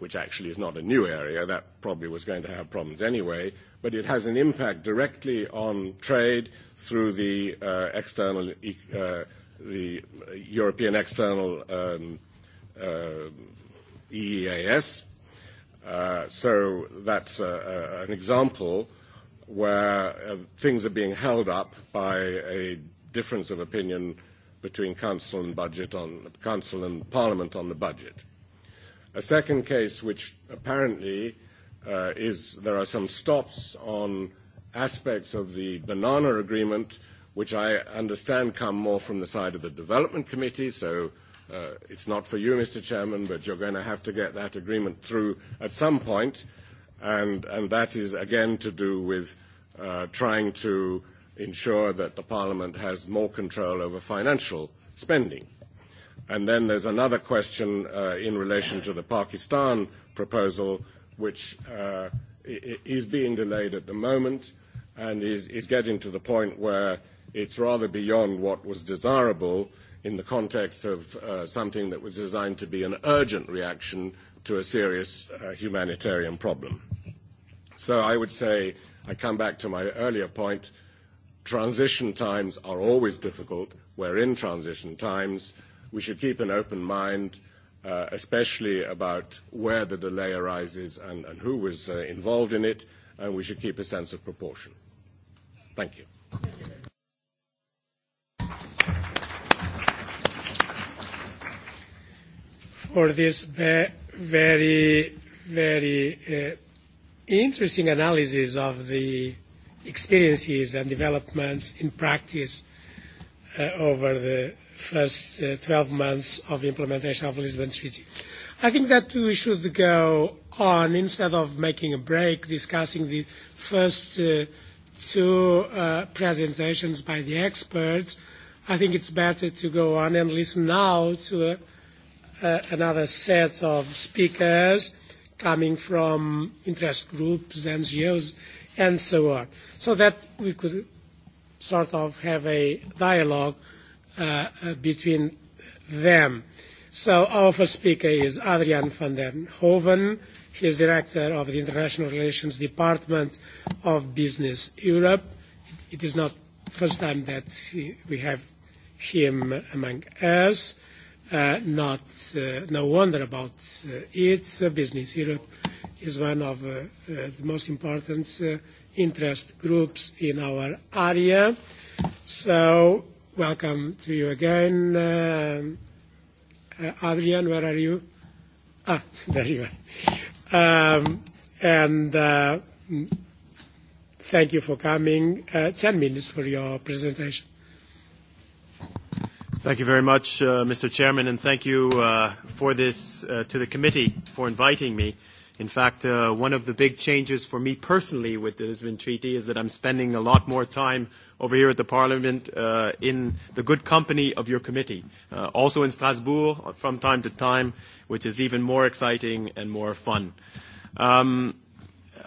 which actually is not a new area, that probably was going to have problems anyway, but it has an impact directly on trade through the uh, external, e, uh, the European external um, uh, EEAS. Uh, so that's a, uh, a, uh, an example where uh, things are being held up by a difference of opinion between council and budget on council and parliament on the budget. A second case, which apparently uh, is there are some stops on aspects of the banana agreement, which I understand come more from the side of the development committee. So uh, it's not for you, Mr. Chairman, but you're going to have to get that agreement through at some point, and and that is again to do with uh, trying to ensure that the Parliament has more control over financial spending. And then there's another question uh, in relation to the Pakistan proposal, which uh, is being delayed at the moment and is, is getting to the point where it's rather beyond what was desirable in the context of uh, something that was designed to be an urgent reaction to a serious uh, humanitarian problem. So I would say, I come back to my earlier point, transition times are always difficult. We're in transition times. Uh, we should keep an open mind, uh, especially about where the delay arises and, and who was uh, involved in it, and we should keep a sense of proportion. Thank you. For this very, very uh, interesting analysis of the experiences and developments in practice uh, over the first uh, 12 months of implementation of the Lisbon Treaty. I think that we should go on instead of making a break discussing the first uh, two uh, presentations by the experts. I think it's better to go on and listen now to a, uh, uh, another set of speakers coming from interest groups, NGOs, and so on, so that we could sort of have a dialogue Uh, uh, between them. So our first speaker is Adrian van den Hoven. He is director of the International Relations Department of Business Europe. It is not first time that he, we have him among us. Uh, not, uh, no wonder about uh, it. Uh, Business Europe is one of uh, uh, the most important uh, interest groups in our area. So Welcome to you again. Uh, uh, Adrian, where are you? Ah, [laughs] there you are. Um, and uh, thank you for coming. Uh, 10 minutes for your presentation. Thank you very much, uh, Mr. Chairman, and thank you uh, for this uh, to the committee for inviting me. Uh, In fact, uh, one of the big changes for me personally with the Lisbon Treaty is that I'm spending a lot more time over here at the Parliament uh, in the good company of your committee, uh, also in Strasbourg from time to time, which is even more exciting and more fun. Um,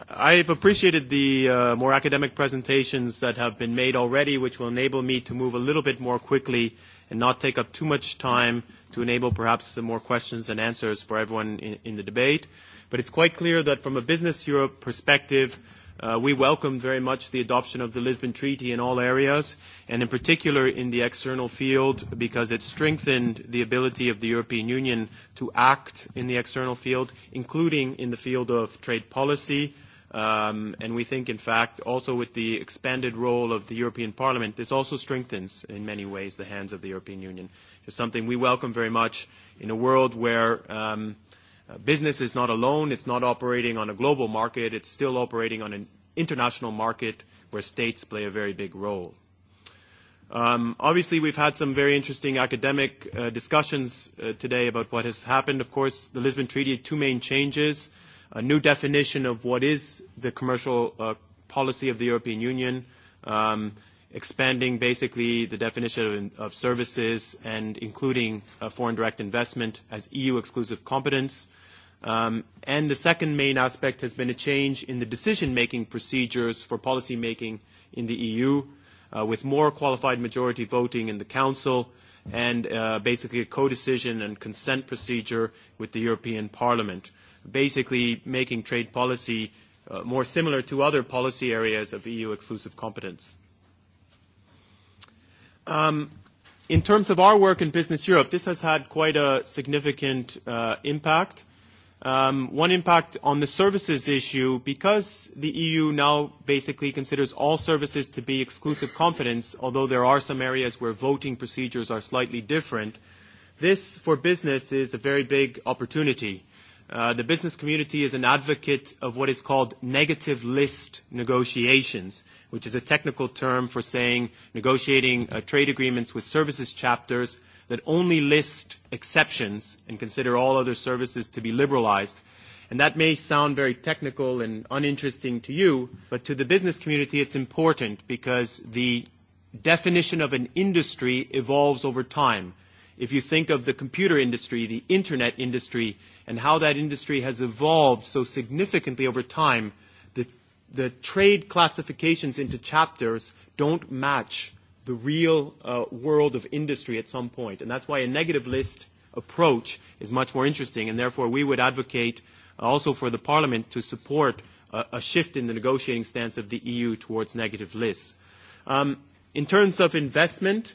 I've appreciated the uh, more academic presentations that have been made already, which will enable me to move a little bit more quickly uh, and not take up too much time to enable perhaps some more questions and answers for everyone in, in the debate. But it's quite clear that from a Business Europe perspective, uh, we welcome very much the adoption of the Lisbon Treaty in all areas, and in particular in the external field, because it strengthened the ability of the European Union to act in the external field, including in the field of trade policy, Um, and we think, in fact, also with the expanded role of the European Parliament, this also strengthens, in many ways, the hands of the European Union. Just something we welcome very much in a world where um, uh, business is not alone, it's not operating on a global market, it's still operating on an international market where states play a very big role. Um, obviously, we've had some very interesting academic uh, discussions uh, today about what has happened. Of course, the Lisbon Treaty, two main changes a new definition of what is the commercial uh, policy of the European Union, um, expanding basically the definition of, of services and including uh, foreign direct investment as EU exclusive competence. Um, and the second main aspect has been a change in the decision-making procedures for policy making in the EU, uh, with more qualified majority voting in the Council and uh, basically a co-decision and consent procedure with the European Parliament basically making trade policy uh, more similar to other policy areas of EU exclusive competence. Um, in terms of our work in Business Europe, this has had quite a significant uh, impact. Um, one impact on the services issue, because the EU now basically considers all services to be exclusive competence, although there are some areas where voting procedures are slightly different, this for business is a very big opportunity. Uh, the business community is an advocate of what is called negative list negotiations, which is a technical term for saying negotiating uh, trade agreements with services chapters that only list exceptions and consider all other services to be liberalized. And that may sound very technical and uninteresting to you, but to the business community it's important because the definition of an industry evolves over time If you think of the computer industry, the internet industry, and how that industry has evolved so significantly over time, the, the trade classifications into chapters don't match the real uh, world of industry at some point. And that's why a negative list approach is much more interesting. And therefore, we would advocate uh, also for the Parliament to support a, a shift in the negotiating stance of the EU towards negative lists. Um, in terms of investment,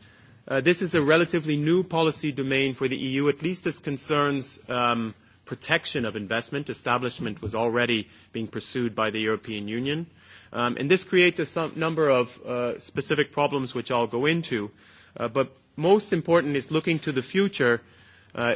Uh, this is a relatively new policy domain for the EU, at least as concerns um, protection of investment. Establishment was already being pursued by the European Union. Um, and this creates a some number of uh, specific problems which I'll go into. Uh, but most important is looking to the future. Uh,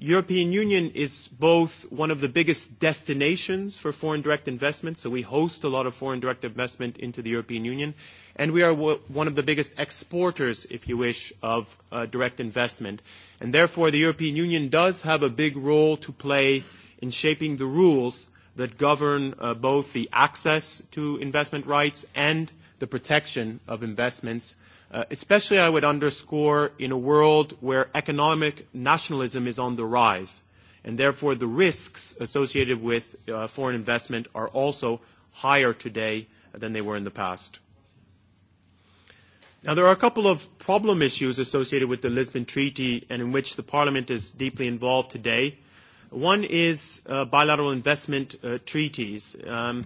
European Union is both one of the biggest destinations for foreign direct investment, so we host a lot of foreign direct investment into the European Union, and we are one of the biggest exporters, if you wish, of uh, direct investment. And therefore, the European Union does have a big role to play in shaping the rules that govern uh, both the access to investment rights and the protection of investments Uh, especially, I would underscore, in a world where economic nationalism is on the rise, and therefore the risks associated with uh, foreign investment are also higher today than they were in the past. Now, there are a couple of problem issues associated with the Lisbon Treaty and in which the Parliament is deeply involved today. One is uh, bilateral investment uh, treaties. Um,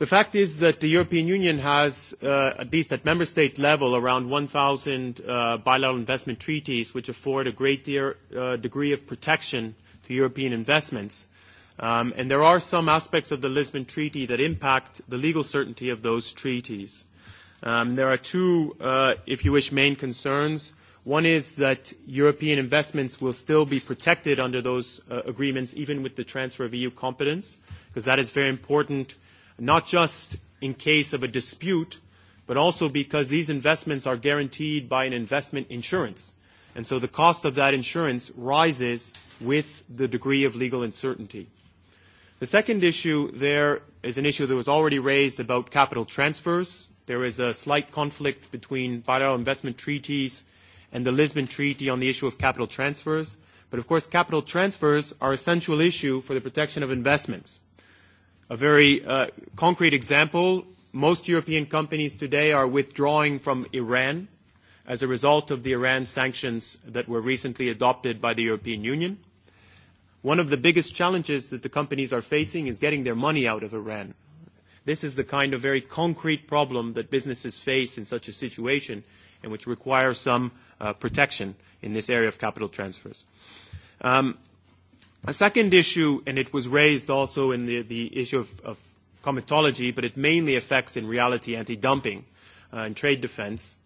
The fact is that the European Union has, uh, at least at member state level, around 1,000 uh, bilateral investment treaties which afford a great uh, degree of protection to European investments. Um, and there are some aspects of the Lisbon Treaty that impact the legal certainty of those treaties. Um, there are two, uh, if you wish, main concerns. One is that European investments will still be protected under those uh, agreements, even with the transfer of EU competence, because that is very important not just in case of a dispute, but also because these investments are guaranteed by an investment insurance. And so the cost of that insurance rises with the degree of legal uncertainty. The second issue there is an issue that was already raised about capital transfers. There is a slight conflict between bilateral investment treaties and the Lisbon Treaty on the issue of capital transfers. But of course, capital transfers are a central issue for the protection of investments. A very uh, concrete example, most European companies today are withdrawing from Iran as a result of the Iran sanctions that were recently adopted by the European Union. One of the biggest challenges that the companies are facing is getting their money out of Iran. This is the kind of very concrete problem that businesses face in such a situation and which requires some uh, protection in this area of capital transfers. Um, a second issue, and it was raised also in the, the issue of, of comitology, but it mainly affects in reality anti-dumping uh, and trade defense.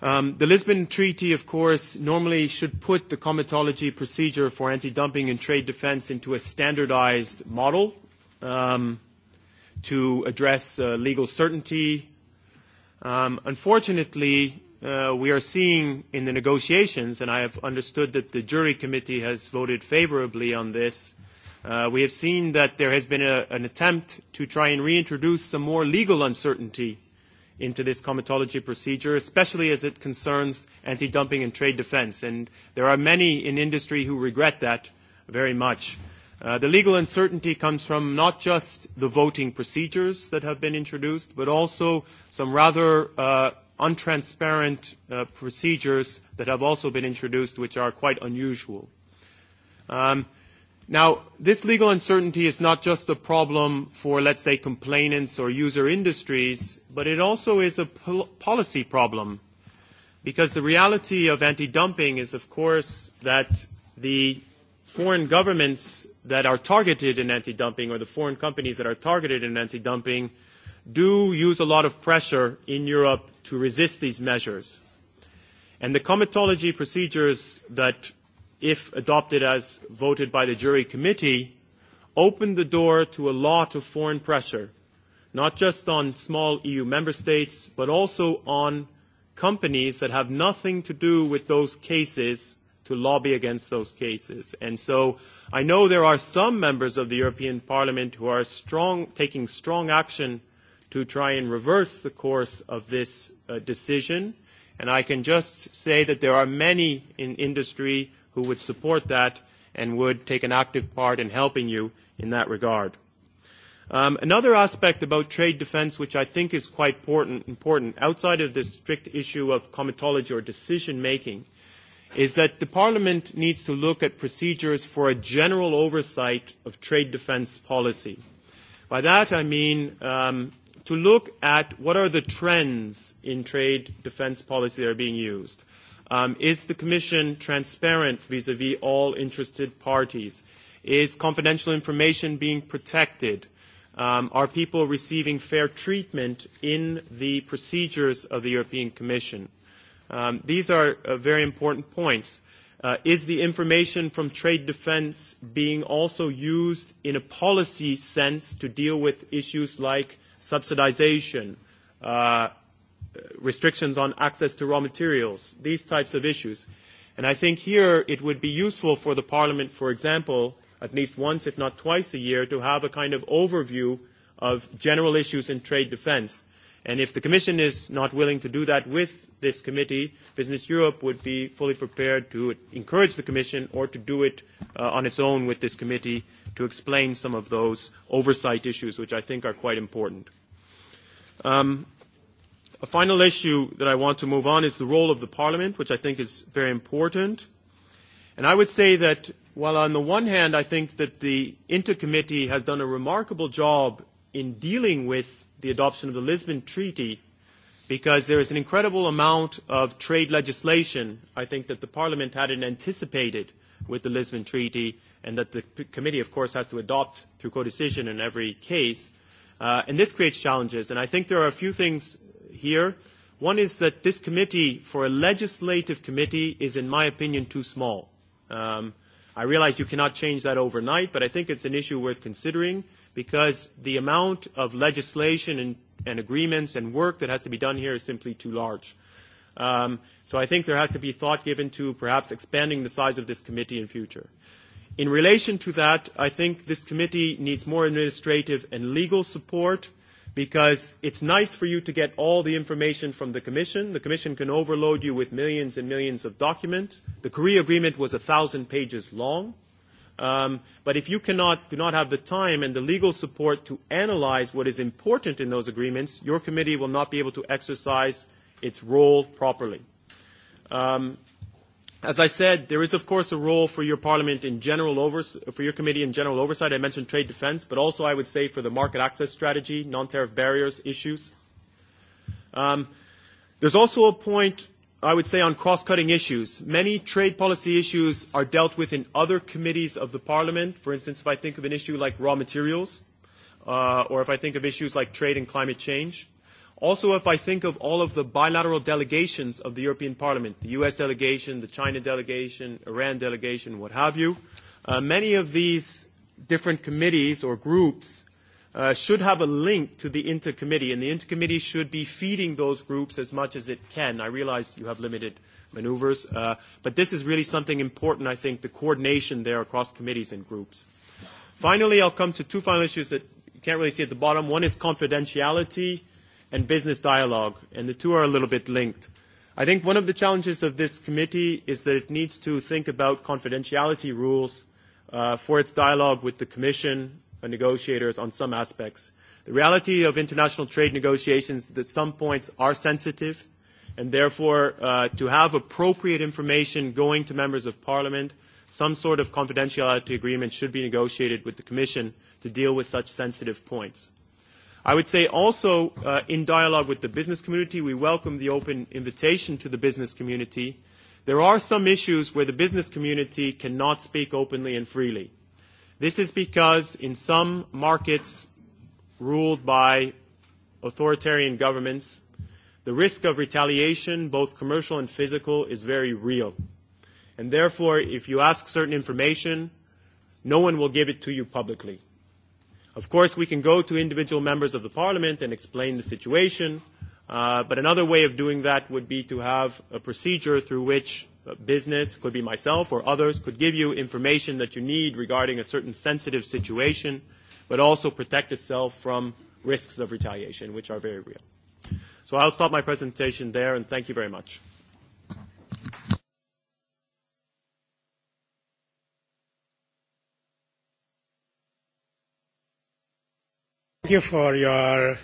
Um, the Lisbon Treaty, of course, normally should put the comitology procedure for anti-dumping and trade defense into a standardized model um, to address uh, legal certainty. Um, unfortunately, Uh, we are seeing in the negotiations, and I have understood that the jury committee has voted favorably on this, uh, we have seen that there has been a, an attempt to try and reintroduce some more legal uncertainty into this comitology procedure, especially as it concerns anti-dumping and trade defense. And there are many in industry who regret that very much. Uh, the legal uncertainty comes from not just the voting procedures that have been introduced, but also some rather uh, untransparent uh, procedures that have also been introduced, which are quite unusual. Um, now, this legal uncertainty is not just a problem for, let's say, complainants or user industries, but it also is a pol- policy problem. Because the reality of anti dumping is, of course, that the foreign governments that are targeted in anti dumping or the foreign companies that are targeted in anti dumping do use a lot of pressure in Europe to resist these measures. And the comitology procedures that, if adopted as voted by the jury committee, open the door to a lot of foreign pressure, not just on small EU member states, but also on companies that have nothing to do with those cases to lobby against those cases. And so I know there are some members of the European Parliament who are strong, taking strong action to try and reverse the course of this uh, decision. And I can just say that there are many in industry who would support that and would take an active part in helping you in that regard. Um, another aspect about trade defense, which I think is quite important, important outside of this strict issue of comitology or decision making, is that the Parliament needs to look at procedures for a general oversight of trade defense policy. By that I mean um, to look at what are the trends in trade defense policy that are being used. Um, is the Commission transparent vis a vis -vis all interested parties? Is confidential information being protected? Um, are people receiving fair treatment in the procedures of the European Commission? Um, these are uh, very important points. Uh, is the information from trade defense being also used in a policy sense to deal with issues like subsidization, uh, restrictions on access to raw materials, these types of issues. And I think here it would be useful for the Parliament, for example, at least once, if not twice a year, to have a kind of overview of general issues in trade defense And if the Commission is not willing to do that with this committee, Business Europe would be fully prepared to encourage the Commission or to do it uh, on its own with this committee to explain some of those oversight issues, which I think are quite important. Um, a final issue that I want to move on is the role of the Parliament, which I think is very important. And I would say that while on the one hand I think that the Committee has done a remarkable job in dealing with the adoption of the Lisbon Treaty because there is an incredible amount of trade legislation I think that the Parliament hadn't anticipated with the Lisbon Treaty and that the committee, of course, has to adopt through codecision in every case. Uh, and this creates challenges. And I think there are a few things here. One is that this committee, for a legislative committee, is, in my opinion, too small. Um, I realize you cannot change that overnight, but I think it's an issue worth considering. Uh, because the amount of legislation and, and agreements and work that has to be done here is simply too large. Um, so I think there has to be thought given to perhaps expanding the size of this committee in future. In relation to that, I think this committee needs more administrative and legal support because it's nice for you to get all the information from the Commission. The Commission can overload you with millions and millions of documents. The Korea agreement was 1,000 pages long. Um, but if you cannot, do not have the time and the legal support to analyze what is important in those agreements, your committee will not be able to exercise its role properly. Um, as I said, there is of course a role for your parliament in general oversight, for your committee in general oversight. I mentioned trade defense, but also I would say for the market access strategy, non-tariff barriers issues. Um, there's also a point i would say on cross-cutting issues. Many trade policy issues are dealt with in other committees of the Parliament. For instance, if I think of an issue like raw materials, uh, or if I think of issues like trade and climate change. Also, if I think of all of the bilateral delegations of the European Parliament, the US delegation, the China delegation, Iran delegation, what have you, uh, many of these different committees or groups Uh, should have a link to the intercommittee, and the intercommittee should be feeding those groups as much as it can. I realize you have limited maneuvers, uh, but this is really something important, I think, the coordination there across committees and groups. Finally, I'll come to two final issues that you can't really see at the bottom. One is confidentiality and business dialogue, and the two are a little bit linked. I think one of the challenges of this committee is that it needs to think about confidentiality rules uh, for its dialogue with the Commission negotiators on some aspects. The reality of international trade negotiations that some points are sensitive, and therefore uh, to have appropriate information going to members of parliament, some sort of confidentiality agreement should be negotiated with the Commission to deal with such sensitive points. I would say also uh, in dialogue with the business community, we welcome the open invitation to the business community. There are some issues where the business community cannot speak openly and freely. This is because in some markets ruled by authoritarian governments, the risk of retaliation, both commercial and physical, is very real. And therefore, if you ask certain information, no one will give it to you publicly. Of course, we can go to individual members of the parliament and explain the situation, uh, but another way of doing that would be to have a procedure through which business, could be myself or others, could give you information that you need regarding a certain sensitive situation, but also protect itself from risks of retaliation, which are very real. So I'll stop my presentation there, and thank you very much. Thank you for your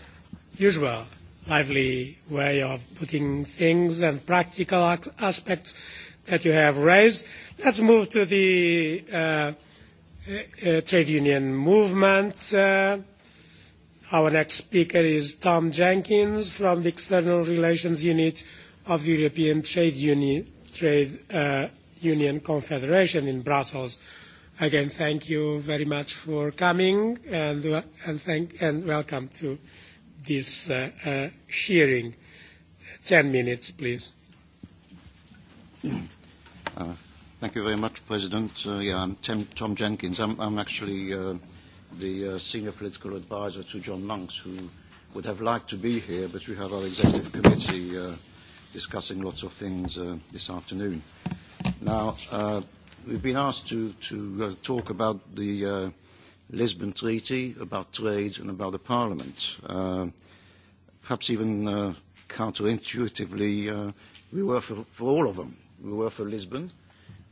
usual lively way of putting things and practical aspects that you have raised. Let's move to the uh, uh, uh, trade union movement. Uh, our next speaker is Tom Jenkins from the External Relations Unit of the European Trade Union, trade, uh, union Confederation in Brussels. Again, thank you very much for coming and, uh, and, thank, and welcome to this uh, uh, hearing. Ten minutes, please. [clears throat] Uh, thank you very much, President. Uh, yeah, I'm Tim, Tom Jenkins. I'm, I'm actually uh, the uh, senior political advisor to John Monks, who would have liked to be here, but we have our executive committee uh, discussing lots of things uh, this afternoon. Now, uh, we've been asked to, to uh, talk about the uh, Lisbon Treaty, about trade, and about the Parliament. Uh, perhaps even uh, counterintuitively, uh, we were for, for all of them. We were for Lisbon.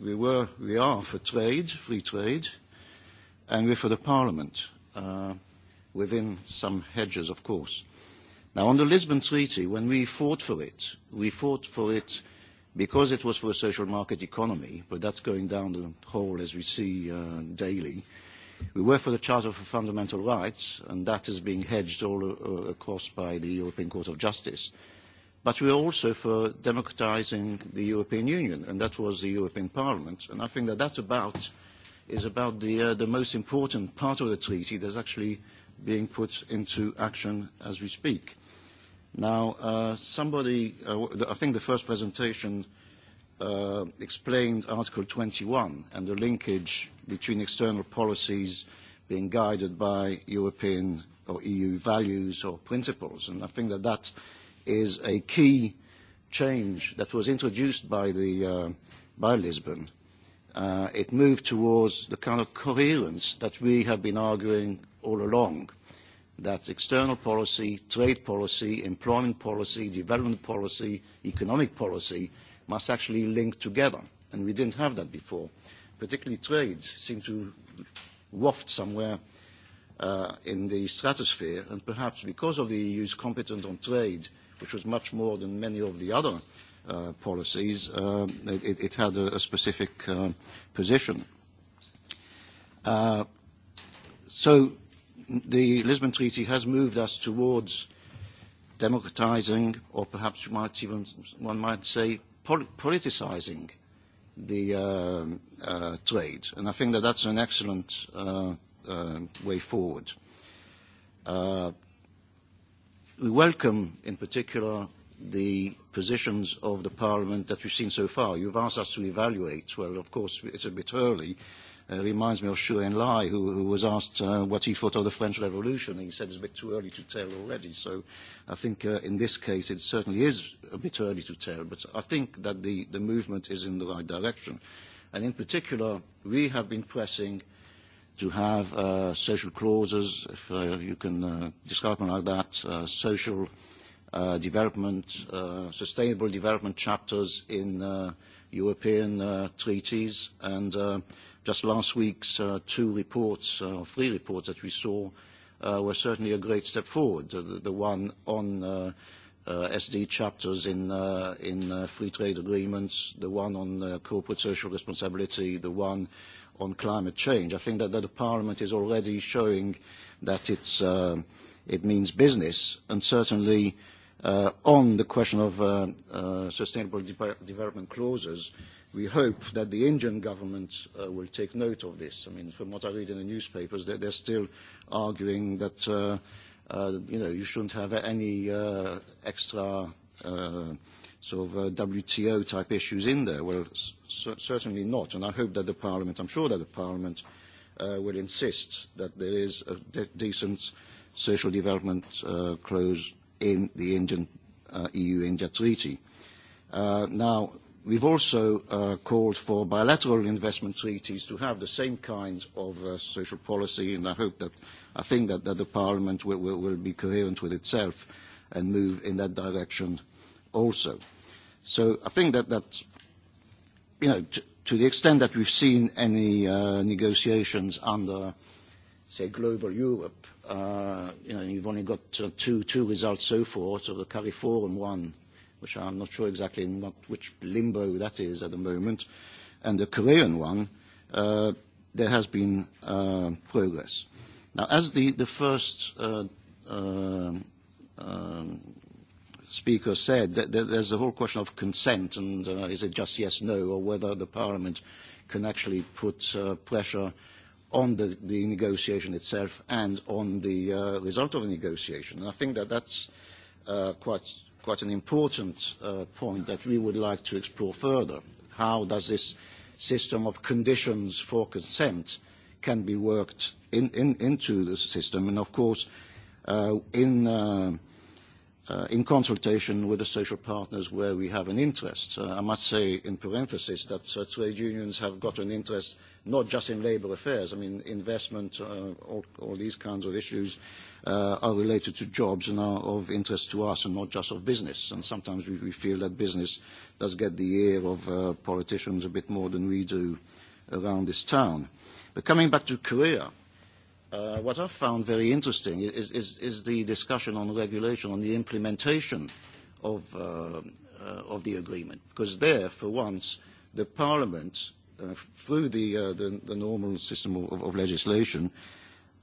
We, were, we are for trade, free trade, and we're for the Parliament, uh, within some hedges, of course. Now, on the Lisbon Treaty, when we fought for it, we fought for it because it was for a social market economy, but that's going down the hole as we see uh, daily. We were for the Charter for Fundamental Rights, and that is being hedged all uh, across by the European Court of Justice. Uh, But we are also for democratising the European Union, and that was the European Parliament. And I think that that about is about the, uh, the most important part of the treaty that's actually being put into action as we speak. Now, uh, somebody, uh, I think the first presentation uh, explained Article 21 and the linkage between external policies being guided by European or EU values or principles. And I think that that is a key change that was introduced by, the, uh, by Lisbon. Uh, it moved towards the kind of coherence that we have been arguing all along, that external policy, trade policy, employment policy, development policy, economic policy must actually link together. And we didn't have that before. Particularly trade seemed to waft somewhere uh, in the stratosphere, and perhaps because of the EU's competence on trade, which was much more than many of the other uh, policies, uh, it, it had a, a specific uh, position. Uh, so the Lisbon Treaty has moved us towards democratizing, or perhaps you might even, one might say, politicizing the uh, uh, trade. And I think that that's an excellent uh, uh, way forward. Uh, We welcome, in particular, the positions of the Parliament that we've seen so far. You've asked us to evaluate. Well, of course, it's a bit early. Uh, reminds me of Xu Enlai, who, who was asked uh, what he thought of the French Revolution. he said it's a bit too early to tell already. So I think uh, in this case, it certainly is a bit early to tell. But I think that the, the movement is in the right direction. And in particular, we have been pressing – to have uh, social clauses, if uh, you can uh, describe them like that, uh, social uh, development, uh, sustainable development chapters in uh, European uh, treaties. And uh, just last week's uh, two reports, uh, or three reports that we saw, uh, were certainly a great step forward. The, the one on uh, uh, SD chapters in, uh, in uh, free trade agreements, the one on uh, corporate social responsibility, the one on climate change. I think that, that the Parliament is already showing that it's, uh, it means business, and certainly uh, on the question of uh, uh, sustainable de development clauses, we hope that the Indian government uh, will take note of this. I mean, from what I read in the newspapers, they're, they're still arguing that uh, uh, you know you shouldn't have any uh, extra uh, sort of uh, WTO type issues in there? Well, certainly not. And I hope that the Parliament, I'm sure that the Parliament uh, will insist that there is a de decent social development uh, clause in the Indian uh, EU-India treaty. Uh, now, we've also uh, called for bilateral investment treaties to have the same kind of uh, social policy, and I hope that, I think that, that the Parliament will, will, will be coherent with itself and move in that direction also. So I think that, that you know, to, to the extent that we've seen any uh, negotiations under, say, global Europe, uh, you know, you've only got uh, two, two results so far, so the Cariforum one, which I'm not sure exactly in what, which limbo that is at the moment, and the Korean one, there has been progress. Now, as the, the first um, um, speaker said, that there's the whole question of consent and uh, is it just yes, no, or whether the parliament can actually put uh, pressure on the, the negotiation itself and on the uh, result of the negotiation. And I think that that's uh, quite, quite an important uh, point that we would like to explore further. How does this system of conditions for consent can be worked in, in, into the system? And of course, uh, in uh, uh, in consultation with the social partners where we have an interest. Uh, I must say in parenthesis that uh, trade unions have got an interest not just in labour affairs. I mean, investment, uh, all, all these kinds of issues uh, are related to jobs and are of interest to us and not just of business. And sometimes we, we feel that business does get the ear of uh, politicians a bit more than we do around this town. But coming back to Korea, Uh, what I found very interesting is, is, is the discussion on regulation, on the implementation of, uh, uh, of the agreement. Because there, for once, the Parliament, uh, through the, uh, the, the normal system of, of legislation,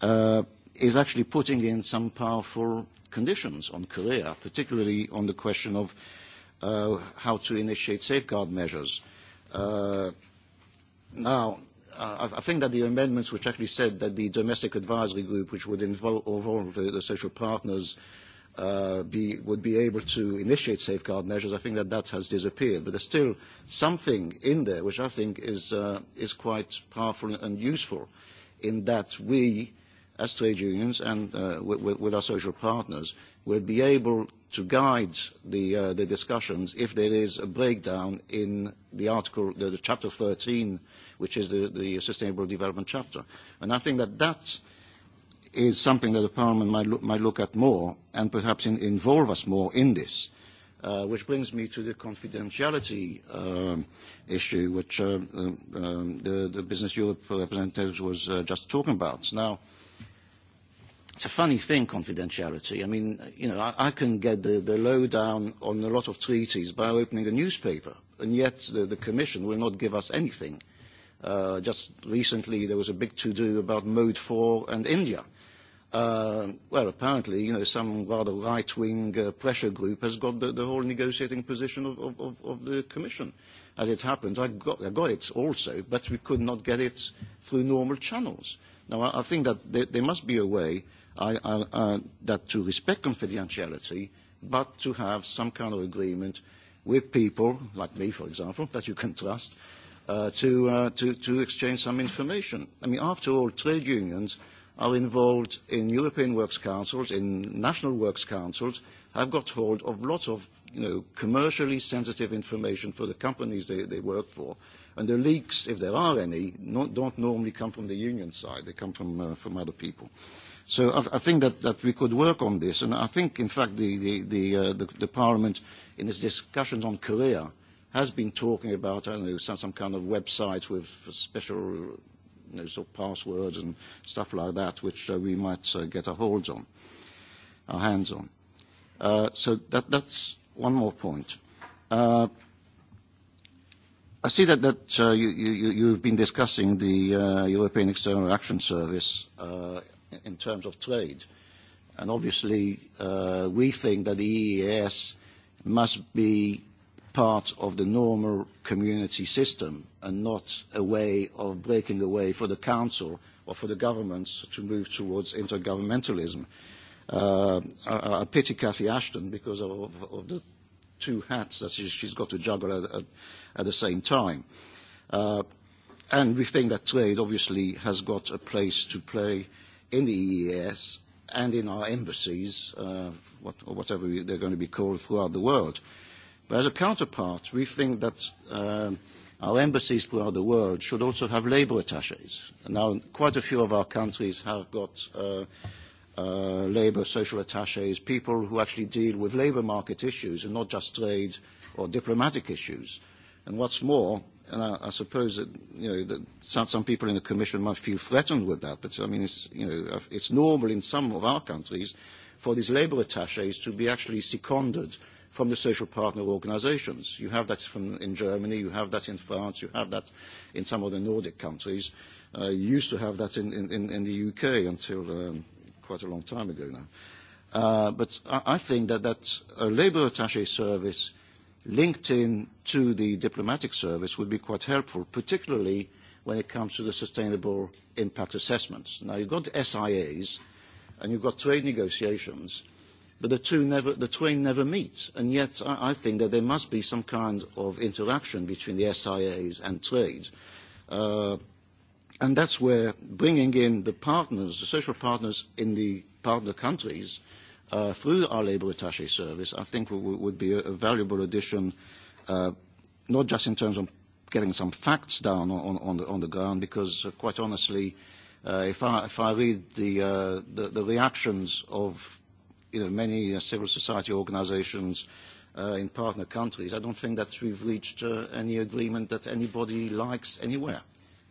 uh, is actually putting in some powerful conditions on Korea, particularly on the question of uh, how to initiate safeguard measures. Uh, now, i, I think that the amendments which actually said that the domestic advisory group, which would involve, involve the, the social partners, Uh, be, would be able to initiate safeguard measures, I think that that has disappeared. But there's still something in there which I think is, uh, is quite powerful and useful in that we, as trade unions and uh, with, with, our social partners, will be able to guide the, uh, the discussions if there is a breakdown in the article, the, the chapter 13 which is the, the Sustainable Development Chapter. And I think that that is something that the Parliament might, look, might look at more and perhaps in, involve us more in this. Uh, which brings me to the confidentiality um, issue, which uh, um, um, the, the Business Europe representatives was uh, just talking about. Now, it's a funny thing, confidentiality. I mean, you know, I, I can get the, the lowdown on a lot of treaties by opening a newspaper, and yet the, the Commission will not give us anything Uh, just recently, there was a big to-do about Mode 4 and India. Uh, well, apparently, you know, some rather right-wing uh, pressure group has got the, the whole negotiating position of, of, of the Commission. As it happens, I got, I got it also, but we could not get it through normal channels. Now, I, I think that there, there must be a way I, I, uh, that to respect confidentiality, but to have some kind of agreement with people, like me, for example, that you can trust, uh, Uh, to, uh, to, to exchange some information. I mean, after all, trade unions are involved in European Works Councils, in national works councils, have got hold of lots of you know, commercially sensitive information for the companies they, they work for. And the leaks, if there are any, not, don't normally come from the union side. They come from, uh, from other people. So I, I think that, that we could work on this. And I think, in fact, the, the, the, uh, the, the Parliament, in its discussions on Korea, has been talking about, I don't know, some, some kind of websites with special you know, sort of passwords and stuff like that, which uh, we might uh, get our holds on, our hands on. Uh, so that, that's one more point. Uh, I see that, that uh, you, you, you've been discussing the uh, European External Action Service uh, in terms of trade. And obviously, uh, we think that the EES must be part of the normal community system and not a way of breaking away for the council or for the governments to move towards intergovernmentalism. Uh, I, I pity Cathy Ashton because of, of the two hats that she's got to juggle at, at, at the same time. Uh, and we think that trade obviously has got a place to play in the EES and in our embassies, uh, what, or whatever they're going to be called throughout the world. Uh, As a counterpart, we think that um, our embassies throughout the world should also have labour attaches. Now, quite a few of our countries have got uh, uh, labour social attaches, people who actually deal with labour market issues and not just trade or diplomatic issues. And what's more, and I, I suppose that, you know, that some, some people in the Commission might feel threatened with that, but I mean, it's, you know, uh, it's normal in some of our countries for these labour attaches to be actually seconded from the social partner organisations. You have that from, in Germany, you have that in France, you have that in some of the Nordic countries. Uh, you used to have that in, in, in the UK until um, quite a long time ago now. Uh, but I, think that, that a labour attaché service linked in to the diplomatic service would be quite helpful, particularly when it comes to the sustainable impact assessments. Now, you've got SIAs and you've got trade negotiations, but the, two never, the twain never meet. And yet I, I think that there must be some kind of interaction between the SIAs and trade. Uh, and that's where bringing in the partners, the social partners in the partner countries, uh, through our labor attache service, I think would, would be a, a valuable addition, uh, not just in terms of getting some facts down on, on, on, the, on the ground, because uh, quite honestly, uh, if, I, if I read the, uh, the, the reactions of you know, many uh, civil society organizations uh, in partner countries, I don't think that we've reached uh, any agreement that anybody likes anywhere.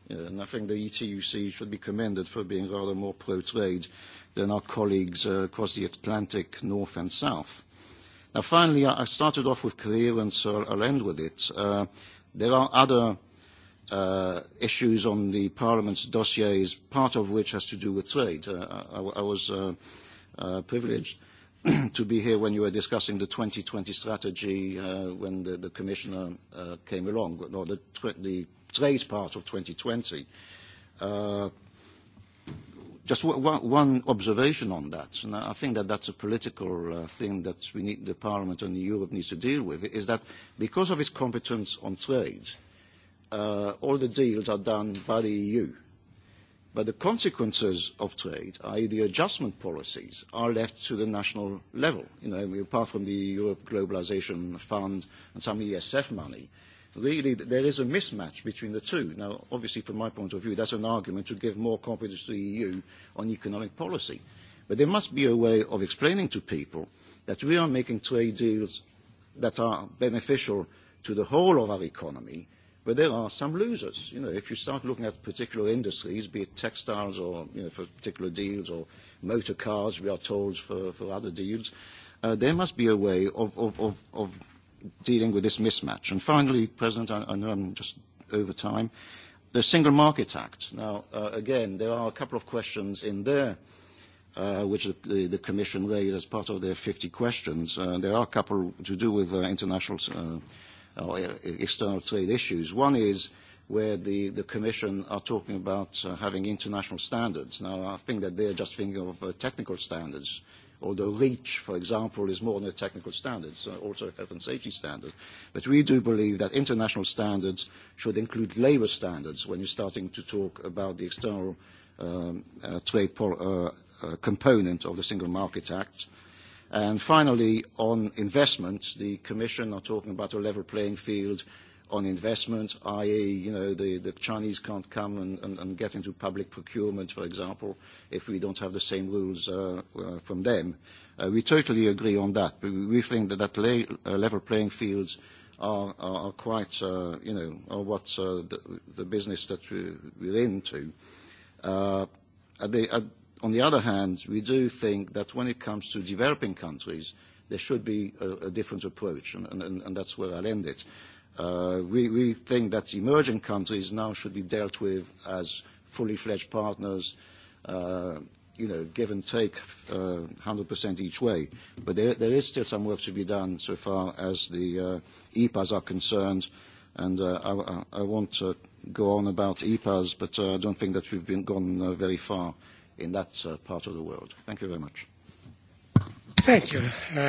You uh, know, and I think the ETUC should be commended for being rather more pro-trade than our colleagues uh, across the Atlantic, north and south. Now, finally, I started off with coherence, so I'll end with it. Uh, there are other uh, issues on the Parliament's dossiers, part of which has to do with trade. Uh, I, I was uh, uh, privileged [clears throat] to be here when you were discussing the 2020 strategy uh, when the, the commissioner uh, came along, or no, the, the trade part of 2020. Uh, just one observation on that, and I think that that's a political uh, thing that we need, the Parliament and Europe needs to deal with, is that because of its competence on trade, uh, all the deals are done by the EU. But the consequences of trade, i.e. the adjustment policies, are left to the national level. You know, apart from the Europe Globalization Fund and some ESF money, really there is a mismatch between the two. Now, obviously, from my point of view, that's an argument to give more competence to the EU on economic policy. But there must be a way of explaining to people that we are making trade deals that are beneficial to the whole of our economy, But there are some losers. You know, if you start looking at particular industries, be it textiles or you know, for particular deals or motor cars, we are told for, for other deals, uh, there must be a way of, of, of, of dealing with this mismatch. And finally, President, I, I know I'm just over time, the Single Market Act. Now, uh, again, there are a couple of questions in there. Uh, which the, the, the Commission raised as part of their 50 questions. Uh, there are a couple to do with uh, international uh, or external trade issues. One is where the, the Commission are talking about uh, having international standards. Now, I think that they're just thinking of uh, technical standards, although REACH, for example, is more than a technical standard, so uh, also a health and safety standard. But we do believe that international standards should include labour standards when you're starting to talk about the external um, uh, trade pol- uh, uh, component of the Single Market Act And finally, on investment, the Commission are talking about a level playing field on investment, i.e., you know, the, the Chinese can't come and, and, and get into public procurement, for example, if we don't have the same rules uh, uh, from them. Uh, we totally agree on that. We, we think that, that lay, uh, level playing fields are, are, are quite, uh, you know, are what uh, the, the business that we, we're into. Uh, at the, at On the other hand, we do think that when it comes to developing countries, there should be a, a different approach, and, and, and that's where I'll end it. Uh, we, we think that emerging countries now should be dealt with as fully fledged partners, uh, you know, give and take uh, 100% each way. But there, there is still some work to be done so far as the uh, EPAs are concerned, and uh, I, I won't uh, go on about EPAs, but uh, I don't think that we've been gone uh, very far in that uh, part of the world. Thank you very much. Thank you, uh,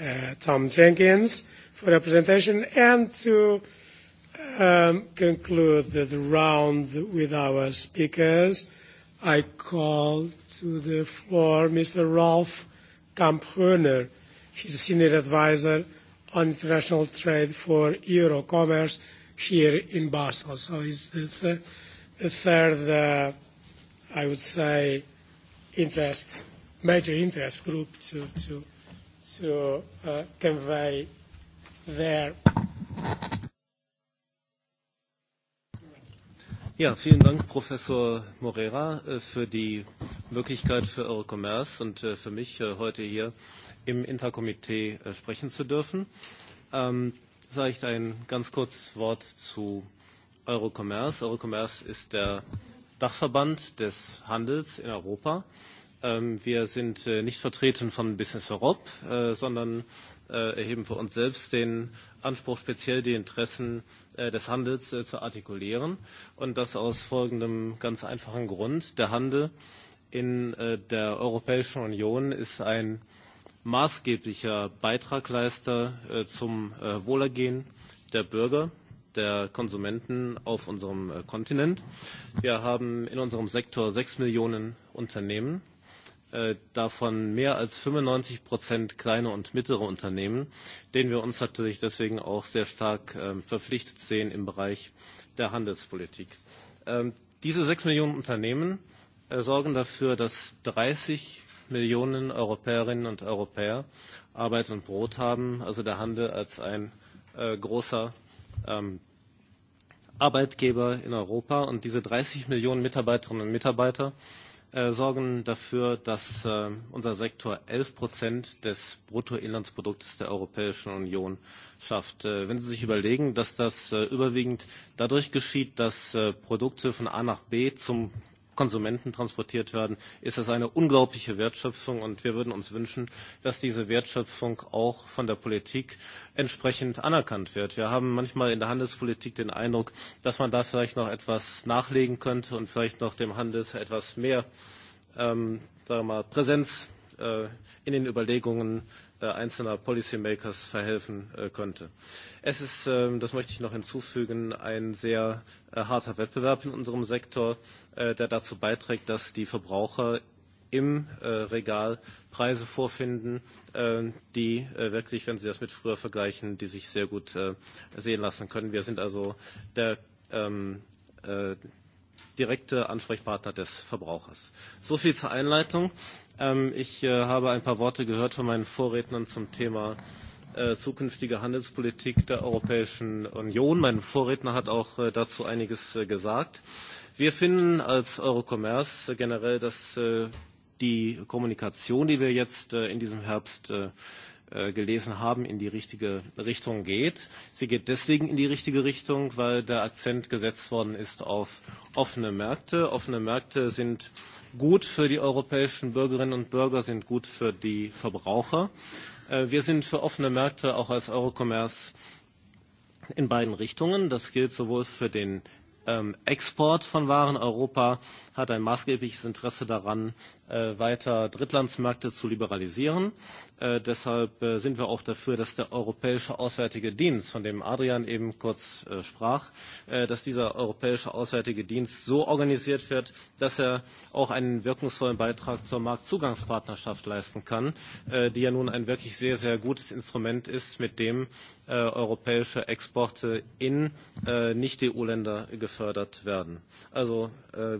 uh, Tom Jenkins, for the presentation. And to um, conclude the, the round with our speakers, I call to the floor Mr. Rolf Kamphöner. He's a senior advisor on international trade for Eurocommerce here in Basel. So he's the, th- the third. Uh, i would say, interest, major interest group to, to, to uh, convey their. Ja, vielen Dank, Professor Moreira, äh, für die Möglichkeit für Eurocommerce und äh, für mich äh, heute hier im Interkomitee sprechen zu dürfen. Ähm, vielleicht ein ganz kurzes Wort zu Eurocommerce. Eurocommerce ist der Dachverband des Handels in Europa. Ähm, wir sind äh, nicht vertreten von Business Europe, äh, sondern äh, erheben für uns selbst den Anspruch, speziell die Interessen des Handels zu artikulieren. Und das aus folgendem ganz einfachen Grund. Der Handel in der Europäischen Union ist ein maßgeblicher Beitragleister zum Wohlergehen der Bürger der Konsumenten auf unserem äh, Kontinent. Wir haben in unserem Sektor sechs Millionen Unternehmen, äh, davon mehr als 95 Prozent kleine und mittlere Unternehmen, denen wir uns natürlich deswegen auch sehr stark ähm, verpflichtet sehen im Bereich der Handelspolitik. Ähm, diese sechs Millionen Unternehmen äh, sorgen dafür, dass 30 Millionen Europäerinnen und Europäer Arbeit und Brot haben, also der Handel als ein äh, großer ähm, Arbeitgeber in Europa. Und diese 30 Millionen Mitarbeiterinnen und Mitarbeiter äh, sorgen dafür, dass äh, unser Sektor 11 Prozent des Bruttoinlandsproduktes der Europäischen Union schafft. Äh, wenn Sie sich überlegen, dass das äh, überwiegend dadurch geschieht, dass äh, Produkte von A nach B zum Konsumenten transportiert werden, ist das eine unglaubliche Wertschöpfung. Und wir würden uns wünschen, dass diese Wertschöpfung auch von der Politik entsprechend anerkannt wird. Wir haben manchmal in der Handelspolitik den Eindruck, dass man da vielleicht noch etwas nachlegen könnte und vielleicht noch dem Handel etwas mehr ähm, sagen wir mal, Präsenz Äh, in den Überlegungen äh, einzelner Policymakers verhelfen äh, könnte. Es ist, ähm, das möchte ich noch hinzufügen, ein sehr harter Wettbewerb in unserem Sektor, der dazu beiträgt, dass die Verbraucher im Regal Preise vorfinden, die wirklich, wenn Sie das mit früher vergleichen, die sich sehr gut sehen lassen können. Wir sind also der, ähm, direkte Ansprechpartner des Verbrauchers. So viel zur Einleitung. Ähm, ich äh, habe ein paar Worte gehört von meinen Vorrednern zum Thema äh, zukünftige Handelspolitik der Europäischen Union. Mein Vorredner hat auch äh, dazu einiges äh, gesagt. Wir finden als Eurocommerce äh, generell, dass äh, die Kommunikation, die wir jetzt äh, in diesem Herbst äh, Äh, gelesen haben, in die richtige Richtung geht. Sie geht deswegen in die richtige Richtung, weil der Akzent gesetzt worden ist auf offene Märkte. Offene Märkte sind gut für die europäischen Bürgerinnen und Bürger, sind gut für die Verbraucher. Äh, wir sind für offene Märkte auch als Eurocommerce in beiden Richtungen. Das gilt sowohl für den ähm, Export von Waren. Europa hat ein maßgebliches Interesse daran, Äh, weiter Drittlandsmärkte zu liberalisieren. Äh, deshalb äh, sind wir auch dafür, dass der Europäische Auswärtige Dienst, von dem Adrian eben kurz äh, sprach, äh, dass dieser Europäische Auswärtige Dienst so organisiert wird, dass er auch einen wirkungsvollen Beitrag zur Marktzugangspartnerschaft leisten kann, äh, die ja nun ein wirklich sehr, sehr gutes Instrument ist, mit dem europäische Exporte in Nicht-EU-Länder gefördert werden. Also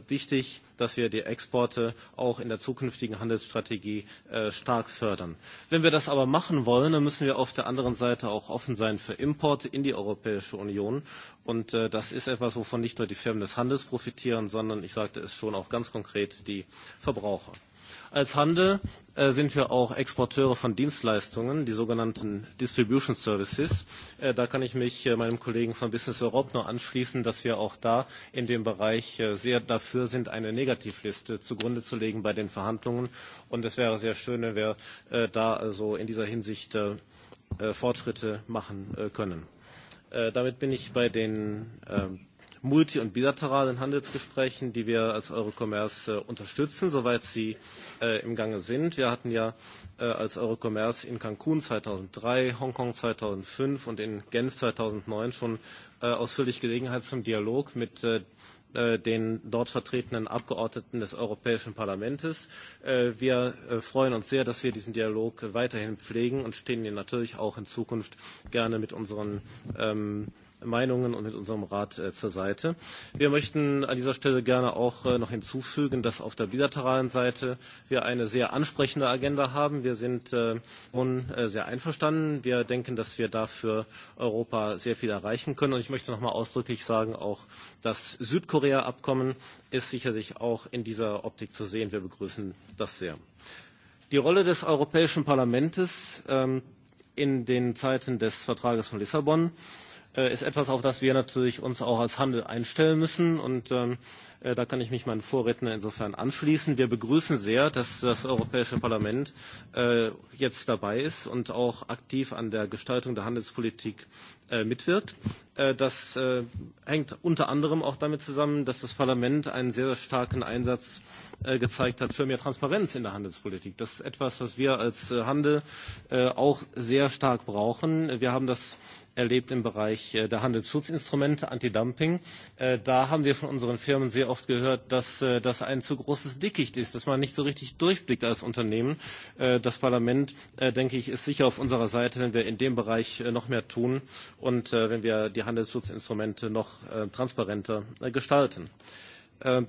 wichtig, dass wir die Exporte auch in der zukünftigen Handelsstrategie äh, stark fördern. Wenn wir das aber machen wollen, dann müssen wir auf der anderen Seite auch offen sein für Importe in die Europäische Union. Und äh, das ist etwas, wovon nicht nur die Firmen des Handels profitieren, sondern ich sagte es schon auch ganz konkret die Verbraucher. Als Handel äh, sind wir auch Exporteure von Dienstleistungen, die sogenannten Distribution Services. Äh, da kann ich mich äh, meinem Kollegen von Business Europe nur anschließen, dass wir auch da in dem Bereich äh, sehr dafür sind, eine Negativliste zugrunde zu legen bei den Verhandlungen. Und es wäre sehr schön, wenn wir äh, da also in dieser Hinsicht äh, äh Fortschritte machen äh, können. Äh, damit bin ich bei den äh, multi- und bilateralen Handelsgesprächen, die wir als Eurocommerce äh, unterstützen, soweit sie äh, im Gange sind. Wir hatten ja äh, als Eurocommerce in Cancun 2003, Hongkong 2005 und in Genf 2009 schon äh, ausführlich Gelegenheit zum Dialog mit äh, äh den dort vertretenen Abgeordneten des Europäischen Parlaments. Äh, wir freuen uns sehr, dass wir diesen Dialog weiterhin pflegen und stehen Ihnen natürlich auch in Zukunft gerne mit unseren ähm, Meinungen und mit unserem Rat äh, zur Seite. Wir möchten an dieser Stelle gerne auch äh, noch hinzufügen, dass auf der bilateralen Seite wir eine sehr ansprechende Agenda haben. Wir sind äh, äh, sehr einverstanden. Wir denken, dass wir dafür Europa sehr viel erreichen können. Und ich möchte noch mal ausdrücklich sagen, auch das Südkorea-Abkommen ist sicherlich auch in dieser Optik zu sehen. Wir begrüßen das sehr. Die Rolle des Europäischen Parlaments ähm, in den Zeiten des Vertrages von Lissabon Äh, ist etwas, auf das wir natürlich uns auch als Handel einstellen müssen. Und ähm, äh, da kann ich mich meinen Vorredner insofern anschließen. Wir begrüßen sehr, dass das Europäische Parlament äh, jetzt dabei ist und auch aktiv an der Gestaltung der Handelspolitik mitwirkt. das hängt unter anderem auch damit zusammen, dass das Parlament einen sehr, sehr starken Einsatz gezeigt hat für mehr Transparenz in der Handelspolitik. Das ist etwas, was wir als Handel auch sehr stark brauchen. Wir haben das erlebt im Bereich äh, der Handelsschutzinstrumente, Anti-Dumping. Äh, da haben wir von unseren Firmen sehr oft gehört, dass äh, das ein zu großes Dickicht ist, dass man nicht so richtig durchblickt als Unternehmen. Das Parlament, denke ich, ist sicher auf unserer Seite, wenn wir in dem Bereich noch mehr tun und wenn wir die Handelsschutzinstrumente noch transparenter gestalten. Ähm,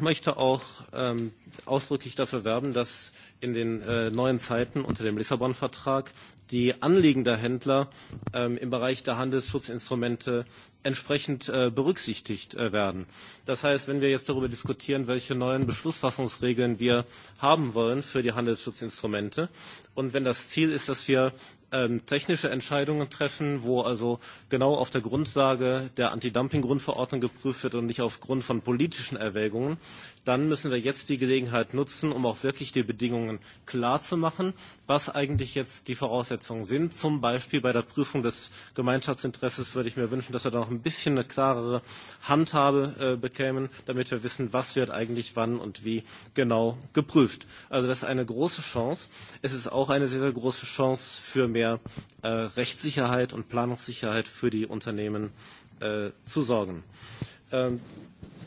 möchte auch ähm, ausdrücklich dafür werben, dass in den äh, neuen Zeiten unter dem Lissabon-Vertrag die Anliegen der Händler ähm, im Bereich der Handelsschutzinstrumente entsprechend äh, berücksichtigt äh, werden. Das heißt, wenn wir jetzt darüber diskutieren, welche neuen Beschlussfassungsregeln wir haben wollen für die Handelsschutzinstrumente und wenn das Ziel ist, dass wir ähm, technische Entscheidungen treffen, wo also genau auf der Grundlage der Anti-Dumping-Grundverordnung geprüft wird und nicht aufgrund von politischen Erwägungen, dann müssen wir jetzt die Gelegenheit nutzen, um auch wirklich die Bedingungen klarzumachen, was eigentlich jetzt die Voraussetzungen sind. Zum Beispiel bei der Prüfung des Gemeinschaftsinteresses würde ich mir wünschen, dass wir da noch ein bisschen eine klarere Handhabe äh, bekämen, damit wir wissen, was wird eigentlich wann und wie genau geprüft. Also das ist eine große Chance. Es ist auch eine sehr, sehr große Chance für mehr mehr äh, Rechtssicherheit und Planungssicherheit für die Unternehmen äh, zu sorgen. Ähm,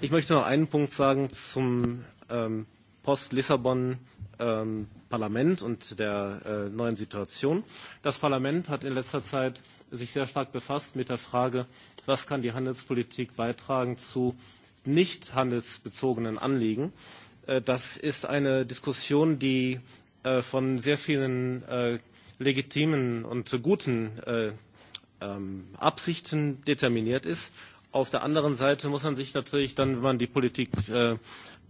ich möchte noch einen Punkt sagen zum ähm, Post-Lissabon ähm, Parlament und der äh, neuen Situation. Das Parlament hat in letzter Zeit sich sehr stark befasst mit der Frage, was kann die Handelspolitik beitragen zu nicht handelsbezogenen Anliegen. Äh, das ist eine Diskussion, die äh, von sehr vielen äh, legitimen und zu guten äh, ähm, Absichten determiniert ist. Auf der anderen Seite muss man sich natürlich dann, wenn man die Politik äh,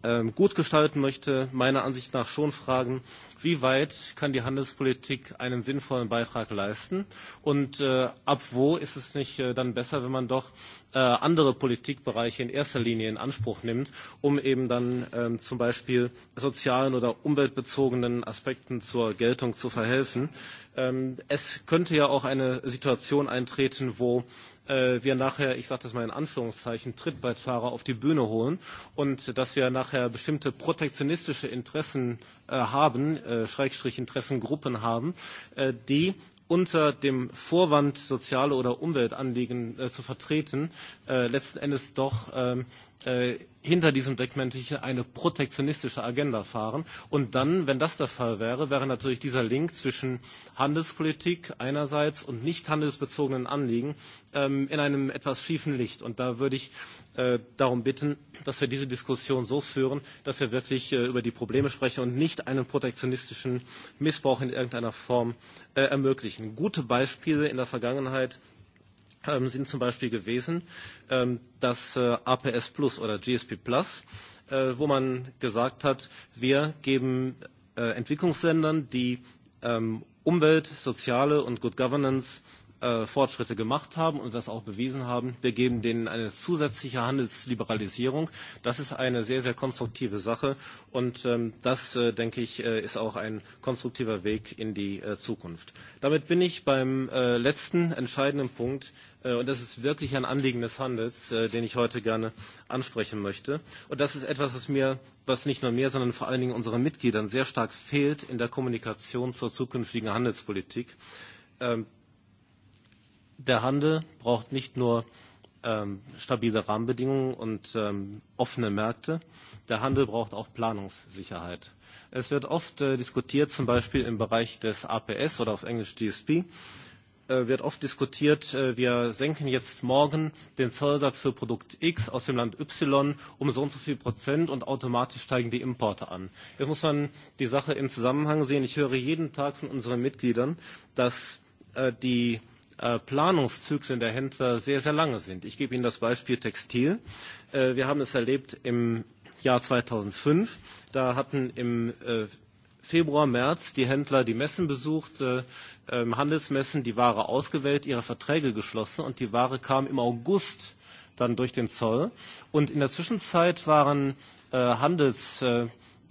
ähm, gut gestalten möchte, meiner Ansicht nach schon fragen, wie weit kann die Handelspolitik einen sinnvollen Beitrag leisten und äh, ab wo ist es nicht äh, dann besser, wenn man doch äh, andere Politikbereiche in erster Linie in Anspruch nimmt, um eben dann ähm, zum Beispiel sozialen oder umweltbezogenen Aspekten zur Geltung zu verhelfen. Ähm, es könnte ja auch eine Situation eintreten, wo äh, wir nachher, ich sage das mal in Anführungszeichen, Trittbrettfahrer auf die Bühne holen und dass wir nachher bestimmte protektionistische Interessen äh, haben, äh, Schrägstrich Interessengruppen haben, äh, die unter dem Vorwand, soziale oder Umweltanliegen äh, zu vertreten, äh, letzten Endes doch äh, Äh, hinter diesem Deckmäntelchen eine protektionistische Agenda fahren. Und dann, wenn das der Fall wäre, wäre natürlich dieser Link zwischen Handelspolitik einerseits und nicht handelsbezogenen Anliegen ähm, in einem etwas schiefen Licht. Und da würde ich äh, darum bitten, dass wir diese Diskussion so führen, dass wir wirklich äh, über die Probleme sprechen und nicht einen protektionistischen Missbrauch in irgendeiner Form äh, ermöglichen. Gute Beispiele in der Vergangenheit ähm, sind zum Beispiel gewesen ähm, das äh, APS Plus oder GSP Plus, äh, wo man gesagt hat, wir geben äh, Entwicklungsländern, die ähm, Umwelt, soziale und Good Governance Äh, Fortschritte gemacht haben und das auch bewiesen haben. Wir geben denen eine zusätzliche Handelsliberalisierung. Das ist eine sehr, sehr konstruktive Sache und ähm, das, äh, denke ich, äh, ist auch ein konstruktiver Weg in die äh, Zukunft. Damit bin ich beim äh, letzten entscheidenden Punkt, äh, Und das ist wirklich ein Anliegen des Handels, äh, den ich heute gerne ansprechen möchte. Und das ist etwas, was mir, was nicht nur mir, sondern vor allen Dingen unseren Mitgliedern sehr stark fehlt in der Kommunikation zur zukünftigen Handelspolitik. Ähm, der Handel braucht nicht nur ähm, stabile Rahmenbedingungen und ähm, offene Märkte. Der Handel braucht auch Planungssicherheit. Es wird oft äh, diskutiert, zum Beispiel im Bereich des APS oder auf Englisch DSP, äh, wird oft diskutiert, äh, wir senken jetzt morgen den Zollsatz für Produkt X aus dem Land Y um so und so viel Prozent und automatisch steigen die Importe an. Jetzt muss man die Sache im Zusammenhang sehen. Ich höre jeden Tag von unseren Mitgliedern, dass äh, die Äh, Planungszyklen der Händler sehr, sehr lange sind. Ich gebe Ihnen das Beispiel Textil. Äh, wir haben es erlebt im Jahr 2005. Da hatten im äh, Februar, März die Händler die Messen besucht, ähm, Handelsmessen, die Ware ausgewählt, ihre Verträge geschlossen und die Ware kam im August dann durch den Zoll. Und in der Zwischenzeit waren äh, Handels,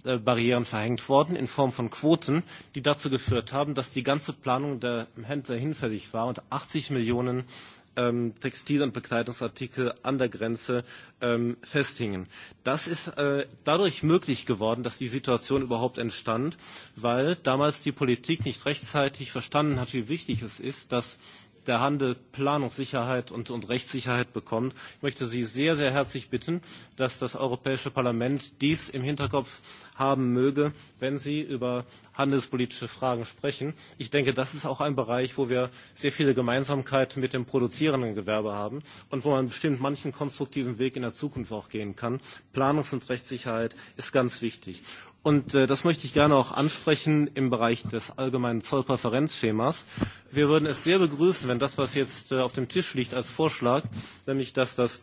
Äh, Barrieren verhängt worden in Form von Quoten, die dazu geführt haben, dass die ganze Planung der Händler hinfällig war und 80 Millionen ähm, Textil- und Bekleidungsartikel an der Grenze ähm, festhingen. Das ist äh, dadurch möglich geworden, dass die Situation überhaupt entstand, weil damals die Politik nicht rechtzeitig verstanden hat, wie wichtig es ist, dass der Handel Planungssicherheit und, und Rechtssicherheit bekommt. Ich möchte Sie sehr, sehr herzlich bitten, dass das Europäische Parlament dies im Hinterkopf haben möge, wenn Sie über handelspolitische Fragen sprechen. Ich denke, das ist auch ein Bereich, wo wir sehr viele Gemeinsamkeiten mit dem produzierenden Gewerbe haben und wo man bestimmt manchen konstruktiven Weg in der Zukunft auch gehen kann. Planungs- und Rechtssicherheit ist ganz wichtig. Und äh, das möchte ich gerne auch ansprechen im Bereich des allgemeinen Zollpräferenzschemas. Wir würden es sehr begrüßen, wenn das, was jetzt äh, auf dem Tisch liegt als Vorschlag, nämlich dass das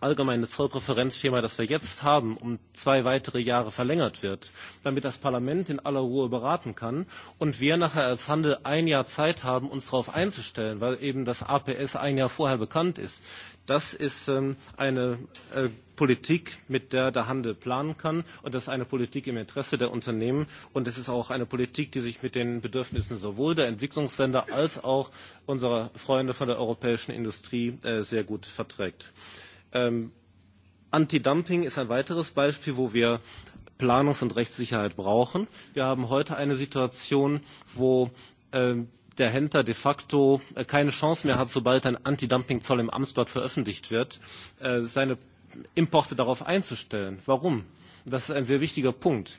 allgemeine Zollpräferenzschema, das wir jetzt haben, um zwei weitere Jahre verlängert wird, damit das Parlament in aller Ruhe beraten kann und wir nachher als Handel ein Jahr Zeit haben, uns darauf einzustellen, weil eben das APS ein Jahr vorher bekannt ist. Das ist ähm, eine äh, Politik, mit der der Handel planen kann. Und das ist eine Politik im Interesse der Unternehmen. Und es ist auch eine Politik, die sich mit den Bedürfnissen sowohl der Entwicklungsländer als auch unserer Freunde von der europäischen Industrie äh, sehr gut verträgt. Ähm, Anti-Dumping ist ein weiteres Beispiel, wo wir Planungs- und Rechtssicherheit brauchen. Wir haben heute eine Situation, wo ähm, der Händler de facto äh, keine Chance mehr hat, sobald ein Anti-Dumping-Zoll im Amtsblatt veröffentlicht wird, äh, seine Importe darauf einzustellen. Warum? Das ist ein sehr wichtiger Punkt.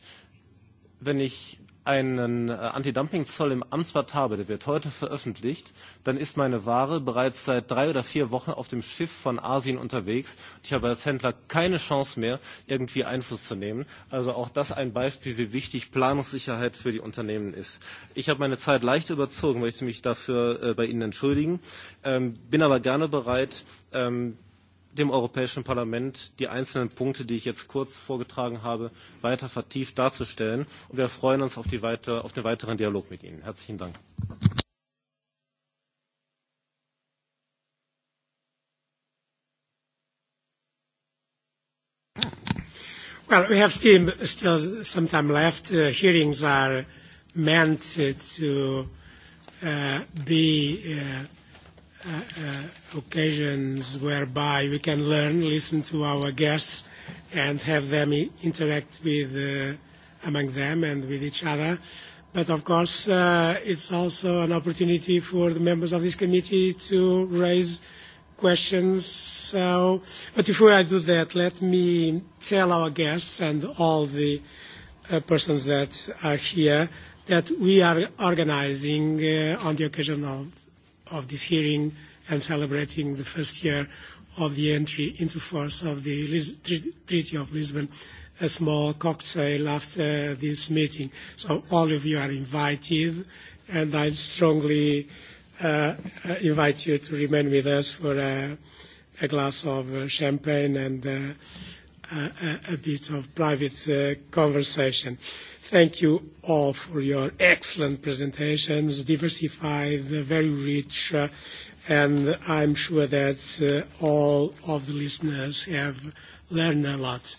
Wenn ich einen äh, Anti-Dumping-Zoll im Amtsblatt habe, der wird heute veröffentlicht, dann ist meine Ware bereits seit drei oder vier Wochen auf dem Schiff von Asien unterwegs. Ich habe als Händler keine Chance mehr, irgendwie Einfluss zu nehmen. Also auch das ein Beispiel, wie wichtig Planungssicherheit für die Unternehmen ist. Ich habe meine Zeit leicht überzogen, möchte mich dafür äh, bei Ihnen entschuldigen, ähm, bin aber gerne bereit, ähm, dem Europäischen Parlament die einzelnen Punkte, die ich jetzt kurz vorgetragen habe, weiter vertieft darzustellen. Und wir freuen uns auf, die weiter, auf den weiteren Dialog mit Ihnen. Herzlichen Dank. Well, we have still, still some time left. Uh, hearings are meant to uh, be uh, Uh, uh, occasions whereby we can learn, listen to our guests, and have them interact with uh, among them and with each other. But of course, uh, it's also an opportunity for the members of this committee to raise questions. So, but before I do that, let me tell our guests and all the uh, persons that are here that we are organizing uh, on the occasion of of this hearing and celebrating the first year of the entry into force of the Lis Treaty of Lisbon, a small cocktail after this meeting. So all of you are invited, and I strongly uh, uh invite you to remain with us for a, a glass of uh, champagne and uh, a, a bit of private uh, conversation. Thank you all for your excellent presentations, diversified, very rich, uh, and I'm sure that uh, all of the listeners have learned a lot.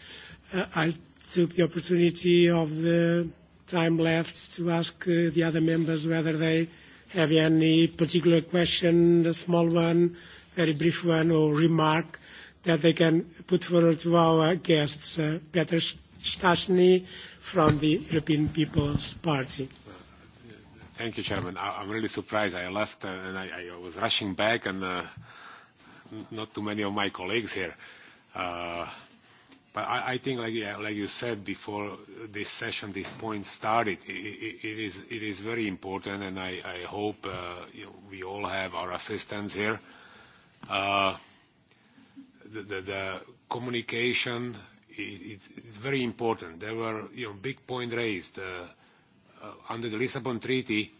Uh, I took the opportunity of the time left to ask the other members whether they have any particular question, a small one, very brief one, or remark that they can put forward to our guests. Peter Staszny, from the European People's Party. Thank you, Chairman. I, I'm really surprised. I left uh, and I, I was rushing back, and uh, not too many of my colleagues here. Uh, but I, I think, like, yeah, like you said before this session, this point started, it, it, it, is, it is very important, and I, I hope uh, you know, we all have our assistants here. Uh, the, the, the communication It's very important. There were, you know, big point raised. Uh, uh, under the Lisbon Treaty,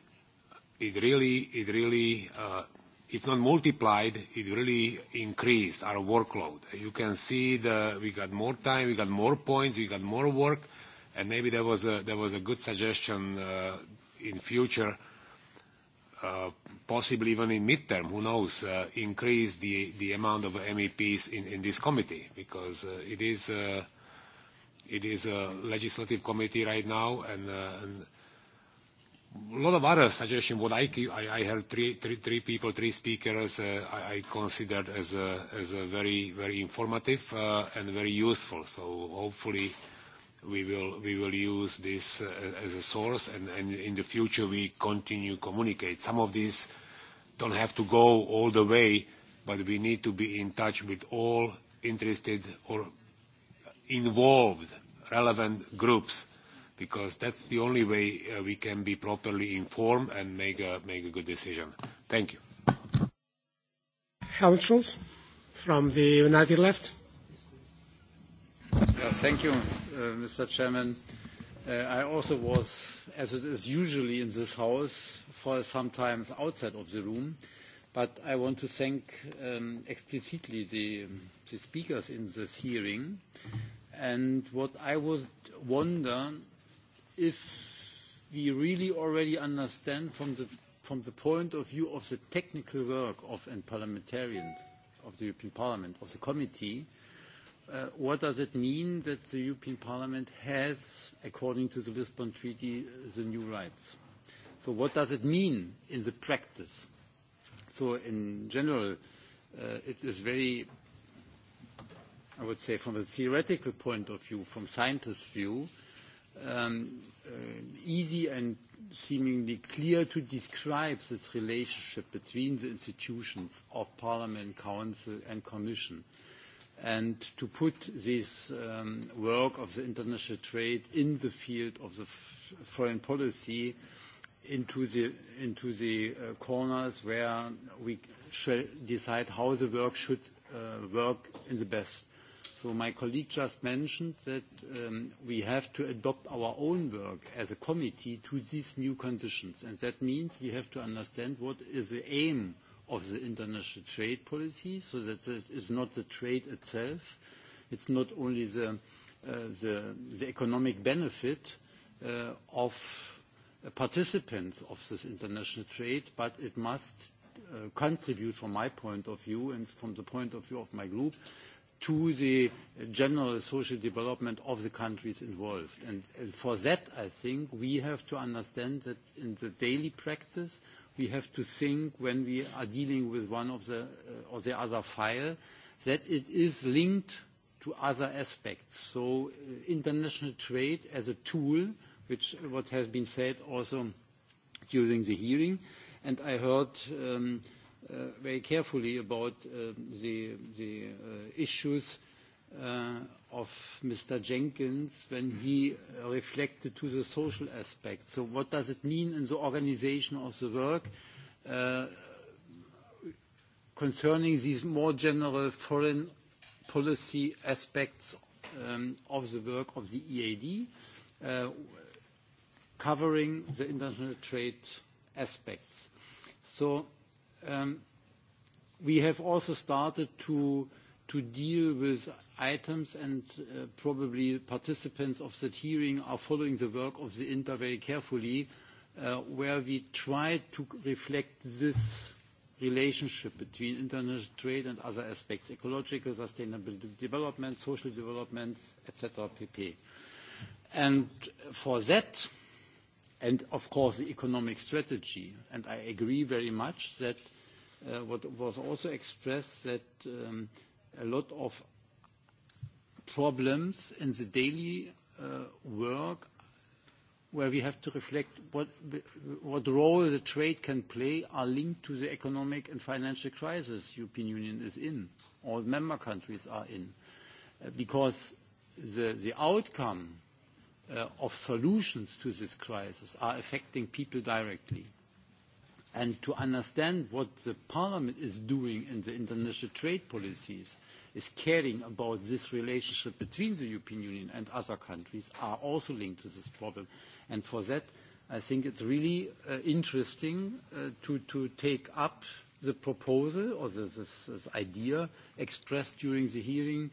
it really, it really, uh, if not multiplied, it really increased our workload. You can see the, we got more time, we got more points, we got more work, and maybe there was a, there was a good suggestion uh, in future Uh, possibly even in midterm, who knows, uh, increase the, the amount of MEPs in, in this committee because uh, it is uh, it is a legislative committee right now and, uh, and a lot of other suggestions what I, I, I heard three, three, three people, three speakers uh, I, I considered as a, as a very, very informative uh, and very useful. So hopefully we will, use this uh, as a source, and, and in the future, we continue communicate. Some of these don't have to go all the way, but we need to be in touch with all interested or involved relevant groups, because that's the only way uh, we can be properly informed and make a, make a good decision. Thank you. Helmut Schultz from the United Left. Yeah, thank you, uh, Mr. Chairman. Uh, I also was, as it is usually in this house, for some time outside of the room, I want to thank um, explicitly the, the speakers in this hearing. And what I would wonder if we really already understand from the, from the point of view of the technical work of and parliamentarians of the European Parliament, of the committee, Uh, what does it mean that the European Parliament has, according to the Lisbon Treaty, the new rights? So what does it mean in the practice? So in general, uh, it is very, I would say, from a theoretical point of view, from scientists' view, um, uh, easy and seemingly clear to describe this relationship between the institutions of Parliament, Council, and Commission. Uh, and to put this um, work of the international trade in the field of the foreign policy into the, into the uh, corners where we shall decide how the work should uh, work in the best. So my colleague just mentioned that um, we have to adopt our own work as a committee to these new conditions, and that means we have to understand what is the aim of the international trade policy, so that it is not the trade itself. It's not only the, uh, the, the economic benefit uh, of participants of this international trade, but it must uh, contribute from my point of view and from the point of view of my group to the general social development of the countries involved. And, and for that, I think we have to understand that in the daily practice we have to think when we are dealing with one of the uh, or the other file, that it is linked to other aspects. So uh, international trade as a tool, which uh, what has been said also during the hearing, and I heard um, uh, very carefully about uh, the, the uh, issues of Mr. Jenkins when he reflected to the social aspect. So what does it mean in the organization of the work uh, concerning these more general foreign policy aspects um, of the work of the EAD, uh, covering the international trade aspects. So um, we have also started to to deal with items and uh, probably participants of that hearing are following the work of the Inter very carefully, uh, where we try to reflect this relationship between international trade and other aspects, ecological, sustainable development, social developments, etc., pp. And for that, and of course, the economic strategy, and I agree very much that uh, what was also expressed that um, a lot of problems in the daily uh, work where we have to reflect what, what role the trade can play are linked to the economic and financial crisis European Union is in, all member countries are in. Uh, because the, the outcome uh, of solutions to this crisis are affecting people directly and to understand what the parliament is doing in the international trade policies is caring about this relationship between the European Union and other countries are also linked to this problem. And for that, I think it's really uh, interesting uh, to, to take up the proposal or the, this, idea expressed during the hearing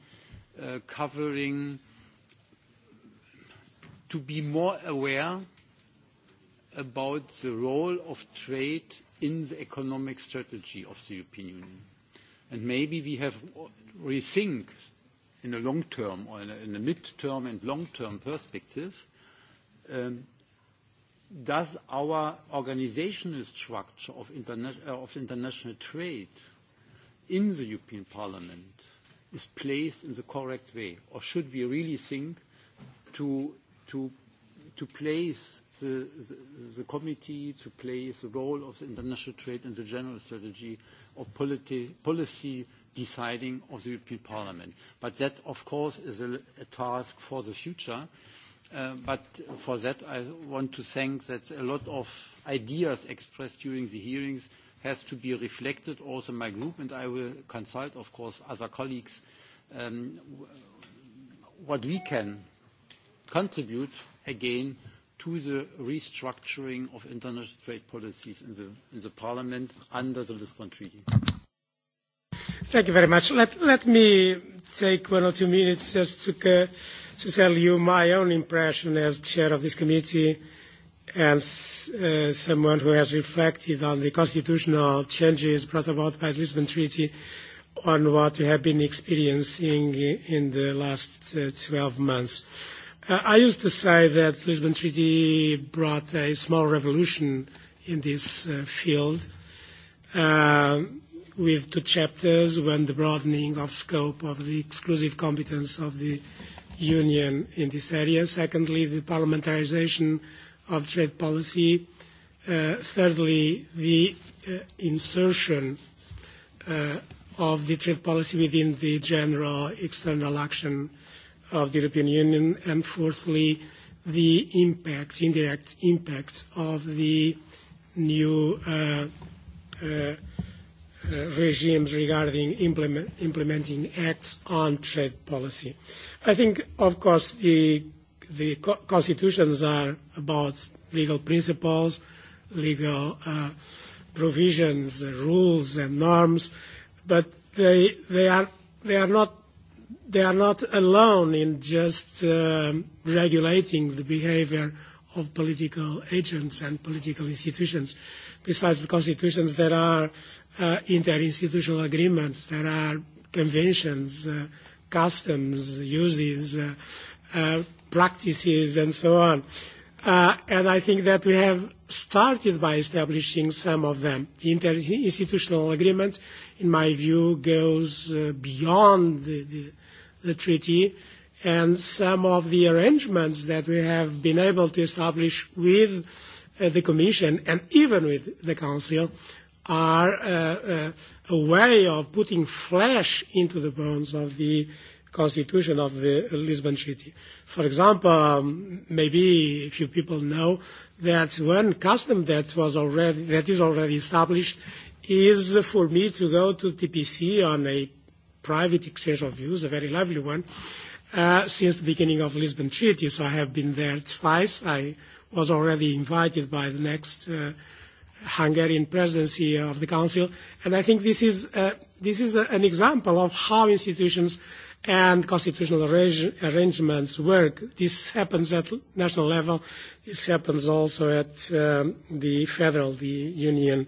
uh, covering to be more aware about the role of trade in the economic strategy of the European Union. And maybe we have rethink in the long term or in the mid-term and long-term perspective, um, does our organizational structure of, uh, of international trade in the European Parliament is placed in the correct way? Or should we really think to, to to place the, the, the committee, to play the role of the international trade and the general strategy of polity, policy deciding of the European Parliament. But that, of course, is a, a task for the future. Uh, but for that, I want to thank that a lot of ideas expressed during the hearings has to be reflected also in my group, and I will consult, of course, other colleagues, um, what we can contribute again to the restructuring of international trade policies in the, parliament under the Lisbon Treaty. Thank you very much. Let, let me take one or two minutes just to, uh, to tell you my own impression as chair of this committee and uh, someone who has reflected on the constitutional changes brought about by the Lisbon Treaty on what we have been experiencing in the last uh, 12 months. Uh, I used to say that the Lisbon Treaty brought a small revolution in this uh, field uh, with two chapters, one the broadening of scope of the exclusive competence of the Union in this area, secondly, the parliamentarization of trade policy, uh, thirdly, the uh, insertion uh, of the trade policy within the general external action uh, of the European Union, and fourthly, the impact, indirect impacts of the new uh, uh, uh, regimes regarding implement, implementing acts on trade policy. I think, of course, the, the co constitutions are about legal principles, legal uh, provisions, rules, and norms, but they, they, are, they are not they are not alone in just uh, regulating the behavior of political agents and political institutions. Besides the constitutions, there are uh, interinstitutional agreements, there are conventions, uh, customs, uses, uh, uh, practices, and so on. Uh, and I think that we have started by establishing some of them. The interinstitutional agreement, in my view, goes uh, beyond the, the the treaty, and some of the arrangements that we have been able to establish with uh, the Commission and even with the Council are uh, uh, a way of putting flesh into the bones of the constitution of the Lisbon Treaty. For example, um, maybe a few people know that one custom that was already that is already established is for me to go to TPC on a private exchange of views, a very lively one, uh, since the beginning of the Lisbon Treaty. So I have been there twice. I was already invited by the next uh, Hungarian presidency of the Council. And I think this is, uh, this is a, an example of how institutions and constitutional arrange, arrangements work. This happens at national level. This happens also at um, the federal, the union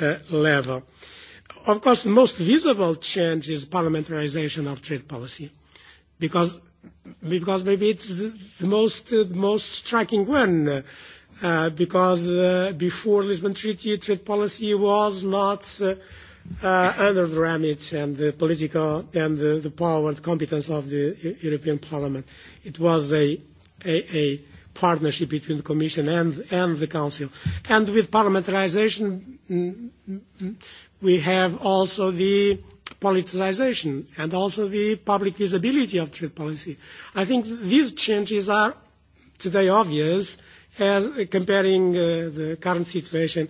uh, level. Uh, Of course, the most visible change is parliamentarization of trade policy, because because maybe it's the, the most uh, the most striking one. Uh, because uh, before Lisbon Treaty, trade policy was not uh, uh, under the remit and the political and the, the power and competence of the e-, European Parliament. It was a, a, a partnership between the Commission and, and the Council. And with parliamentarization, mm, mm, we have also the politicization and also the public visibility of trade policy. I think these changes are today obvious as comparing uh, the current situation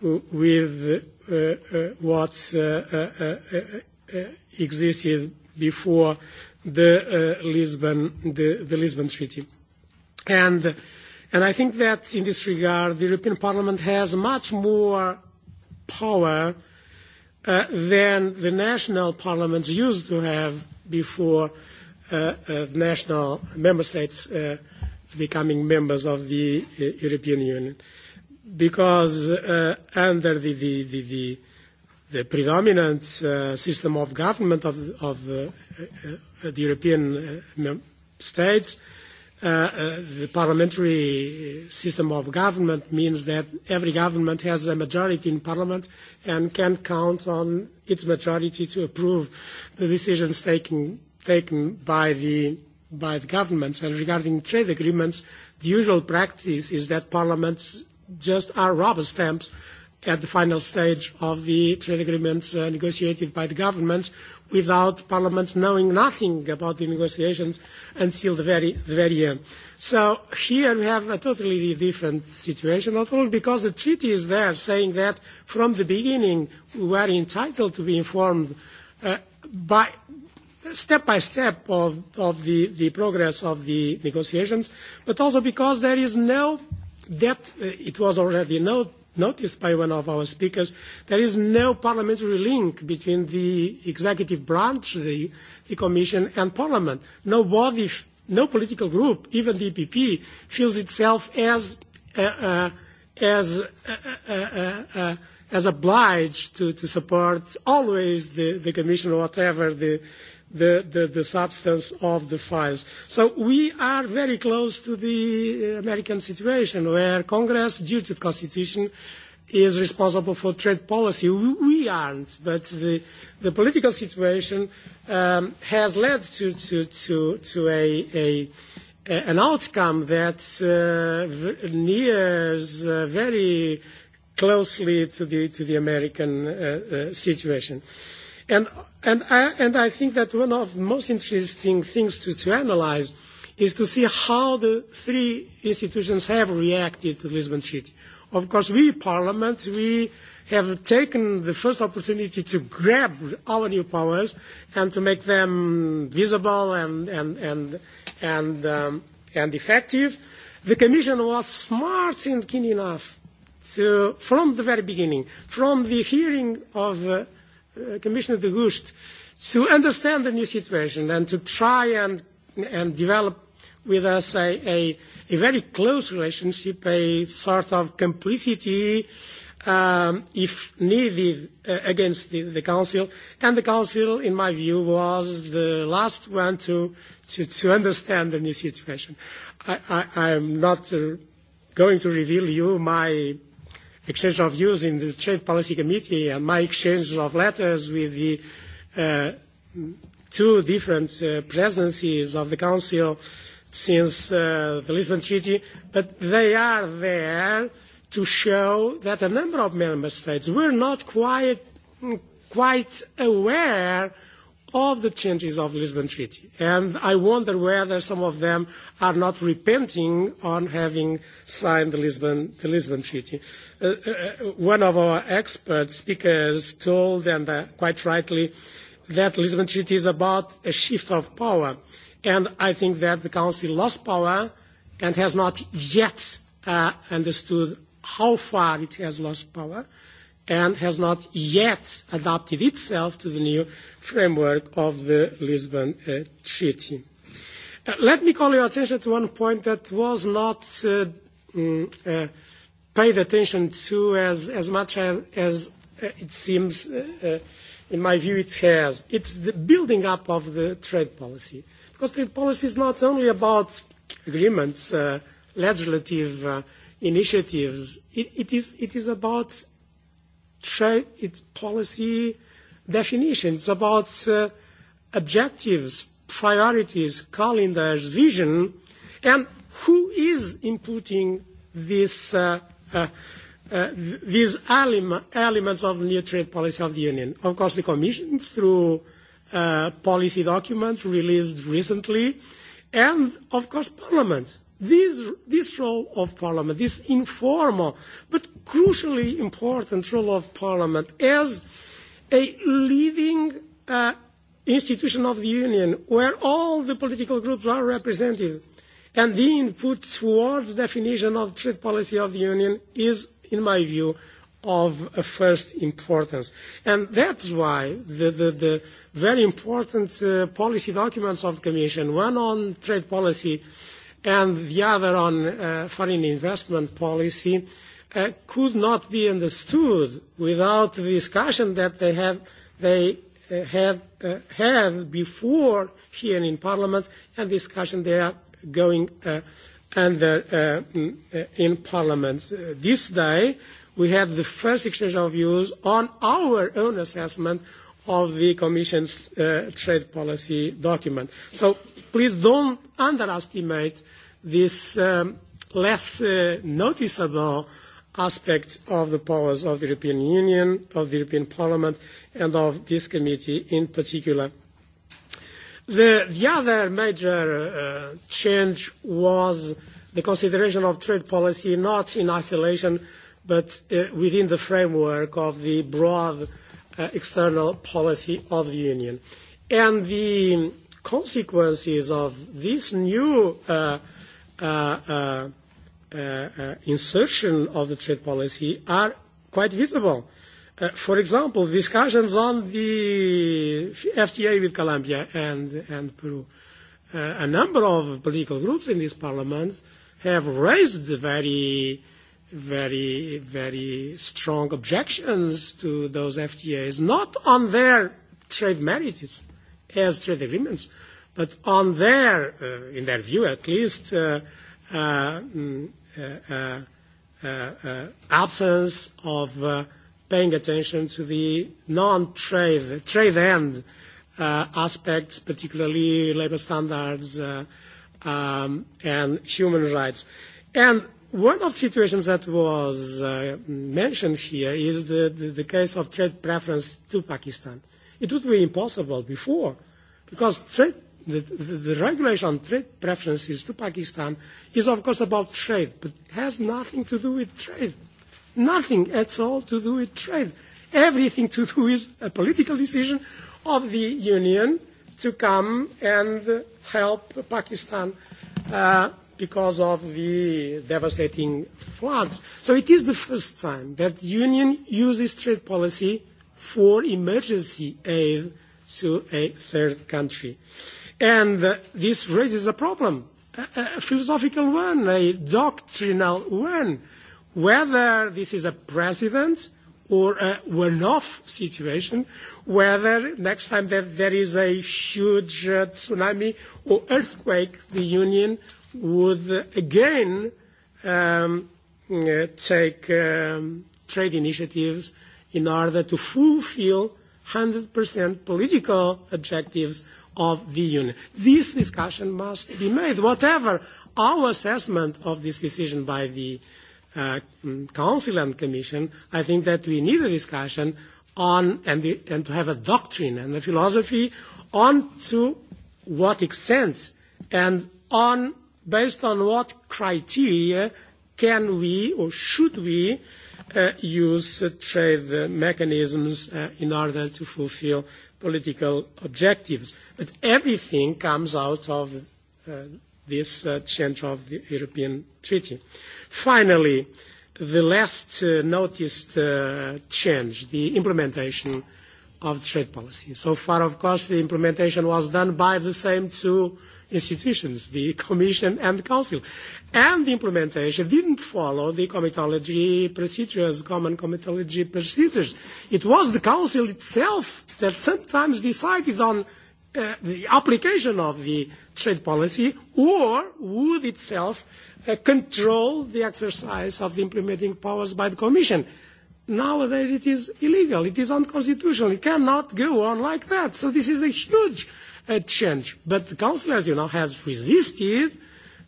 with uh, uh, what uh, uh, uh, uh, existed before the Lisbon, the, the Lisbon Treaty. And, and I think that in this regard, the European Parliament has much more power uh, than the national parliaments used to have before uh, uh, national member states uh, becoming members of the uh, European Union. Because uh, under the, the, the, the, the predominant uh, system of government of, of uh, uh, the European uh, states, uh, Uh, uh, the parliamentary system of government means that every government has a majority in parliament and can count on its majority to approve the decisions taken, taken by, the, by the governments. And regarding trade agreements, the usual practice is that parliaments just are rubber stamps at the final stage of the trade agreements uh, negotiated by the governments without Parliament knowing nothing about the negotiations until the very, the very end. So here we have a totally different situation, not only because the treaty is there saying that from the beginning we were entitled to be informed uh, by step by step of, of the, the progress of the negotiations, but also because there is no that uh, it was already noted noticed by one of our speakers, there is no parliamentary link between the executive branch, the, the Commission, and Parliament. Nobody, no political group, even the EPP, feels itself as, uh, uh, as, uh, uh, uh, uh, as obliged to, to support always the, the Commission or whatever the the, the, the substance of the files. So we are very close to the uh, American situation where Congress, due to the Constitution, is responsible for trade policy. We aren't, but the, the political situation um, has led to, to, to, to a, a, an outcome that uh, nears uh, very closely to the, to the American uh, uh situation. Uh, And, and, I, and I think that one of the most interesting things to, to analyze is to see how the three institutions have reacted to the Lisbon Treaty. Of course, we, Parliament, we have taken the first opportunity to grab our new powers and to make them visible and, and, and, and, um, and effective. The Commission was smart and keen enough to, from the very beginning, from the hearing of uh, Uh, Commissioner de Gucht to understand the new situation and to try and, and develop with us a, a, a very close relationship, a sort of complicity, um, if needed, uh, against the, the Council. And the Council, in my view, was the last one to, to, to understand the new situation. I, I, I'm not uh, going to reveal you my exchange of views in the Trade Policy Committee and uh, my exchange of letters with the uh, two different uh, presidencies of the Council since uh, the Lisbon Treaty, but they are there to show that a number of member states were not quite, mm, quite aware of the changes of the Lisbon Treaty. And I wonder whether some of them are not repenting on having signed the Lisbon, the Lisbon Treaty. Uh, uh, one of our expert speakers told, and uh, quite rightly, that the Lisbon Treaty is about a shift of power. And I think that the Council lost power and has not yet uh, understood how far it has lost power and has not yet adapted itself to the new framework of the Lisbon uh, Treaty. Uh, let me call your attention to one point that was not uh, mm, uh, paid attention to as, as much as, as uh, it seems, uh, uh, in my view, it has. It's the building up of the trade policy. Because trade policy is not only about agreements, uh, legislative uh, initiatives, it, it, is, it is about trade policy definitions about uh, objectives, priorities, calendars, vision, and who is inputting this, uh, uh, uh, these elements of the new trade policy of the Union? Of course, the Commission through uh, policy documents released recently, and of course, Parliament. This, this role of Parliament, this informal but crucially important role of Parliament as a leading uh, institution of the Union where all the political groups are represented and the input towards definition of trade policy of the Union is, in my view, of first importance. And that's why the, the, the very important uh, policy documents of the Commission, one on trade policy and the other on uh, foreign investment policy, uh, could not be understood without the discussion that they had, they, uh, had, uh, had before here in Parliament and discussion they are going uh, under uh, mm, uh in Parliament. Uh, this day, we had the first exchange of views on our own assessment of the Commission's uh, trade policy document. So please don't underestimate this um, less uh, noticeable aspects of the powers of the European Union, of the European Parliament, and of this committee in particular. The, the other major uh, change was the consideration of trade policy not in isolation, but uh, within the framework of the broad uh, external policy of the Union. And the consequences of this new uh, uh, uh, Uh, uh, insertion of the trade policy are quite visible. Uh, for example, discussions on the FTA with Colombia and, and Peru. Uh, a number of political groups in this parliament have raised very, very, very strong objections to those FTAs, not on their trade merits as trade agreements, but on their, uh, in their view at least, uh, uh, mm, Uh, uh, uh, absence of paying attention to the non-trade, trade end aspects, particularly labor standards um, and human rights. And one of the situations that was uh, mentioned here is the, the, the case of trade preference to Pakistan. It would be impossible before, because trade the, the, regulation on trade preferences to Pakistan is, of course, about trade, but has nothing to do with trade. Nothing at all to do with trade. Everything to do is a political decision of the Union to come and help Pakistan uh, because of the devastating floods. So it is the first time that the Union uses trade policy for emergency aid to a third country. And uh, this raises a problem, a, a philosophical one, a doctrinal one, whether this is a precedent or a one-off situation, whether next time that there is a huge uh, tsunami or earthquake, the Union would again um, uh, take um, trade initiatives in order to fulfill 100% political objectives of the Union. This discussion must be made, whatever our assessment of this decision by the uh, mm, Council and Commission. I think that we need a discussion on and, the, and to have a doctrine and a philosophy on to what extent and on based on what criteria can we or should we uh, Uh, use uh, trade uh, mechanisms in order to fulfill political objectives. But everything comes out of this change of the European Treaty. Finally, the last noticed change, the implementation of trade policy. So far, of course, the implementation was done by the same two institutions, the [laughs] Commission and the Council. And the implementation didn't follow the comitology procedures, common comitology procedures. It was the Council itself that sometimes decided on Uh, the application of the trade policy or would itself uh, control the exercise of the implementing powers by the Commission. Nowadays it is illegal, it is unconstitutional, it cannot go on like that. So this is a huge uh, change. But the Council, as you know, has resisted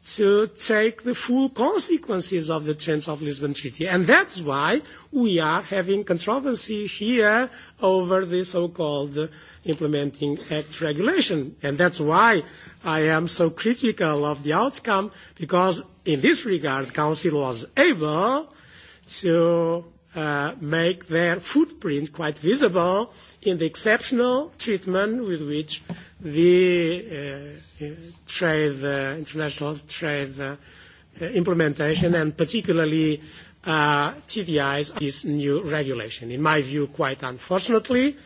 to take the full consequences of the change of Lisbon Treaty. And that's why we are having controversy here over the so-called Implementing Act regulation. And that's why I am so critical of the outcome, because in this regard, Council was able to uh, make their footprint quite visible In the exceptional treatment with which the uh, uh trade, uh, international trade uh, implementation and particularly uh, TDIs this new regulation. In my view, quite unfortunately,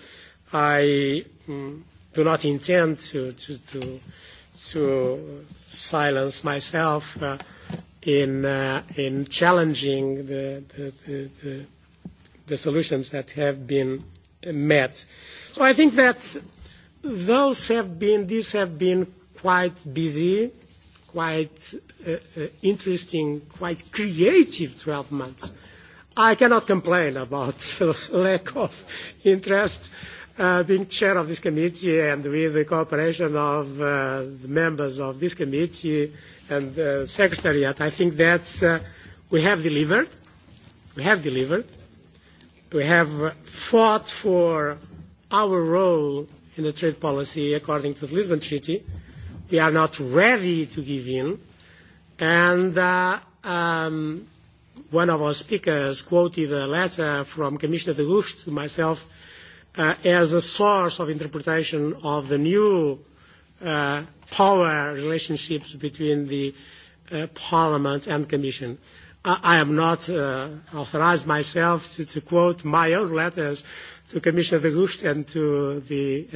I mm, do not intend to, to, to, to silence myself uh, in, uh, in challenging the, the, the, the, the solutions that have been met. So I think that those have been, these have been quite busy, quite uh, uh, interesting, quite creative 12 months. I cannot complain about [laughs] lack of interest. Uh, being chair of this committee and with the cooperation of uh, the members of this committee and the uh, secretariat, I think that uh, we have delivered. We have delivered we have fought for our role in the trade policy according to the Lisbon Treaty. We are not ready to give in. And uh, um, one of our speakers quoted a letter from Commissioner de Gucht to myself uh, as a source of interpretation of the new uh, power relationships between the uh, Parliament and Commission. I am not uh, authorized myself to, to quote my own letters to Commissioner de Gucht and to the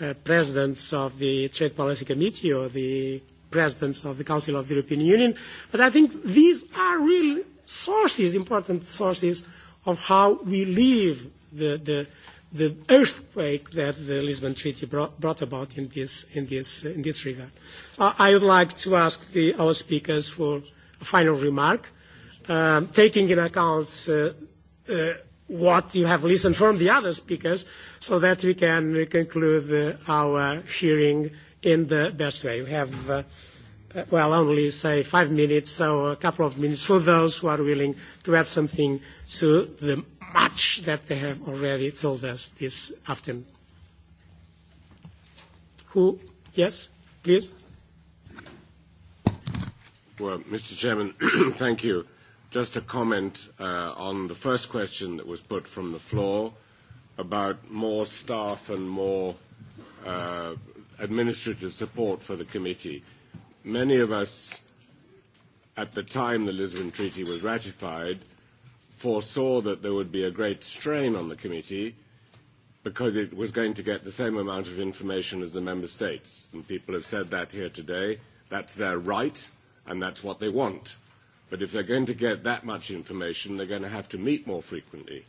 uh, uh, presidents of the Trade Policy Committee or the presidents of the Council of the European Union, but I think these are real sources, important sources of how we live the, the, the earthquake that the Lisbon Treaty brought, brought about in this, in this, in this regard. Uh, I would like to ask the, our speakers for a final remark Um, taking in account uh, uh, what you have listened from the other speakers so that we can conclude uh, our hearing in the best way. We have, uh, uh, well, only say five minutes, so a couple of minutes for those who are willing to add something to the much that they have already told us this afternoon. Who? Yes, please. Well, Mr. Chairman, [clears throat] thank you. Just a comment uh, on the first question that was put from the floor about more staff and more uh, administrative support for the committee. Many of us, at the time the Lisbon Treaty was ratified, foresaw that there would be a great strain on the committee because it was going to get the same amount of information as the member states. And people have said that here today. That's their right, and that's what they want. But if they're going to get that much information, they're going to have to meet more frequently.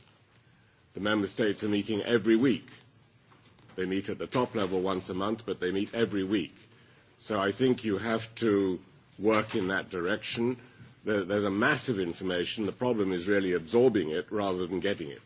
The member states are meeting every week. They meet at the top level once a month, but they meet every week. So I think you have to work in that direction. there's a massive information. The problem is really absorbing it rather than getting it.